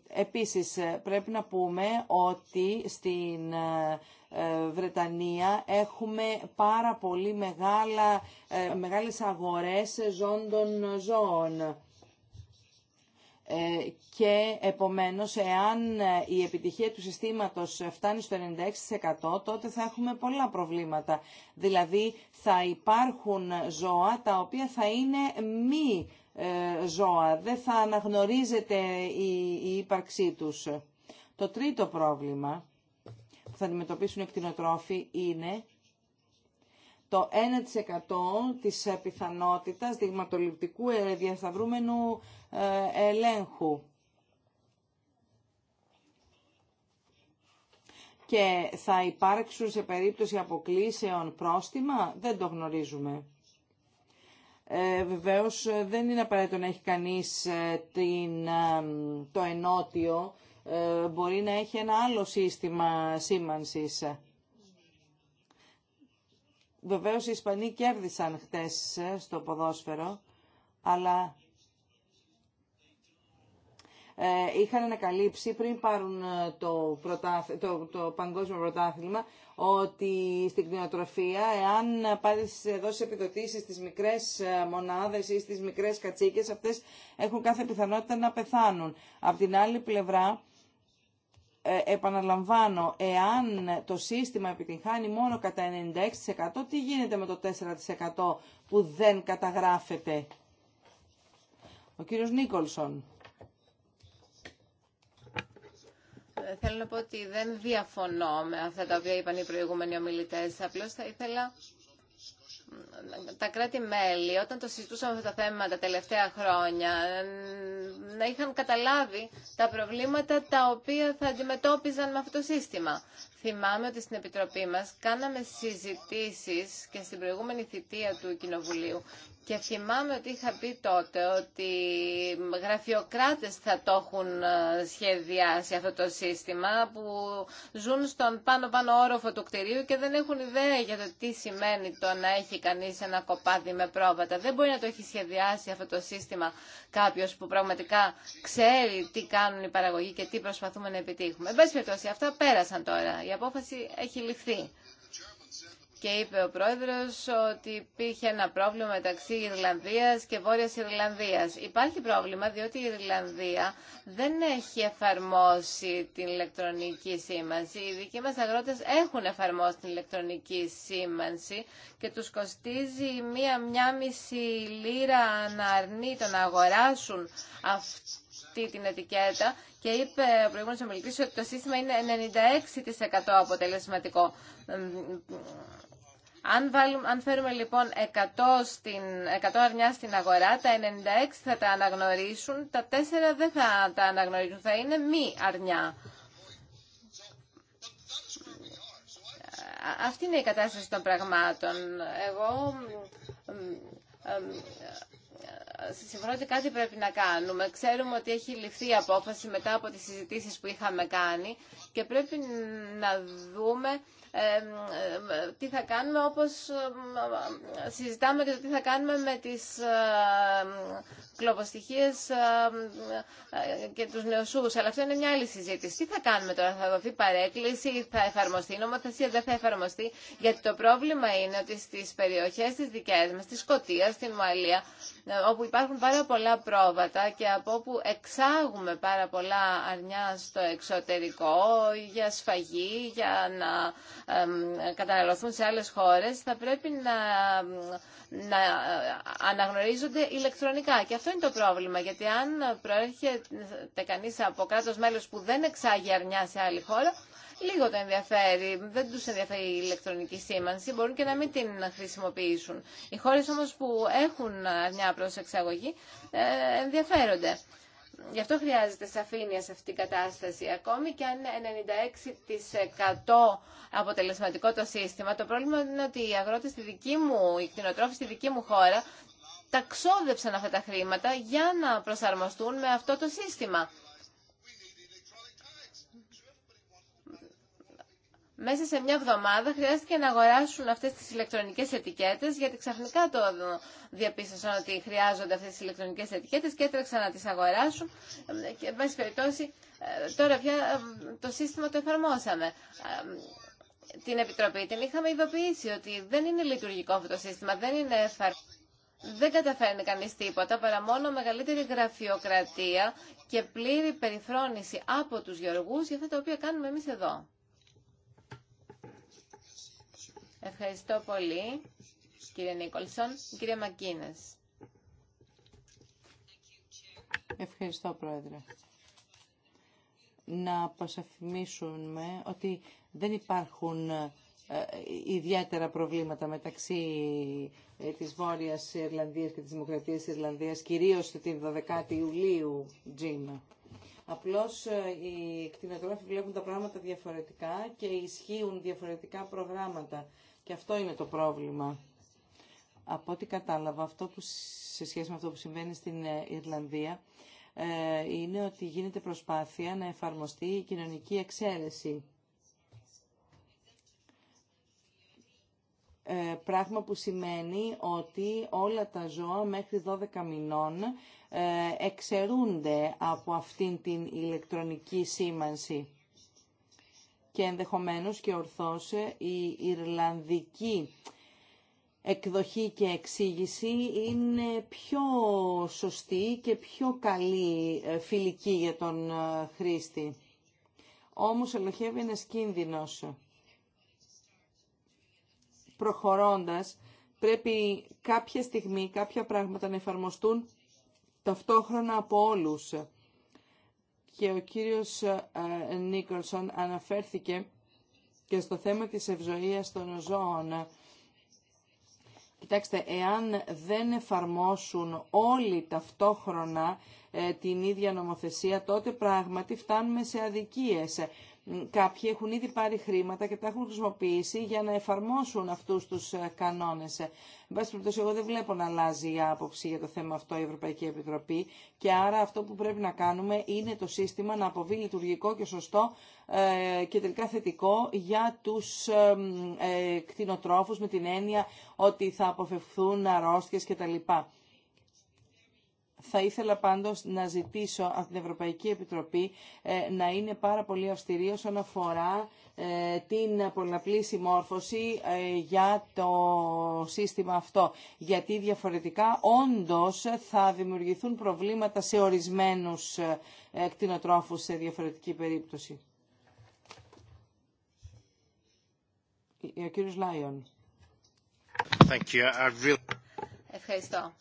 Επίσης ε, πρέπει να πούμε ότι στην Βρετανία έχουμε πάρα πολύ μεγάλα, μεγάλες αγορές ζώντων ζώων. Ε, και επομένως εάν ε, η επιτυχία του συστήματος φτάνει στο 96% τότε θα έχουμε πολλά προβλήματα. Δηλαδή θα υπάρχουν ζώα τα οποία θα είναι μη ε, ζώα, δεν θα αναγνωρίζεται η ύπαρξή τους. Το τρίτο πρόβλημα που θα αντιμετωπίσουν οι κτηνοτρόφοι είναι το 1% της ε, πιθανότητας δειγματοληπτικού ε, διασταυρούμενου ε, ελέγχου. Και θα υπάρξουν σε περίπτωση αποκλήσεων πρόστιμα, δεν το γνωρίζουμε. Ε, βεβαίως δεν είναι απαραίτητο να έχει κανείς την, το ενότιο, μπορεί να έχει ένα άλλο σύστημα σήμανσης. Βεβαίως οι Ισπανοί κέρδισαν χτες ε, στο ποδόσφαιρο, αλλά ε, είχαν ανακαλύψει πριν πάρουν ε, το, το, παγκόσμιο πρωτάθλημα ότι στην κτηνοτροφία εάν πάρεις δώσει επιδοτήσεις στις μικρές μονάδες ή στις μικρές κατσίκες αυτές έχουν κάθε πιθανότητα να πεθάνουν. Απ' την άλλη πλευρά ε, επαναλαμβάνω, εάν το σύστημα επιτυγχάνει μόνο κατά 96%, τι γίνεται με το 4% που δεν καταγράφεται. Ο κύριος Νίκολσον. Ε, θέλω να πω ότι δεν διαφωνώ με αυτά τα οποία είπαν οι προηγούμενοι ομιλητές. Απλώς θα ήθελα τα κράτη-μέλη, όταν το συζητούσαμε αυτά τα θέματα τα τελευταία χρόνια, να είχαν καταλάβει τα προβλήματα τα οποία θα αντιμετώπιζαν με αυτό το σύστημα. Θυμάμαι ότι στην Επιτροπή μας κάναμε συζητήσεις και στην προηγούμενη θητεία του Κοινοβουλίου και θυμάμαι ότι είχα πει τότε ότι γραφειοκράτες θα το έχουν ε, σχεδιάσει αυτό το σύστημα που ζουν στον πάνω-πάνω όροφο του κτηρίου και δεν έχουν ιδέα για το τι σημαίνει το να έχει κανείς ένα κοπάδι με πρόβατα. Δεν μπορεί να το έχει σχεδιάσει αυτό το σύστημα κάποιος που πραγματικά ξέρει τι κάνουν οι παραγωγοί και τι προσπαθούμε να επιτύχουμε. Εν πάση περιπτώσει, αυτά πέρασαν τώρα απόφαση έχει ληφθεί. Και είπε ο πρόεδρος ότι υπήρχε ένα πρόβλημα μεταξύ Ιρλανδίας και Βόρειας Ιρλανδίας. Υπάρχει πρόβλημα διότι η Ιρλανδία δεν έχει εφαρμόσει την ηλεκτρονική σήμανση. Οι δικοί μας αγρότες έχουν εφαρμόσει την ηλεκτρονική σήμανση και τους κοστίζει μία, μία μισή λίρα να να αγοράσουν αυτό την ετικέτα και είπε ο προηγούμενος ομιλητής ότι το σύστημα είναι 96% αποτελεσματικό. Αν, βάλουμε, αν φέρουμε λοιπόν 100, στην, 100 αρνιά στην αγορά, τα 96 θα τα αναγνωρίσουν, τα 4 δεν θα τα αναγνωρίσουν, θα είναι μη αρνιά. Αυτή είναι η κατάσταση των πραγμάτων. Εγώ συμφωνώ ότι κάτι πρέπει να κάνουμε. Ξέρουμε ότι έχει ληφθεί η απόφαση μετά από τις συζητήσεις που είχαμε κάνει και πρέπει να δούμε ε, ε, τι θα κάνουμε όπως ε, συζητάμε και το τι θα κάνουμε με τις κλοποστοιχίε και τους νεοσούς. Αλλά αυτό είναι μια άλλη συζήτηση. Τι θα κάνουμε τώρα, θα δοθεί παρέκκληση, θα εφαρμοστεί η νομοθεσία, δεν θα εφαρμοστεί. Γιατί το πρόβλημα είναι ότι στις περιοχές της δικές μας, στη Σκωτία, στην Ουαλία, όπου υπάρχουν πάρα πολλά πρόβατα και από όπου εξάγουμε πάρα πολλά αρνιά στο εξωτερικό για σφαγή, για να καταναλωθούν σε άλλες χώρες, θα πρέπει να, να αναγνωρίζονται ηλεκτρονικά. Και αυτό είναι το πρόβλημα, γιατί αν προέρχεται κανείς από κράτος μέλος που δεν εξάγει αρνιά σε άλλη χώρα, λίγο το ενδιαφέρει, δεν του ενδιαφέρει η ηλεκτρονική σήμανση, μπορούν και να μην την χρησιμοποιήσουν. Οι χώρες όμως που έχουν μια προς εξαγωγή ε, ενδιαφέρονται. Γι' αυτό χρειάζεται σαφήνεια σε αυτήν την κατάσταση. Ακόμη και αν 96% αποτελεσματικό το σύστημα, το πρόβλημα είναι ότι οι αγρότε στη δική μου, οι κτηνοτρόφοι στη δική μου χώρα, ταξόδεψαν αυτά τα χρήματα για να προσαρμοστούν με αυτό το σύστημα. μέσα σε μια εβδομάδα χρειάστηκε να αγοράσουν αυτές τις ηλεκτρονικές ετικέτες γιατί ξαφνικά το διαπίστωσαν ότι χρειάζονται αυτές τις ηλεκτρονικές ετικέτες και έτρεξαν να τις αγοράσουν και πάση περιπτώσει ε, τώρα πια ε, το σύστημα το εφαρμόσαμε. Ε, την Επιτροπή την είχαμε ειδοποιήσει ότι δεν είναι λειτουργικό αυτό το σύστημα, δεν είναι Δεν καταφέρνει κανείς τίποτα παρά μόνο μεγαλύτερη γραφειοκρατία και πλήρη περιφρόνηση από τους γεωργούς για αυτά τα οποία κάνουμε εμεί εδώ. Ευχαριστώ πολύ, κύριε Νίκολσον. Κύριε Μακίνες. Ευχαριστώ, Πρόεδρε. Να αποσαφημίσουμε ότι δεν υπάρχουν ε, ιδιαίτερα προβλήματα μεταξύ ε, της Βόρειας Ιρλανδίας και της Δημοκρατίας της Ιρλανδίας, κυρίως την 12η Ιουλίου, Τζίνα. Απλώς ε, οι κτηνοτρόφοι βλέπουν τα πράγματα διαφορετικά και ισχύουν διαφορετικά προγράμματα. Και αυτό είναι το πρόβλημα. Από ό,τι κατάλαβα, αυτό που σε σχέση με αυτό που συμβαίνει στην ε, Ιρλανδία, ε, είναι ότι γίνεται προσπάθεια να εφαρμοστεί η κοινωνική εξαίρεση. Ε, πράγμα που σημαίνει ότι όλα τα ζώα μέχρι 12 μηνών εξαιρούνται από αυτήν την ηλεκτρονική σήμανση και ενδεχομένως και ορθώς η Ιρλανδική εκδοχή και εξήγηση είναι πιο σωστή και πιο καλή ε, φιλική για τον ε, χρήστη. Όμως ελοχεύει ένας κίνδυνος. Προχωρώντας, πρέπει κάποια στιγμή κάποια πράγματα να εφαρμοστούν ταυτόχρονα από όλους και ο κύριος ε, Νίκολσον αναφέρθηκε και στο θέμα της ευζοίας των ζώων. Κοιτάξτε, εάν δεν εφαρμόσουν όλοι ταυτόχρονα ε, την ίδια νομοθεσία, τότε πράγματι φτάνουμε σε αδικίες. Κάποιοι έχουν ήδη πάρει χρήματα και τα έχουν χρησιμοποιήσει για να εφαρμόσουν αυτούς τους ε, κανόνες. Ε, εν πάση εγώ δεν βλέπω να αλλάζει η άποψη για το θέμα αυτό η Ευρωπαϊκή Επιτροπή και άρα αυτό που πρέπει να κάνουμε είναι το σύστημα να αποβεί λειτουργικό και σωστό ε, και τελικά θετικό για τους κτηνοτρόφους με την έννοια ότι θα αποφευθούν αρρώστιες κτλ. Θα ήθελα πάντως να ζητήσω από την Ευρωπαϊκή Επιτροπή ε, να είναι πάρα πολύ αυστηρή όσον αφορά ε, την πολλαπλή συμμόρφωση ε, για το σύστημα αυτό. Γιατί διαφορετικά όντως θα δημιουργηθούν προβλήματα σε ορισμένους κτηνοτρόφους σε διαφορετική περίπτωση. Ο κύριος Λάιον. Ευχαριστώ.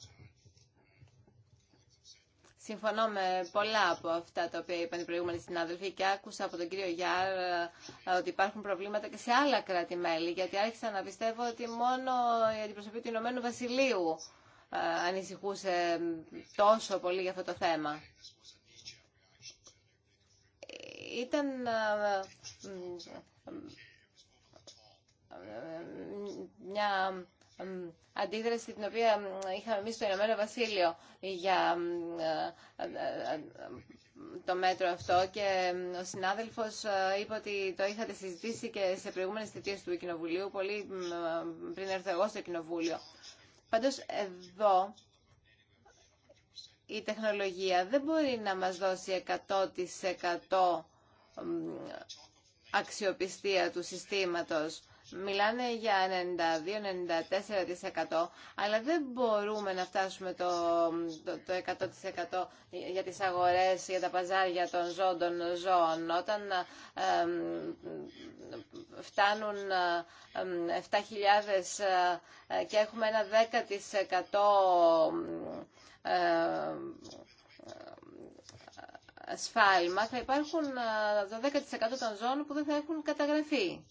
Συμφωνώ με πολλά από αυτά τα οποία είπαν οι προηγούμενοι συνάδελφοι και άκουσα από τον κύριο Γιάρ ε, ότι υπάρχουν προβλήματα και σε άλλα κράτη-μέλη, γιατί άρχισα να πιστεύω ότι μόνο η αντιπροσωπή του Ηνωμένου Βασιλείου ε, ανησυχούσε τόσο πολύ για αυτό το θέμα. Ήταν ε, μια αντίδραση την οποία είχαμε εμείς στο Ηνωμένο Βασίλειο για ε, ε, ε, το μέτρο αυτό και ο συνάδελφος είπε ότι το είχατε συζητήσει και σε προηγούμενες θητείες του Κοινοβουλίου, πολύ πριν έρθω εγώ στο Κοινοβούλιο. Πάντως εδώ η τεχνολογία δεν μπορεί να μας δώσει 100% αξιοπιστία του συστήματος Μιλάνε για 92-94% αλλά δεν μπορούμε να φτάσουμε το, το, το 100% για τις αγορές, για τα παζάρια των ζώων, των ζώων. Όταν φτάνουν 7.000 ε, και έχουμε ένα 10% σφάλμα, θα υπάρχουν ε, το 10% των ζώων που δεν θα έχουν καταγραφεί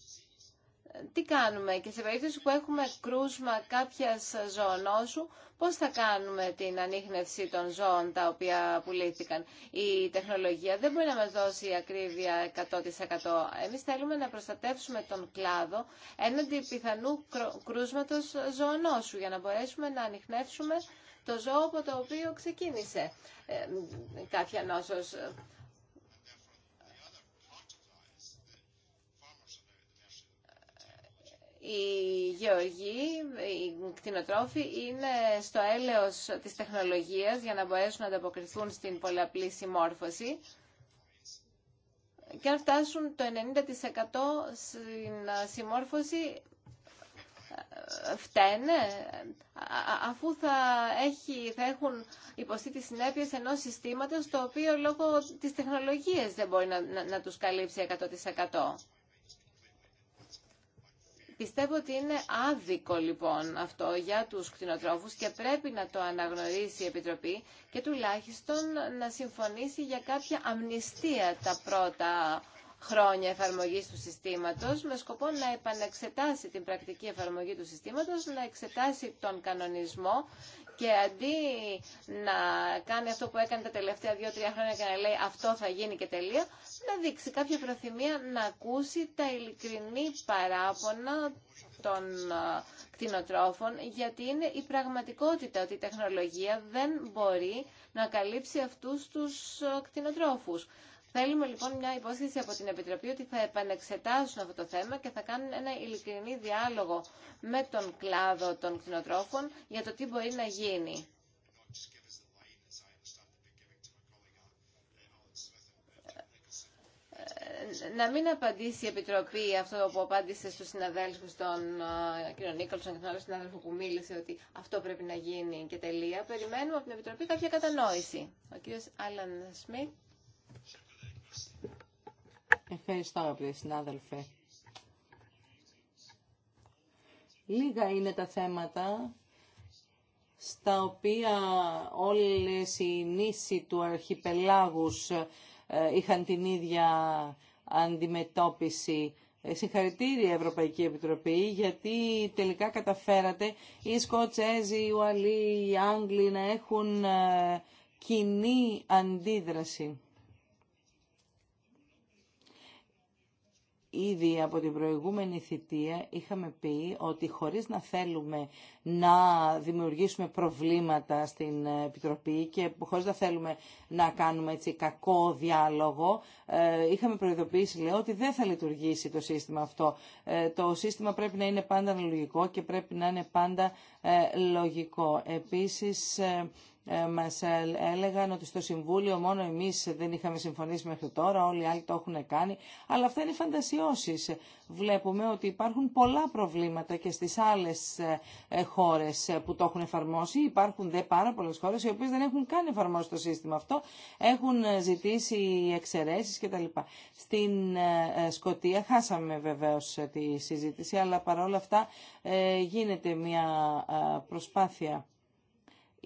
τι κάνουμε και σε περίπτωση που έχουμε κρούσμα κάποιας ζωονόσου, πώς θα κάνουμε την ανείχνευση των ζώων τα οποία πουλήθηκαν. Η τεχνολογία δεν μπορεί να μας δώσει ακρίβεια 100%. Εμείς θέλουμε να προστατεύσουμε τον κλάδο έναντι πιθανού κρούσματος ζωονόσου για να μπορέσουμε να ανοιχνεύσουμε το ζώο από το οποίο ξεκίνησε ε, κάποια νόσος. οι γεωργοί, οι κτηνοτρόφοι είναι στο έλεος της τεχνολογίας για να μπορέσουν να ανταποκριθούν στην πολλαπλή συμμόρφωση και αν φτάσουν το 90% στην συμμόρφωση φταίνε αφού θα, έχει, θα έχουν υποστεί τις συνέπειες ενός συστήματος το οποίο λόγω της τεχνολογίας δεν μπορεί να, να, να τους καλύψει 100%. Πιστεύω ότι είναι άδικο λοιπόν αυτό για τους κτηνοτρόφους και πρέπει να το αναγνωρίσει η Επιτροπή και τουλάχιστον να συμφωνήσει για κάποια αμνηστία τα πρώτα χρόνια εφαρμογής του συστήματος με σκοπό να επανεξετάσει την πρακτική εφαρμογή του συστήματος, να εξετάσει τον κανονισμό και αντί να κάνει αυτό που έκανε τα τελευταία δύο-τρία χρόνια και να λέει αυτό θα γίνει και τελεία, να δείξει κάποια προθυμία να ακούσει τα ειλικρινή παράπονα των κτηνοτρόφων, γιατί είναι η πραγματικότητα ότι η τεχνολογία δεν μπορεί να καλύψει αυτούς τους κτηνοτρόφους. Θέλουμε λοιπόν μια υπόσχεση από την Επιτροπή ότι θα επανεξετάσουν αυτό το θέμα και θα κάνουν ένα ειλικρινή διάλογο με τον κλάδο των κτηνοτρόφων για το τι μπορεί να γίνει. Ε, να μην απαντήσει η Επιτροπή αυτό που απάντησε στους συναδέλφους των ε, κ. Νίκολσον και τον άλλο συναδέλφο που μίλησε ότι αυτό πρέπει να γίνει και τελεία. Περιμένουμε από την Επιτροπή κάποια κατανόηση. Ο κ. Άλαν Σμιτ Ευχαριστώ, αγαπητοί συνάδελφοι. Λίγα είναι τα θέματα στα οποία όλες οι νήσοι του αρχιπελάγους ε, είχαν την ίδια αντιμετώπιση. Ε, συγχαρητήρια Ευρωπαϊκή Επιτροπή γιατί τελικά καταφέρατε οι Σκοτσέζοι, οι Ουαλοί, οι Άγγλοι να έχουν ε, κοινή αντίδραση. Ήδη από την προηγούμενη θητεία είχαμε πει ότι χωρίς να θέλουμε να δημιουργήσουμε προβλήματα στην Επιτροπή και χωρίς να θέλουμε να κάνουμε έτσι κακό διάλογο, ε, είχαμε προειδοποιήσει, λέω, ότι δεν θα λειτουργήσει το σύστημα αυτό. Ε, το σύστημα πρέπει να είναι πάντα λογικό και πρέπει να είναι πάντα ε, λογικό. Επίσης, ε, μας ε, έλεγαν ότι στο Συμβούλιο μόνο εμείς δεν είχαμε συμφωνήσει μέχρι τώρα, όλοι οι άλλοι το έχουν κάνει, αλλά αυτά είναι φαντασιώσεις. Βλέπουμε ότι υπάρχουν πολλά προβλήματα και στις άλλες ε, χώρες που το έχουν εφαρμόσει. Υπάρχουν δε πάρα πολλέ χώρες οι οποίες δεν έχουν καν εφαρμόσει το σύστημα αυτό, έχουν ζητήσει εξαιρέσεις κτλ. Στην Σκοτία χάσαμε βεβαίως τη συζήτηση, αλλά παρόλα αυτά γίνεται μια προσπάθεια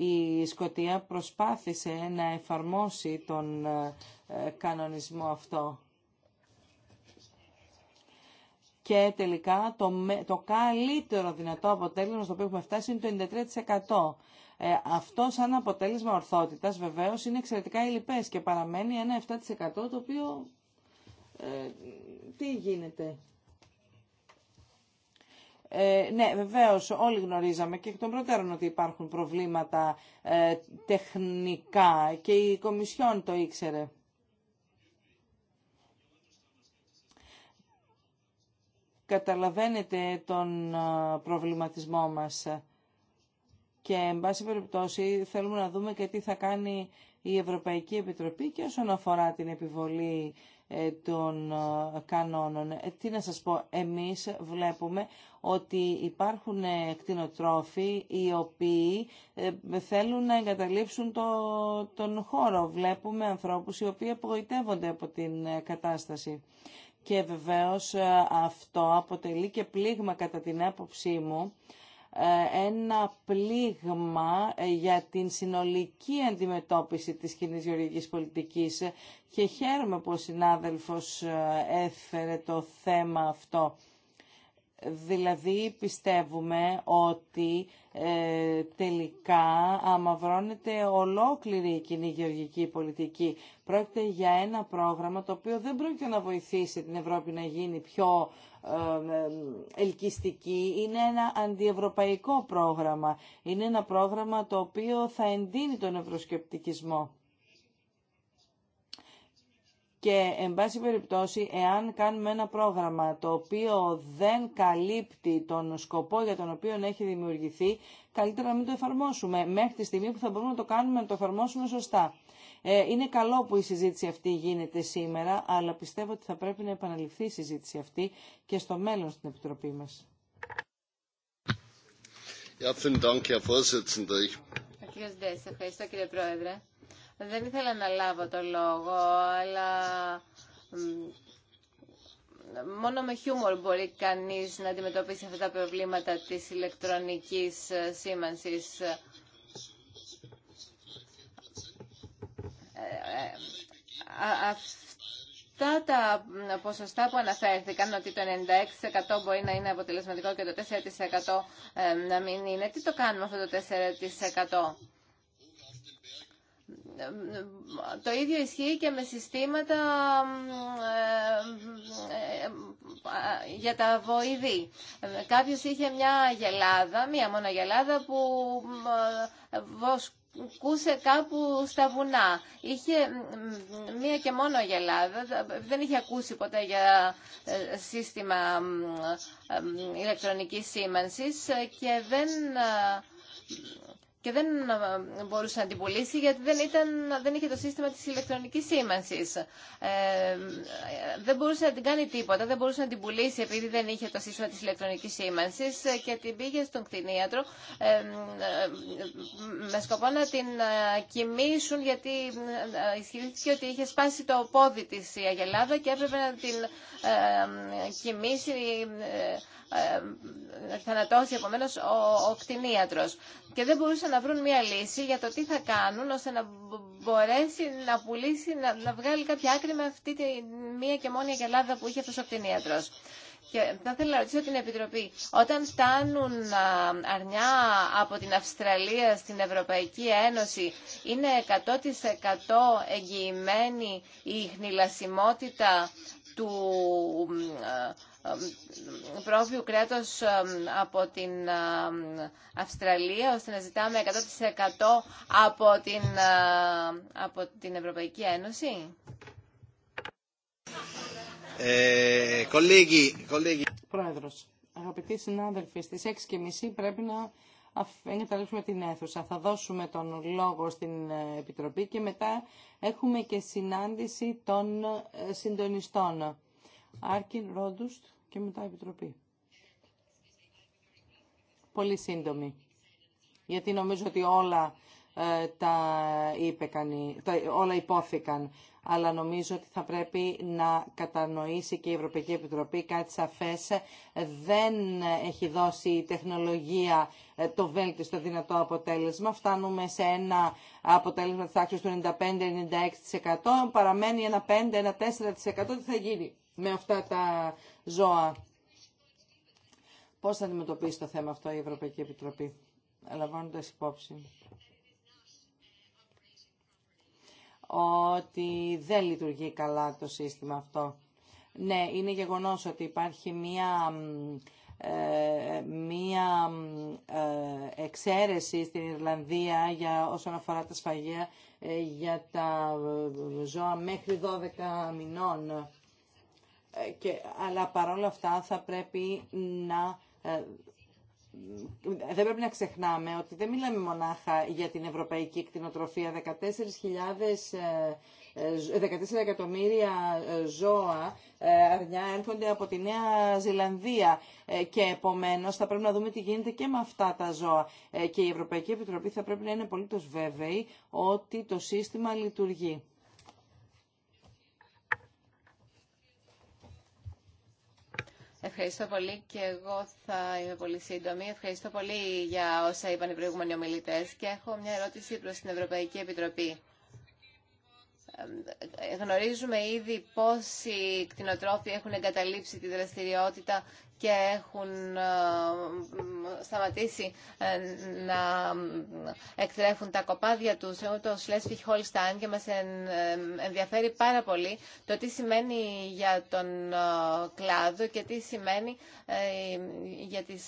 η Σκοτία προσπάθησε να εφαρμόσει τον ε, κανονισμό αυτό. Και τελικά το, το καλύτερο δυνατό αποτέλεσμα στο οποίο έχουμε φτάσει είναι το 93%. Ε, αυτό σαν αποτέλεσμα ορθότητας βεβαίως είναι εξαιρετικά υλικές και παραμένει ένα 7% το οποίο ε, τι γίνεται. Ε, ναι, βεβαίω, όλοι γνωρίζαμε και εκ των προτέρων ότι υπάρχουν προβλήματα ε, τεχνικά και η Κομισιόν το ήξερε. Καταλαβαίνετε τον ε, προβληματισμό μας και, εν πάση περιπτώσει, θέλουμε να δούμε και τι θα κάνει η Ευρωπαϊκή Επιτροπή και όσον αφορά την επιβολή ε, των ε, κανόνων. Ε, τι να σας πω, εμείς βλέπουμε ότι υπάρχουν κτηνοτρόφοι οι οποίοι θέλουν να εγκαταλείψουν το, τον χώρο. Βλέπουμε ανθρώπους οι οποίοι απογοητεύονται από την κατάσταση. Και βεβαίως αυτό αποτελεί και πλήγμα κατά την άποψή μου ε, ένα πλήγμα ε, για την συνολική αντιμετώπιση της κοινής γεωργικής πολιτικής και χαίρομαι που ο συνάδελφος ε, έφερε το θέμα αυτό. Δηλαδή πιστεύουμε ότι τελικά αμαυρώνεται ολόκληρη η κοινή γεωργική πολιτική. Πρόκειται για ένα πρόγραμμα το οποίο δεν πρόκειται να βοηθήσει την Ευρώπη να γίνει πιο ελκυστική. Είναι ένα αντιευρωπαϊκό πρόγραμμα. Είναι ένα πρόγραμμα το οποίο θα εντείνει τον ευρωσκεπτικισμό. Και, εν πάση περιπτώσει, εάν κάνουμε ένα πρόγραμμα το οποίο δεν καλύπτει τον σκοπό για τον οποίο έχει δημιουργηθεί, καλύτερα να μην το εφαρμόσουμε μέχρι τη στιγμή που θα μπορούμε να το κάνουμε, να το εφαρμόσουμε σωστά. Ε, είναι καλό που η συζήτηση αυτή γίνεται σήμερα, αλλά πιστεύω ότι θα πρέπει να επαναληφθεί η συζήτηση αυτή και στο μέλλον στην Επιτροπή μας. Ευχαριστώ κύριε Πρόεδρε. Δεν ήθελα να λάβω το λόγο, αλλά μόνο με χιούμορ μπορεί κανείς να αντιμετωπίσει αυτά τα προβλήματα της ηλεκτρονικής ε, σήμανσης. Ε, αυτά τα ποσοστά που αναφέρθηκαν, ότι το 96% μπορεί να είναι αποτελεσματικό και το 4% ε, να μην είναι, τι το κάνουμε αυτό το 4%? το ίδιο ισχύει και με συστήματα ε, για τα βοηδή. Κάποιος είχε μια γελάδα, μια μόνο γελάδα που κούσε κάπου στα βουνά. Είχε μία και μόνο γελά. Δεν είχε ακούσει ποτέ για ε, σύστημα ε, ηλεκτρονικής σήμανσης και δεν ε, και δεν ε, μπορούσε να την πουλήσει γιατί δεν, ήταν, δεν είχε το σύστημα της ηλεκτρονικής σήμανσης. Ε, δεν μπορούσε να την κάνει τίποτα, δεν μπορούσε να την πουλήσει επειδή δεν είχε το σύστημα της ηλεκτρονικής σήμανσης ε, και την πήγε στον κτηνίατρο ε, ε με σκοπό να την κοιμήσουν γιατί ισχυρίστηκε ότι είχε σπάσει το πόδι της η Αγελάδα και έπρεπε να την ε, κοιμήσει ε, ε, θανατώσει επομένω ο, ο κτηνίατρος. Και δεν μπορούσαν να βρουν μια λύση για το τι θα κάνουν ώστε να μπορέσει να πουλήσει, να, να βγάλει κάποια άκρη με αυτή τη μία και μόνη αγελάδα που είχε αυτός ο κτηνίατρος. Και θα ήθελα να ρωτήσω την Επιτροπή. Όταν φτάνουν αρνιά από την Αυστραλία στην Ευρωπαϊκή Ένωση, είναι 100% εγγυημένη η χνηλασιμότητα του πρόβιου κρέατος από την Αυστραλία, ώστε να ζητάμε 100% από την, ε, από την Ευρωπαϊκή Ένωση. Ε, Πρόεδρος, αγαπητοί συνάδελφοι, στις 6.30 πρέπει να εγκαταλείψουμε την αίθουσα. Θα δώσουμε τον λόγο στην ε, Επιτροπή και μετά έχουμε και συνάντηση των ε, συντονιστών. Άρκιν, Ρόντουστ και μετά Επιτροπή. Πολύ σύντομη. Γιατί νομίζω ότι όλα ε, τα είπε κανεί, τα, όλα υπόθηκαν. Αλλά νομίζω ότι θα πρέπει να κατανοήσει και η Ευρωπαϊκή Επιτροπή κάτι σαφές. Δεν έχει δώσει η τεχνολογία ε, το βέλτιστο δυνατό αποτέλεσμα. Φτάνουμε σε ένα αποτέλεσμα της του 95-96%. Παραμένει ένα 5-4% τι θα γίνει με αυτά τα ζώα. Πώς θα αντιμετωπίσει το θέμα αυτό η Ευρωπαϊκή Επιτροπή, λαμβάνοντας υπόψη ότι δεν λειτουργεί καλά το σύστημα αυτό. Ναι, είναι γεγονός ότι υπάρχει μία ε, μία ε, εξαίρεση στην Ιρλανδία για όσον αφορά τα σφαγεία ε, για τα ε, ζώα μέχρι 12 μηνών. Ε, και, αλλά παρόλα αυτά θα πρέπει να ε, δεν πρέπει να ξεχνάμε ότι δεν μιλάμε μονάχα για την ευρωπαϊκή κτηνοτροφία. 14 ε, εκατομμύρια ζώα αρνιά έρχονται από τη Νέα Ζηλανδία και επομένως θα πρέπει να δούμε τι γίνεται και με αυτά τα ζώα. Και η Ευρωπαϊκή Επιτροπή θα πρέπει να είναι πολύ βέβαιη ότι το σύστημα λειτουργεί. Ευχαριστώ πολύ και εγώ θα είμαι πολύ σύντομη. Ευχαριστώ πολύ για όσα είπαν οι προηγούμενοι ομιλητέ και έχω μια ερώτηση προς την Ευρωπαϊκή Επιτροπή. Γνωρίζουμε ήδη πόσοι κτηνοτρόφοι έχουν εγκαταλείψει τη δραστηριότητα και έχουν ε, σταματήσει ε, να εκτρέφουν τα κοπάδια τους. το Σλέσφιχ και μας ενδιαφέρει πάρα πολύ το τι σημαίνει για τον ε, κλάδο και τι σημαίνει για τις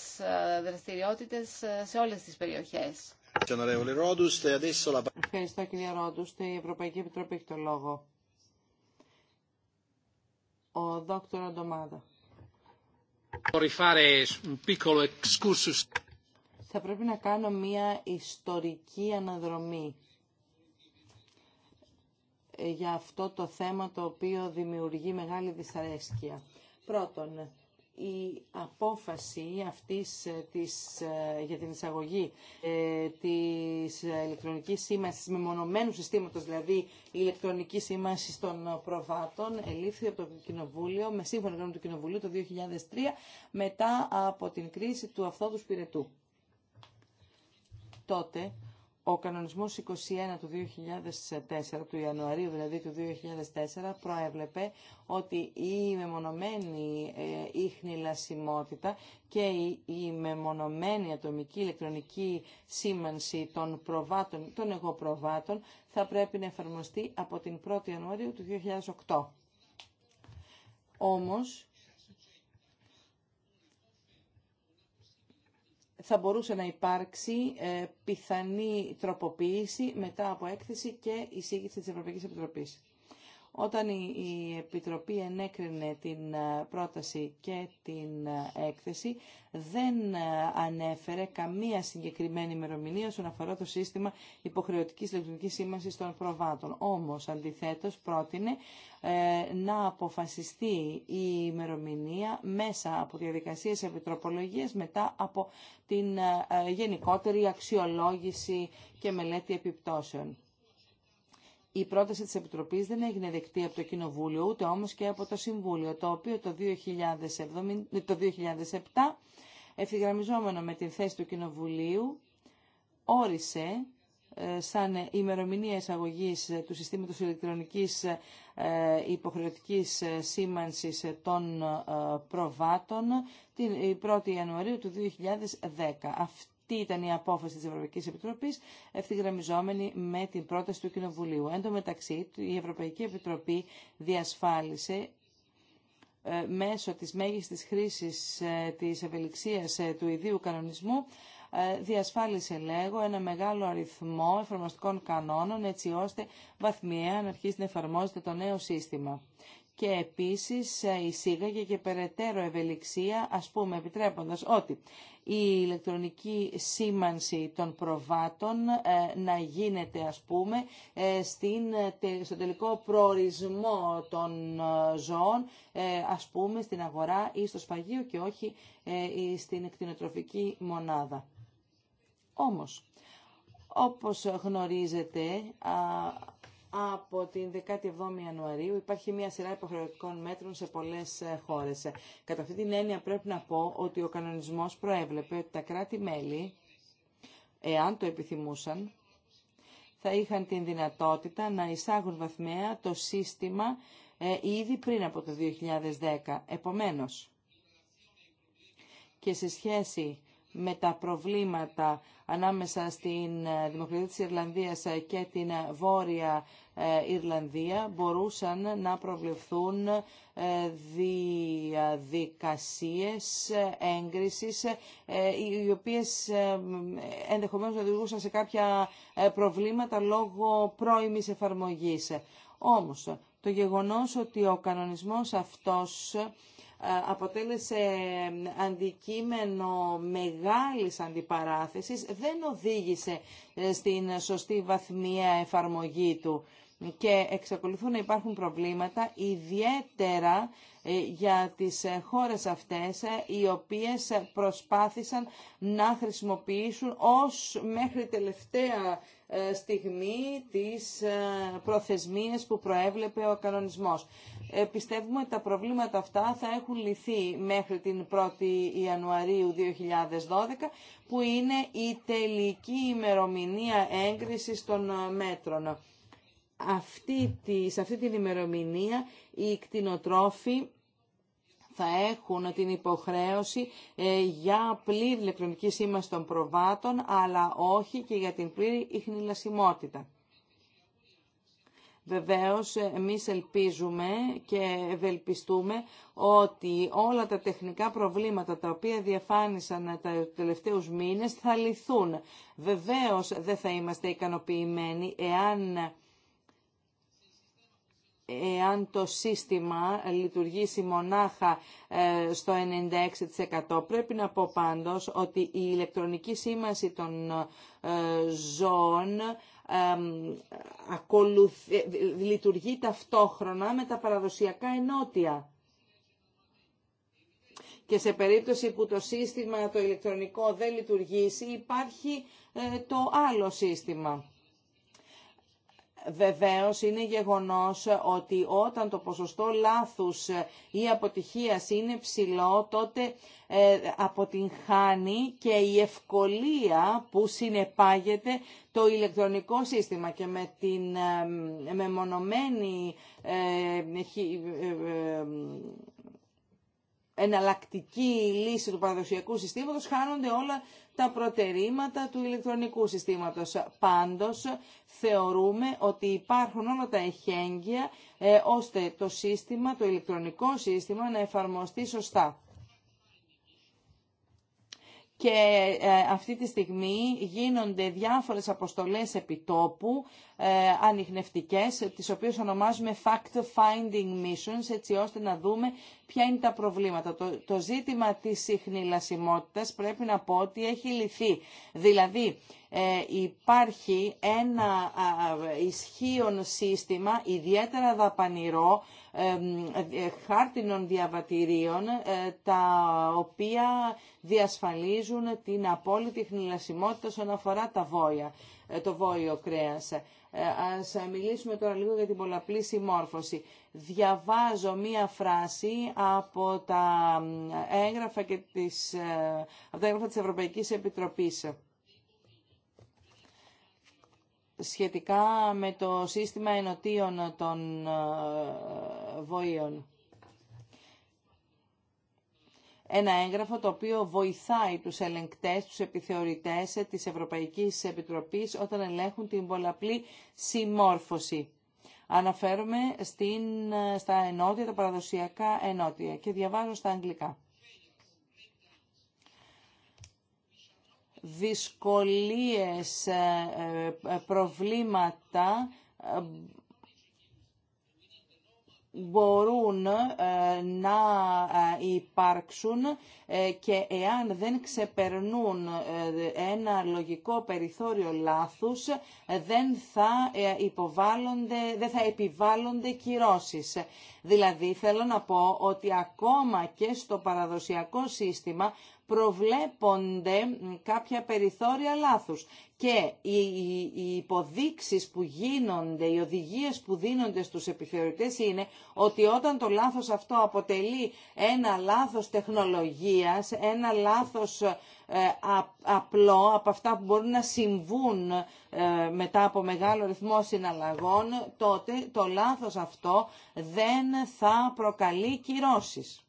δραστηριότητες σε όλες τις περιοχές. E Ευχαριστώ κύριε Ρόντουστε. Η Ευρωπαϊκή Επιτροπή έχει το λόγο. Ο δόκτωρο Ντομάδα. Θα πρέπει να κάνω μία ιστορική αναδρομή για αυτό το θέμα το οποίο δημιουργεί μεγάλη δυσαρέσκεια. Πρώτον, η απόφαση αυτής ε, της, ε, για την εισαγωγή ε, της ηλεκτρονικής σήμανσης, μονομένου συστήματος δηλαδή η ηλεκτρονική σήμανση των προβάτων, ελήφθη από το Κοινοβούλιο, με σύμφωνο γνώμη του Κοινοβουλίου το 2003, μετά από την κρίση του αυθόδους πυρετού. Τότε ο κανονισμός 21 του 2004, του Ιανουαρίου δηλαδή του 2004, προέβλεπε ότι η μεμονωμένη ε, ίχνη λασιμότητα και η μεμονωμένη ατομική ηλεκτρονική σήμανση των προβάτων, των εγωπροβάτων, θα πρέπει να εφαρμοστεί από την 1η Ιανουαρίου του 2008. Όμως, θα μπορούσε να υπάρξει ε, πιθανή τροποποίηση μετά από έκθεση και εισήγηση της Ευρωπαϊκής Επιτροπής. Όταν η Επιτροπή ενέκρινε την ε, πρόταση και την ε, έκθεση, δεν ε, ανέφερε καμία συγκεκριμένη ημερομηνία όσον αφορά το σύστημα υποχρεωτικής ηλεκτρονικής σήμανση των προβάτων. Όμως, αντιθέτω, πρότεινε να αποφασιστεί η ημερομηνία μέσα από διαδικασίες επιτροπολογίας μετά από την γενικότερη αξιολόγηση και μελέτη επιπτώσεων η πρόταση της Επιτροπής δεν έγινε δεκτή από το Κοινοβούλιο, ούτε όμως και από το Συμβούλιο, το οποίο το, 2007, το 2007, ευθυγραμμιζόμενο με την θέση του Κοινοβουλίου, όρισε ε, σαν ημερομηνία εισαγωγής του συστήματος ηλεκτρονικής ε, υποχρεωτικής ε, σήμανσης των προβάτων την 1η Ιανουαρίου του 2010. Τι ήταν η απόφαση της Ευρωπαϊκής Επιτροπής, ευθυγραμμιζόμενη με την πρόταση του Κοινοβουλίου. Εν τω μεταξύ, η Ευρωπαϊκή Επιτροπή διασφάλισε ε, μέσω της μέγιστης χρήσης ε, της ευελιξίας ε, του ιδίου κανονισμού διασφάλισε, λέγω, ένα μεγάλο αριθμό εφαρμοστικών κανόνων έτσι ώστε βαθμιαία να αρχίσει να εφαρμόζεται το νέο σύστημα και επίσης ε, εισήγαγε και περαιτέρω ευελιξία, ας πούμε επιτρέποντας ότι η ηλεκτρονική σήμανση των προβάτων ε, να γίνεται ας πούμε ε, στην, στο τελικό προορισμό των ζώων ας πούμε στην αγορά ή στο σφαγείο και όχι στην εκτινοτροφική μονάδα. Όμως, όπως γνωρίζετε από την 17η Ιανουαρίου υπάρχει μια σειρά υποχρεωτικών μέτρων σε πολλές ε, χώρες. Κατά αυτή την έννοια πρέπει να πω ότι ο κανονισμός προέβλεπε ότι τα κράτη-μέλη, εάν το επιθυμούσαν, θα είχαν την δυνατότητα να εισάγουν βαθμαία το σύστημα ε, ήδη πριν από το 2010. Επομένως, και σε σχέση με τα προβλήματα ανάμεσα στην ε, Δημοκρατία της Ιρλανδίας ε, και την ε, Βόρεια Ιρλανδία μπορούσαν να προβλεφθούν διαδικασίες έγκρισης οι οποίες ενδεχομένως οδηγούσαν σε κάποια προβλήματα λόγω πρώιμης εφαρμογής. Όμως, το γεγονός ότι ο κανονισμός αυτός αποτέλεσε αντικείμενο μεγάλης αντιπαράθεσης, δεν οδήγησε ε, στην σωστή βαθμία εφαρμογή του και εξακολουθούν να υπάρχουν προβλήματα ιδιαίτερα ε, για τις ε, χώρες αυτές ε, οι οποίες προσπάθησαν να χρησιμοποιήσουν ως μέχρι τελευταία στιγμή τις προθεσμίες που προέβλεπε ο κανονισμός. Πιστεύουμε ότι τα προβλήματα αυτά θα έχουν λυθεί μέχρι την 1η Ιανουαρίου 2012 που είναι η τελική ημερομηνία έγκρισης των μέτρων αυτή τη, σε αυτή την ημερομηνία οι κτηνοτρόφοι θα έχουν την υποχρέωση ε, για πλήρη ηλεκτρονική σήμαση των προβάτων, αλλά όχι και για την πλήρη ηχνηλασιμότητα. Βεβαίως, ε, εμείς ελπίζουμε και ευελπιστούμε ότι όλα τα τεχνικά προβλήματα τα οποία διαφάνησαν τα τελευταίους μήνες θα λυθούν. Βεβαίως, δεν θα είμαστε ικανοποιημένοι εάν εάν το σύστημα λειτουργήσει μονάχα ε, στο 96%. Πρέπει να πω πάντως ότι η ηλεκτρονική σήμανση των ε, ζώων λειτουργεί ταυτόχρονα με τα παραδοσιακά ενότια. Και σε περίπτωση που το σύστημα το ηλεκτρονικό δεν λειτουργήσει υπάρχει ε, το άλλο σύστημα. Βεβαίως είναι γεγονός ότι όταν το ποσοστό λάθους ή αποτυχίας είναι ψηλό, τότε ε, αποτυγχάνει και η ευκολία που συνεπάγεται το ηλεκτρονικό σύστημα και με την ε, μεμονωμένη ε, εναλλακτική λύση του παραδοσιακού συστήματος χάνονται όλα τα προτερήματα του ηλεκτρονικού συστήματος. Πάντως θεωρούμε ότι υπάρχουν όλα τα εχέγγυα ε, ώστε το σύστημα, το ηλεκτρονικό σύστημα να εφαρμοστεί σωστά και ε, αυτή τη στιγμή γίνονται διάφορες αποστολές επιτόπου ε, ανιχνευτικές, τις οποίες ονομάζουμε fact-finding missions, έτσι ώστε να δούμε ποια είναι τα προβλήματα. Το, ζήτημα της συχνηλασιμότητας πρέπει να πω ότι έχει λυθεί. Δηλαδή ε, υπάρχει ένα ισχύον σύστημα, ιδιαίτερα δαπανηρό, ε, χάρτινων διαβατηρίων ε, τα οποία διασφαλίζουν την απόλυτη χνηλασιμότητα όσον αφορά τα βόια, ε, το βόλιο κρέας. Ας μιλήσουμε τώρα λίγο για την πολλαπλή συμμόρφωση. Διαβάζω μία φράση από τα έγγραφα, και της, από τα έγγραφα της Ευρωπαϊκής Επιτροπής σχετικά με το σύστημα ενωτίων των ε, βοήων. Ένα έγγραφο το οποίο βοηθάει τους ελεγκτές, τους επιθεωρητές της Ευρωπαϊκής Επιτροπής όταν ελέγχουν την πολλαπλή συμμόρφωση. Αναφέρομαι στην, ε, στα ενότια, τα παραδοσιακά ενότια και διαβάζω στα αγγλικά. δυσκολίες, ε, ε, προβλήματα ε, μπορούν να υπάρξουν και εάν δεν ξεπερνούν ένα λογικό περιθώριο λάθους δεν θα υποβάλλονται, δεν θα επιβάλλονται κυρώσεις. Δηλαδή θέλω να πω ότι ακόμα και στο παραδοσιακό σύστημα προβλέπονται κάποια περιθώρια λάθους και οι υποδείξεις που γίνονται, οι οδηγίες που δίνονται στους επιθεωρητές είναι ότι όταν το λάθος αυτό αποτελεί ένα λάθος τεχνολογίας, ένα λάθος ε, απλό από αυτά που μπορούν να συμβούν ε, μετά από μεγάλο ρυθμό συναλλαγών, τότε το λάθος αυτό δεν θα προκαλεί κυρώσεις.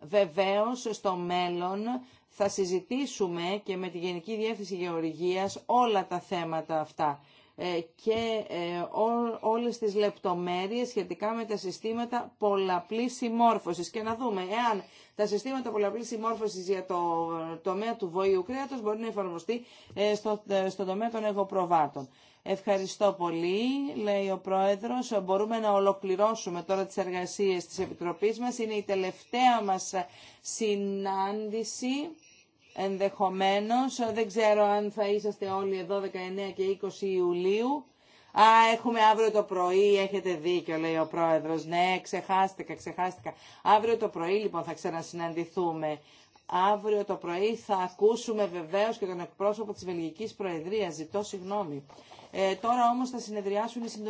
Βεβαίως στο μέλλον θα συζητήσουμε και με τη Γενική Διεύθυνση Γεωργίας όλα τα θέματα αυτά ε, και ε, όλες τις λεπτομέρειες σχετικά με τα συστήματα πολλαπλής συμμόρφωσης και να δούμε εάν τα συστήματα πολλαπλής συμμόρφωσης για το τομέα του βοήου κρέατος μπορεί να εφαρμοστεί ε, στο, στο τομέα των εγωπροβάτων. Ευχαριστώ πολύ, λέει ο Πρόεδρος. Μπορούμε να ολοκληρώσουμε τώρα τις εργασίες της Επιτροπής μας. Είναι η τελευταία μας συνάντηση, ενδεχομένως. Δεν ξέρω αν θα είσαστε όλοι εδώ 19 και 20 Ιουλίου. Α, έχουμε αύριο το πρωί, έχετε δίκιο, λέει ο πρόεδρος. Ναι, ξεχάστηκα, ξεχάστηκα. Αύριο το πρωί, λοιπόν, θα ξανασυναντηθούμε. Αύριο το πρωί θα ακούσουμε βεβαίως και τον εκπρόσωπο της Βελγικής Προεδρίας. Ζητώ συγγνώμη. Ε, τώρα όμως θα συνεδριάσουν οι